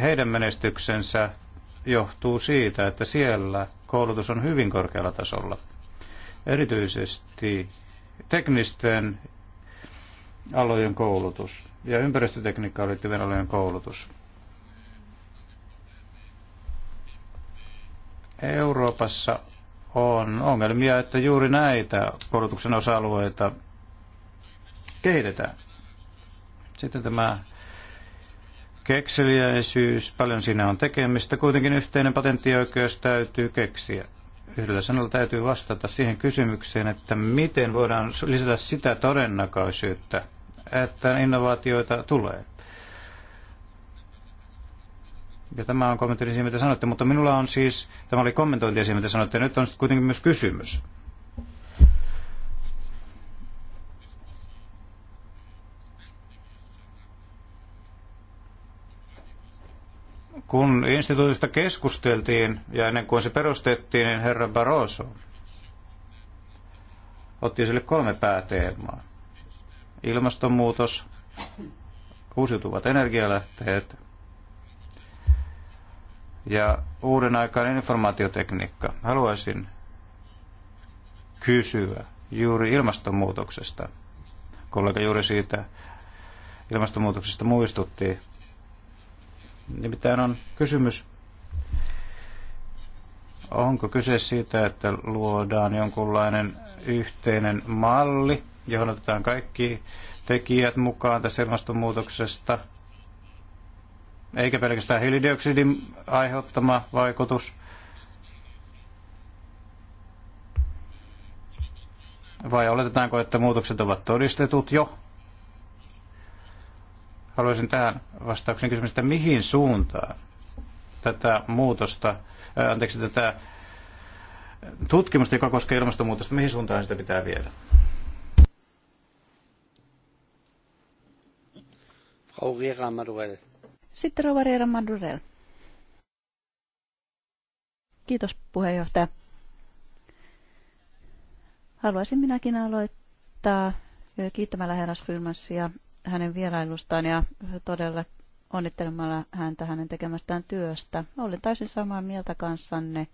heidän menestyksensä johtuu siitä, että siellä koulutus on hyvin korkealla tasolla. Erityisesti teknisten alojen koulutus ja ympäristötekniikkaan liittyvien alojen koulutus. Euroopassa on ongelmia, että juuri näitä koulutuksen osa-alueita kehitetään. Sitten tämä kekseliäisyys, paljon siinä on tekemistä. Kuitenkin yhteinen patenttioikeus täytyy keksiä. Yhdellä sanalla täytyy vastata siihen kysymykseen, että miten voidaan lisätä sitä todennäköisyyttä, että innovaatioita tulee. Ja tämä on kommentti siihen, mitä sanoitte, mutta minulla on siis, tämä oli kommentointi siihen, mitä sanoitte, nyt on kuitenkin myös kysymys. Kun instituutista keskusteltiin ja ennen kuin se perustettiin, niin herra Barroso otti sille kolme pääteemaa. Ilmastonmuutos, uusiutuvat energialähteet ja uuden aikaan informaatiotekniikka. Haluaisin kysyä juuri ilmastonmuutoksesta. Kollega juuri siitä ilmastonmuutoksesta muistutti. Nimittäin on kysymys, onko kyse siitä, että luodaan jonkunlainen yhteinen malli, johon otetaan kaikki tekijät mukaan tästä ilmastonmuutoksesta, eikä pelkästään hiilidioksidin aiheuttama vaikutus, vai oletetaanko, että muutokset ovat todistetut jo Haluaisin tähän vastauksen että mihin suuntaan tätä muutosta, ää, anteeksi, tätä tutkimusta, joka koskee ilmastonmuutosta, mihin suuntaan sitä pitää viedä? Frau Riera Madurell. Sitten Rova Riera Madurell. Kiitos puheenjohtaja. Haluaisin minäkin aloittaa kiittämällä herras Frylmansia hänen vierailustaan ja todella onnittelemalla häntä hänen tekemästään työstä. Olen täysin samaa mieltä kanssanne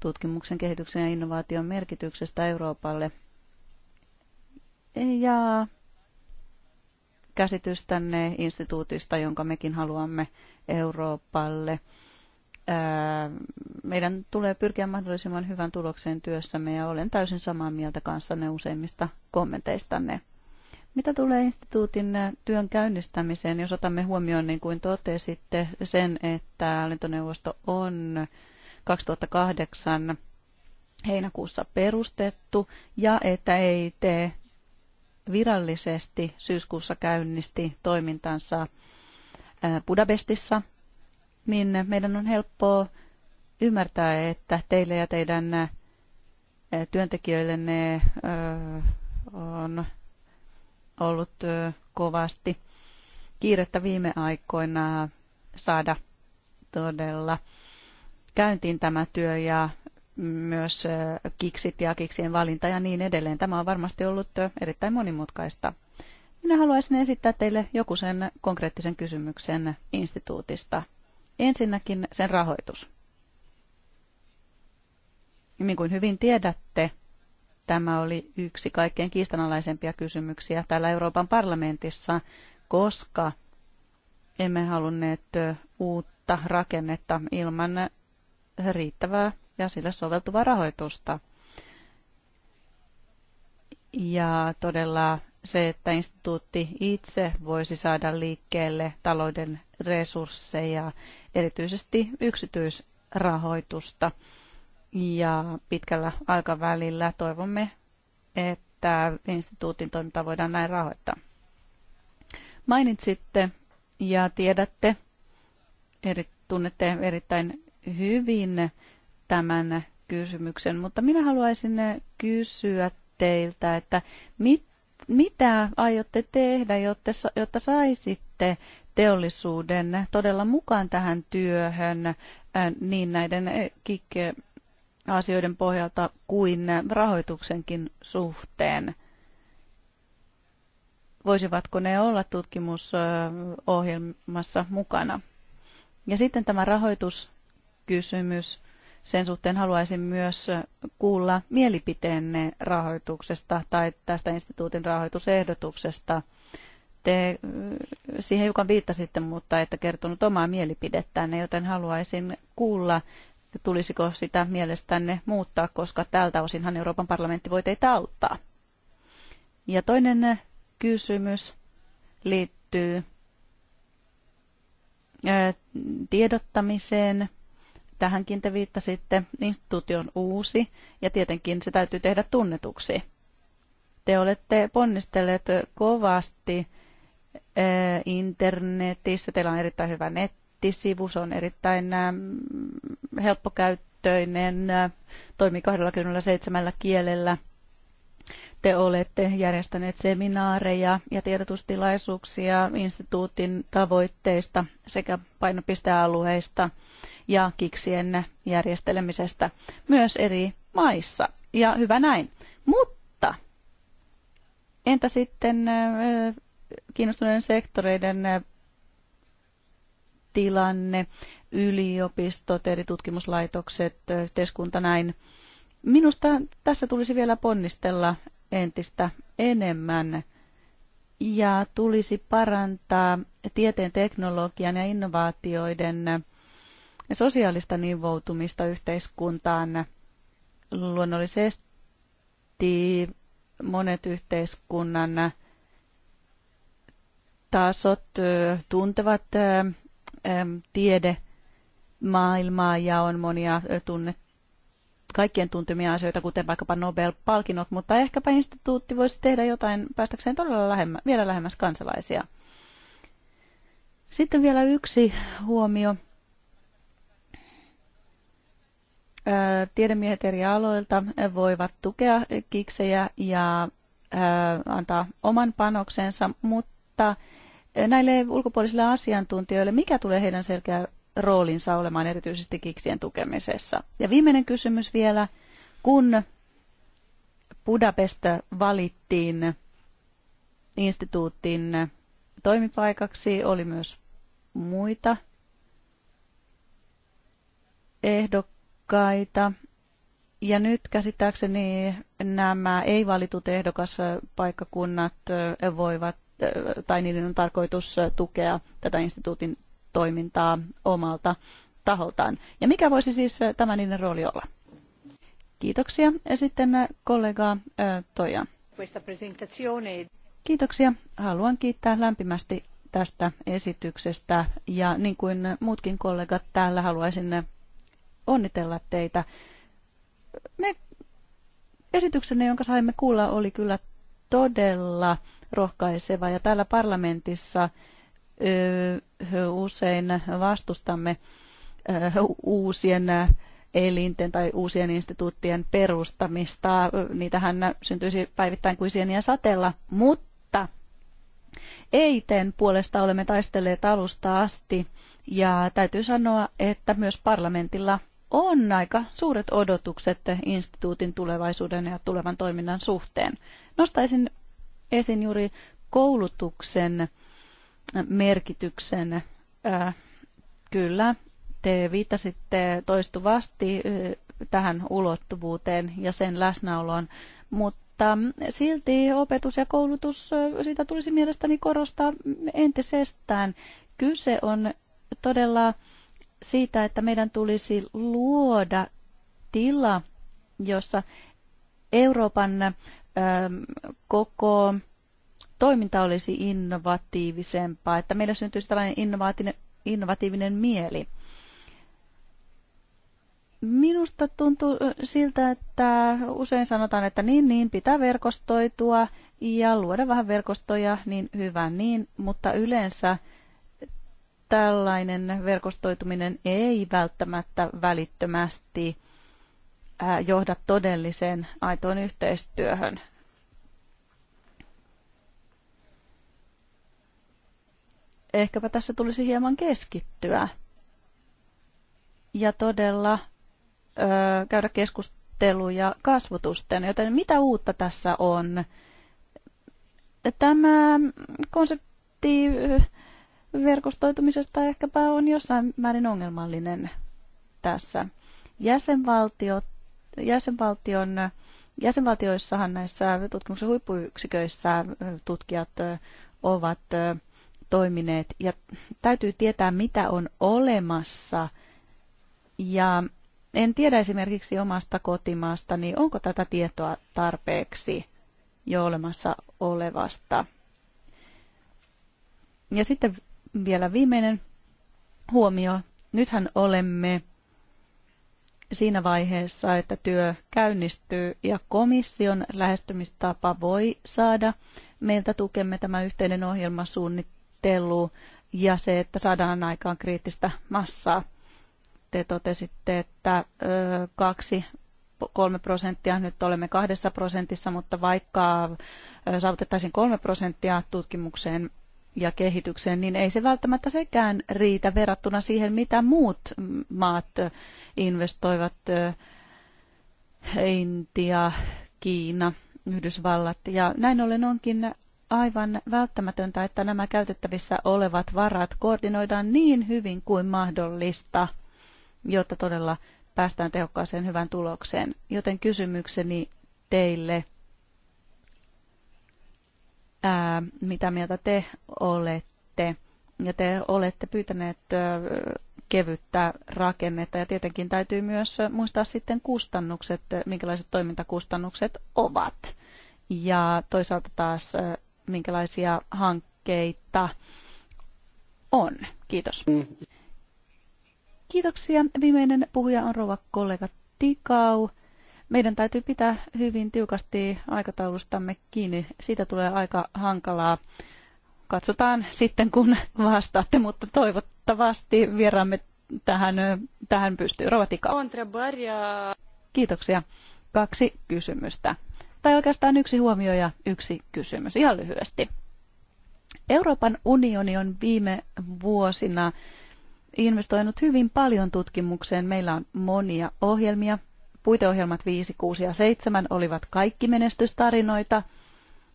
tutkimuksen, kehityksen ja innovaation merkityksestä Euroopalle ja käsitystänne instituutista, jonka mekin haluamme Euroopalle. Meidän tulee pyrkiä mahdollisimman hyvän tulokseen työssämme ja olen täysin samaa mieltä kanssanne useimmista kommenteistanne. Mitä tulee instituutin äh, työn käynnistämiseen, jos otamme huomioon, niin kuin totesitte, sen, että hallintoneuvosto on 2008 heinäkuussa perustettu ja että EIT virallisesti syyskuussa käynnisti toimintansa äh, Budapestissa, niin meidän on helppoa ymmärtää, että teille ja teidän äh, työntekijöillenne on ollut kovasti kiirettä viime aikoina saada todella käyntiin tämä työ ja myös kiksit ja kiksien valinta ja niin edelleen. Tämä on varmasti ollut erittäin monimutkaista. Minä haluaisin esittää teille joku sen konkreettisen kysymyksen instituutista. Ensinnäkin sen rahoitus. Niin kuin hyvin tiedätte, Tämä oli yksi kaikkein kiistanalaisempia kysymyksiä täällä Euroopan parlamentissa, koska emme halunneet uutta rakennetta ilman riittävää ja sille soveltuvaa rahoitusta. Ja todella se, että instituutti itse voisi saada liikkeelle talouden resursseja, erityisesti yksityisrahoitusta ja pitkällä aikavälillä toivomme, että instituutin toiminta voidaan näin rahoittaa. Mainitsitte ja tiedätte, eri, tunnette erittäin hyvin tämän kysymyksen, mutta minä haluaisin kysyä teiltä, että mit, mitä aiotte tehdä, jotta, jotta saisitte teollisuuden todella mukaan tähän työhön äh, niin näiden äh, kikkeen asioiden pohjalta kuin rahoituksenkin suhteen. Voisivatko ne olla tutkimusohjelmassa mukana? Ja sitten tämä rahoituskysymys. Sen suhteen haluaisin myös kuulla mielipiteenne rahoituksesta tai tästä instituutin rahoitusehdotuksesta. Te siihen hiukan viittasitte, mutta että kertonut omaa mielipidettänne, joten haluaisin kuulla tulisiko sitä mielestänne muuttaa, koska tältä osinhan Euroopan parlamentti voi teitä auttaa. Ja toinen kysymys liittyy tiedottamiseen. Tähänkin te viittasitte. Instituutio on uusi ja tietenkin se täytyy tehdä tunnetuksi. Te olette ponnistelleet kovasti internetissä, teillä on erittäin hyvä netti nettisivu, se on erittäin ähm, helppokäyttöinen, äh, toimii 27 kielellä. Te olette järjestäneet seminaareja ja tiedotustilaisuuksia instituutin tavoitteista sekä painopistealueista ja kiksien järjestelemisestä myös eri maissa. Ja hyvä näin. Mutta entä sitten äh, kiinnostuneiden sektoreiden äh, tilanne, yliopistot, eri tutkimuslaitokset, yhteiskunta näin. Minusta tässä tulisi vielä ponnistella entistä enemmän ja tulisi parantaa tieteen, teknologian ja innovaatioiden sosiaalista nivoutumista yhteiskuntaan. Luonnollisesti monet yhteiskunnan tasot tuntevat tiede maailmaa ja on monia tunnettuja kaikkien tuntemia asioita, kuten vaikkapa Nobel-palkinnot, mutta ehkäpä instituutti voisi tehdä jotain päästäkseen todella lähemmä, vielä lähemmäs kansalaisia. Sitten vielä yksi huomio. Tiedemiehet eri aloilta voivat tukea kiksejä ja antaa oman panoksensa, mutta näille ulkopuolisille asiantuntijoille, mikä tulee heidän selkeä roolinsa olemaan erityisesti kiksien tukemisessa? Ja viimeinen kysymys vielä, kun Budapest valittiin instituutin toimipaikaksi, oli myös muita ehdokkaita. Ja nyt käsittääkseni nämä ei-valitut ehdokaspaikkakunnat voivat tai niiden on tarkoitus tukea tätä instituutin toimintaa omalta taholtaan. Ja mikä voisi siis tämä niiden rooli olla? Kiitoksia. Ja sitten kollega Toja. Kiitoksia. Haluan kiittää lämpimästi tästä esityksestä ja niin kuin muutkin kollegat täällä haluaisin onnitella teitä. Me esityksenne, jonka saimme kuulla, oli kyllä todella rohkaiseva. Ja täällä parlamentissa usein vastustamme uusien elinten tai uusien instituuttien perustamista. Niitähän syntyisi päivittäin kuin sieniä satella, mutta EITen puolesta olemme taistelleet alusta asti ja täytyy sanoa, että myös parlamentilla on aika suuret odotukset instituutin tulevaisuuden ja tulevan toiminnan suhteen. Nostaisin esiin juuri koulutuksen äh, merkityksen. Äh, kyllä, te viittasitte toistuvasti äh, tähän ulottuvuuteen ja sen läsnäoloon, mutta mm, silti opetus ja koulutus, sitä tulisi mielestäni korostaa entisestään. Kyse on todella siitä, että meidän tulisi luoda tila, jossa Euroopan koko toiminta olisi innovatiivisempaa, että meillä syntyisi tällainen innovatiivinen, mieli. Minusta tuntuu siltä, että usein sanotaan, että niin, niin, pitää verkostoitua ja luoda vähän verkostoja, niin hyvä niin, mutta yleensä tällainen verkostoituminen ei välttämättä välittömästi johda todelliseen aitoon yhteistyöhön. Ehkäpä tässä tulisi hieman keskittyä ja todella ö, käydä keskusteluja kasvotusten, joten mitä uutta tässä on? Tämä konsepti verkostoitumisesta ehkäpä on jossain määrin ongelmallinen tässä. Jäsenvaltiot jäsenvaltion Jäsenvaltioissahan näissä tutkimuksen huippuyksiköissä tutkijat ovat toimineet ja täytyy tietää, mitä on olemassa. Ja en tiedä esimerkiksi omasta kotimaastani, onko tätä tietoa tarpeeksi jo olemassa olevasta. Ja sitten vielä viimeinen huomio. Nythän olemme siinä vaiheessa, että työ käynnistyy ja komission lähestymistapa voi saada meiltä tukemme tämä yhteinen ohjelmasuunnittelu ja se, että saadaan aikaan kriittistä massaa. Te totesitte, että kaksi kolme prosenttia, nyt olemme kahdessa prosentissa, mutta vaikka saavutettaisiin kolme prosenttia tutkimukseen ja kehitykseen, niin ei se välttämättä sekään riitä verrattuna siihen, mitä muut maat investoivat, Intia, Kiina, Yhdysvallat. Ja näin ollen onkin aivan välttämätöntä, että nämä käytettävissä olevat varat koordinoidaan niin hyvin kuin mahdollista, jotta todella päästään tehokkaaseen hyvään tulokseen. Joten kysymykseni teille – ää, mitä mieltä te olette. Ja te olette pyytäneet ää, kevyttä rakennetta ja tietenkin täytyy myös muistaa sitten kustannukset, minkälaiset toimintakustannukset ovat. Ja toisaalta taas ää, minkälaisia hankkeita on. Kiitos. Mm. Kiitoksia. Viimeinen puhuja on rouva kollega Tikau. Meidän täytyy pitää hyvin tiukasti aikataulustamme kiinni. Siitä tulee aika hankalaa. Katsotaan sitten, kun [laughs] vastaatte, mutta toivottavasti vieraamme tähän, tähän pystyy. Rovatika. Kiitoksia. Kaksi kysymystä. Tai oikeastaan yksi huomio ja yksi kysymys. Ihan lyhyesti. Euroopan unioni on viime vuosina investoinut hyvin paljon tutkimukseen. Meillä on monia ohjelmia, Puiteohjelmat 5, 6 ja 7 olivat kaikki menestystarinoita.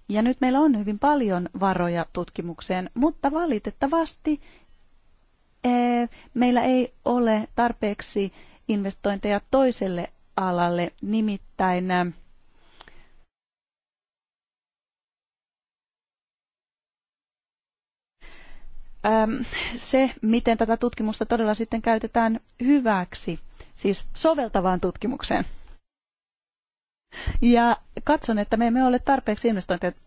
Ja nyt meillä on hyvin paljon varoja tutkimukseen, mutta valitettavasti eh, meillä ei ole tarpeeksi investointeja toiselle alalle, nimittäin eh, eh, se, miten tätä tutkimusta todella sitten käytetään hyväksi – siis soveltavaan tutkimukseen. Ja katson, että me emme ole tarpeeksi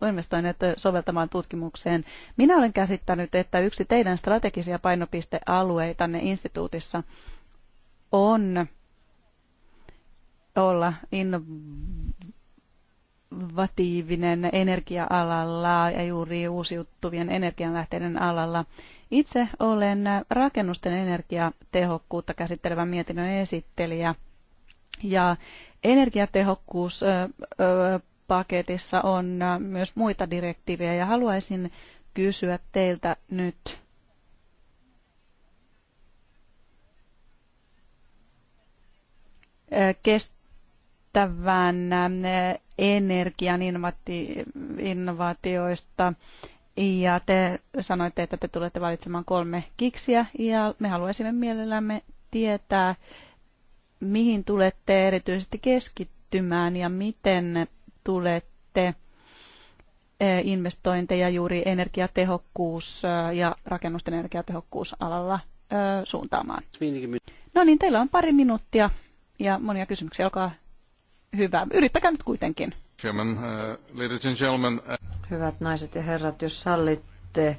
investoineet soveltamaan tutkimukseen. Minä olen käsittänyt, että yksi teidän strategisia painopistealueitanne instituutissa on olla innovatiivinen energia-alalla ja juuri uusiutuvien energianlähteiden alalla. Itse olen rakennusten energiatehokkuutta käsittelevän mietinnön esittelijä. Ja energiatehokkuuspaketissa on myös muita direktiivejä ja haluaisin kysyä teiltä nyt kestävän energian innovaatioista ja te sanoitte, että te tulette valitsemaan kolme kiksiä ja me haluaisimme mielellämme tietää, mihin tulette erityisesti keskittymään ja miten tulette e, investointeja juuri energiatehokkuus- e, ja rakennusten energiatehokkuusalalla e, suuntaamaan. No niin, teillä on pari minuuttia ja monia kysymyksiä. Olkaa hyvä. Yrittäkää nyt kuitenkin. Chairman. Uh, ladies and gentlemen. Uh, Hyvät naiset ja herrat, jos sallitte,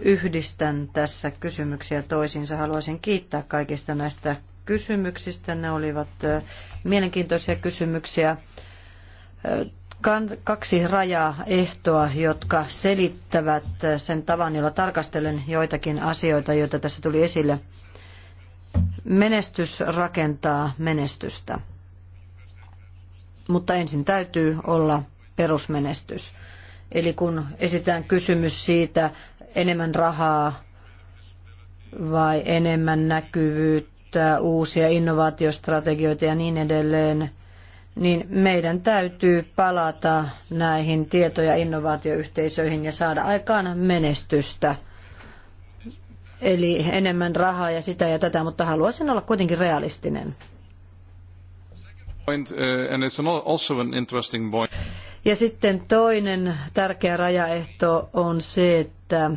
yhdistän tässä kysymyksiä toisiinsa. Haluaisin kiittää kaikista näistä kysymyksistä. Ne olivat uh, mielenkiintoisia kysymyksiä. Kaksi rajaehtoa, jotka selittävät sen tavan, jolla tarkastelen joitakin asioita, joita tässä tuli esille. Menestys rakentaa menestystä mutta ensin täytyy olla perusmenestys. Eli kun esitään kysymys siitä enemmän rahaa vai enemmän näkyvyyttä, uusia innovaatiostrategioita ja niin edelleen, niin meidän täytyy palata näihin tieto- ja innovaatioyhteisöihin ja saada aikaan menestystä. Eli enemmän rahaa ja sitä ja tätä, mutta haluaisin olla kuitenkin realistinen. Uh, ja sitten toinen tärkeä rajaehto on se, että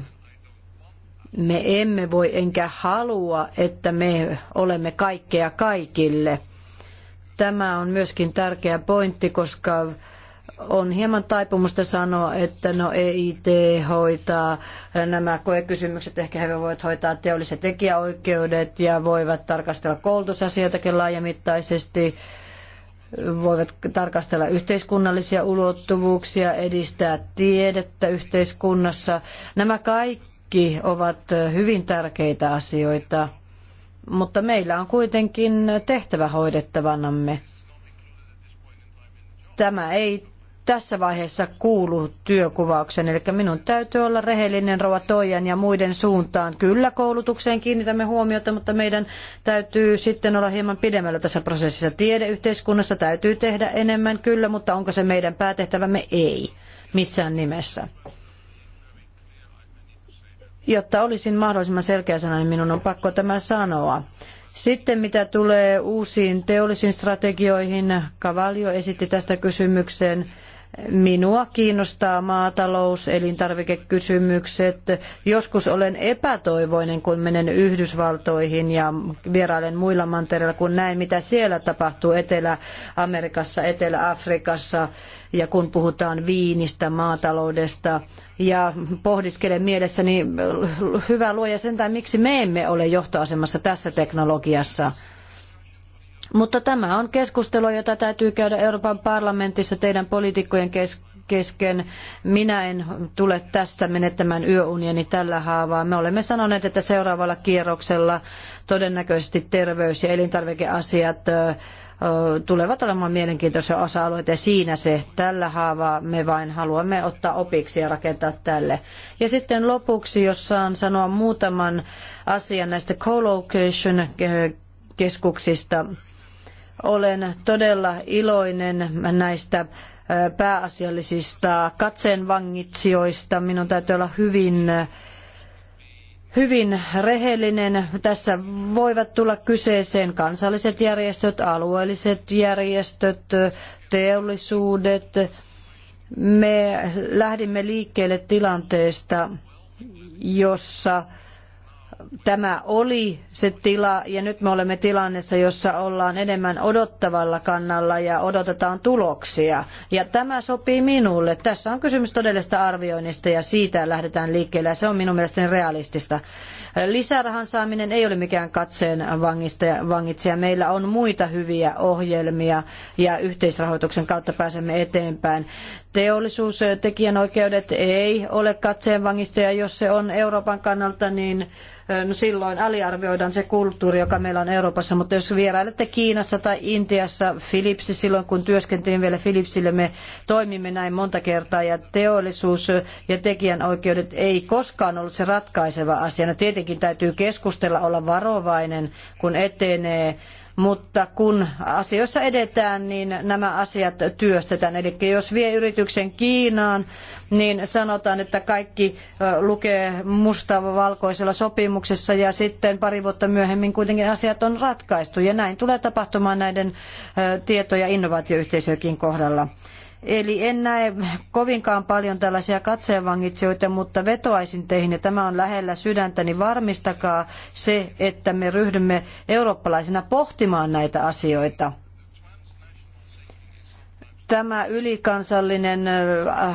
me emme voi enkä halua, että me olemme kaikkea kaikille. Tämä on myöskin tärkeä pointti, koska on hieman taipumusta sanoa, että no EIT hoitaa nämä koekysymykset, ehkä he voivat hoitaa teolliset tekijäoikeudet ja voivat tarkastella koulutusasioitakin laajamittaisesti voivat tarkastella yhteiskunnallisia ulottuvuuksia, edistää tiedettä yhteiskunnassa. Nämä kaikki ovat hyvin tärkeitä asioita, mutta meillä on kuitenkin tehtävä hoidettavanamme. Tämä ei tässä vaiheessa kuulu työkuvauksen. Eli minun täytyy olla rehellinen rouva Toijan ja muiden suuntaan. Kyllä koulutukseen kiinnitämme huomiota, mutta meidän täytyy sitten olla hieman pidemmällä tässä prosessissa. Tiedeyhteiskunnassa täytyy tehdä enemmän kyllä, mutta onko se meidän päätehtävämme? Ei, missään nimessä. Jotta olisin mahdollisimman selkeä sana, niin minun on pakko tämä sanoa. Sitten mitä tulee uusiin teollisiin strategioihin, Kavalio esitti tästä kysymyksen. Minua kiinnostaa maatalous, elintarvikekysymykset. Joskus olen epätoivoinen, kun menen Yhdysvaltoihin ja vierailen muilla mantereilla, kun näen, mitä siellä tapahtuu Etelä-Amerikassa, Etelä-Afrikassa ja kun puhutaan viinistä, maataloudesta. Ja pohdiskelen mielessäni, hyvä luoja sentään, miksi me emme ole johtoasemassa tässä teknologiassa. Mutta tämä on keskustelua, jota täytyy käydä Euroopan parlamentissa teidän poliitikkojen kesken kesken. Minä en tule tästä menettämään yöunieni tällä haavaa. Me olemme sanoneet, että seuraavalla kierroksella todennäköisesti terveys- ja elintarvikeasiat tulevat olemaan mielenkiintoisia osa-alueita ja siinä se tällä haavaa me vain haluamme ottaa opiksi ja rakentaa tälle. Ja sitten lopuksi, jos saan sanoa muutaman asian näistä co-location keskuksista. Olen todella iloinen näistä pääasiallisista katseenvangitsijoista. Minun täytyy olla hyvin hyvin rehellinen. Tässä voivat tulla kyseeseen kansalliset järjestöt, alueelliset järjestöt, teollisuudet. Me lähdimme liikkeelle tilanteesta, jossa tämä oli se tila ja nyt me olemme tilannessa, jossa ollaan enemmän odottavalla kannalla ja odotetaan tuloksia. Ja tämä sopii minulle. Tässä on kysymys todellisesta arvioinnista ja siitä lähdetään liikkeelle ja se on minun mielestäni realistista. Lisärahan saaminen ei ole mikään katseen vangitsija. Meillä on muita hyviä ohjelmia ja yhteisrahoituksen kautta pääsemme eteenpäin. Teollisuus, tekijänoikeudet ei ole katseen jos se on Euroopan kannalta, niin no silloin aliarvioidaan se kulttuuri, joka meillä on Euroopassa. Mutta jos vierailette Kiinassa tai Intiassa, Philipsi, silloin kun työskentelin vielä Philipsille, me toimimme näin monta kertaa ja teollisuus ja tekijänoikeudet ei koskaan ollut se ratkaiseva asia. No tietenkin täytyy keskustella, olla varovainen, kun etenee mutta kun asioissa edetään, niin nämä asiat työstetään. Eli jos vie yrityksen Kiinaan, niin sanotaan, että kaikki lukee mustavalkoisella valkoisella sopimuksessa ja sitten pari vuotta myöhemmin kuitenkin asiat on ratkaistu. Ja näin tulee tapahtumaan näiden tieto- ja innovaatioyhteisöjenkin kohdalla. Eli en näe kovinkaan paljon tällaisia katseenvangitsijoita, mutta vetoaisin teihin, ja tämä on lähellä sydäntäni, niin varmistakaa se, että me ryhdymme eurooppalaisina pohtimaan näitä asioita. Tämä ylikansallinen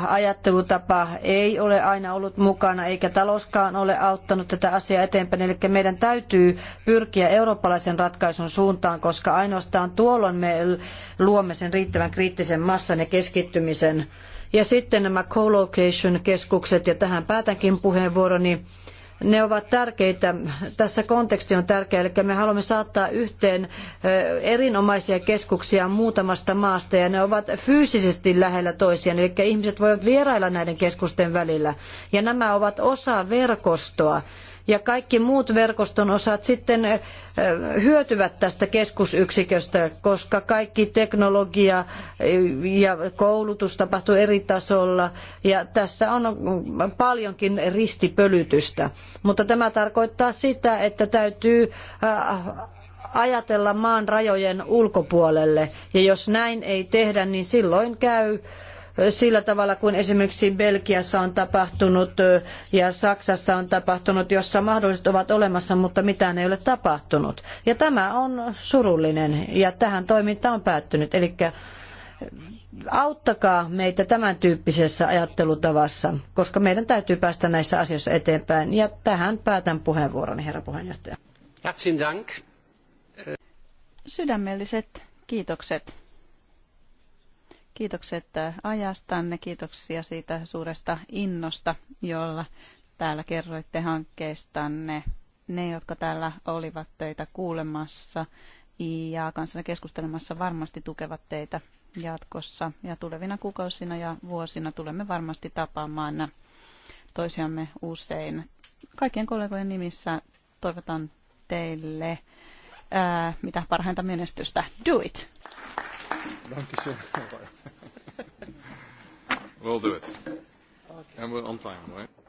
ajattelutapa ei ole aina ollut mukana, eikä talouskaan ole auttanut tätä asiaa eteenpäin. Eli meidän täytyy pyrkiä eurooppalaisen ratkaisun suuntaan, koska ainoastaan tuolloin me luomme sen riittävän kriittisen massan ja keskittymisen. Ja sitten nämä co-location-keskukset, ja tähän päätänkin puheenvuoroni ne ovat tärkeitä. Tässä konteksti on tärkeä, eli me haluamme saattaa yhteen erinomaisia keskuksia muutamasta maasta, ja ne ovat fyysisesti lähellä toisiaan, eli ihmiset voivat vierailla näiden keskusten välillä. Ja nämä ovat osa verkostoa ja kaikki muut verkoston osat sitten hyötyvät tästä keskusyksiköstä, koska kaikki teknologia ja koulutus tapahtuu eri tasolla ja tässä on paljonkin ristipölytystä. Mutta tämä tarkoittaa sitä, että täytyy ajatella maan rajojen ulkopuolelle ja jos näin ei tehdä, niin silloin käy sillä tavalla kuin esimerkiksi Belgiassa on tapahtunut ja Saksassa on tapahtunut, jossa mahdollisuudet ovat olemassa, mutta mitään ei ole tapahtunut. Ja tämä on surullinen ja tähän toiminta on päättynyt. Eli auttakaa meitä tämän tyyppisessä ajattelutavassa, koska meidän täytyy päästä näissä asioissa eteenpäin. Ja tähän päätän puheenvuoroni, herra puheenjohtaja. Sydämelliset kiitokset. Kiitokset äh, ajastanne, kiitoksia siitä suuresta innosta, jolla täällä kerroitte hankkeistanne. Ne, jotka täällä olivat töitä kuulemassa ja kanssanne keskustelemassa, varmasti tukevat teitä jatkossa. Ja tulevina kuukausina ja vuosina tulemme varmasti tapaamaan toisiamme usein. Kaikkien kollegojen nimissä toivotan teille ää, äh, mitä parhainta menestystä. Do it! Dankeschön. we'll do it. Okay. And we're on time, right?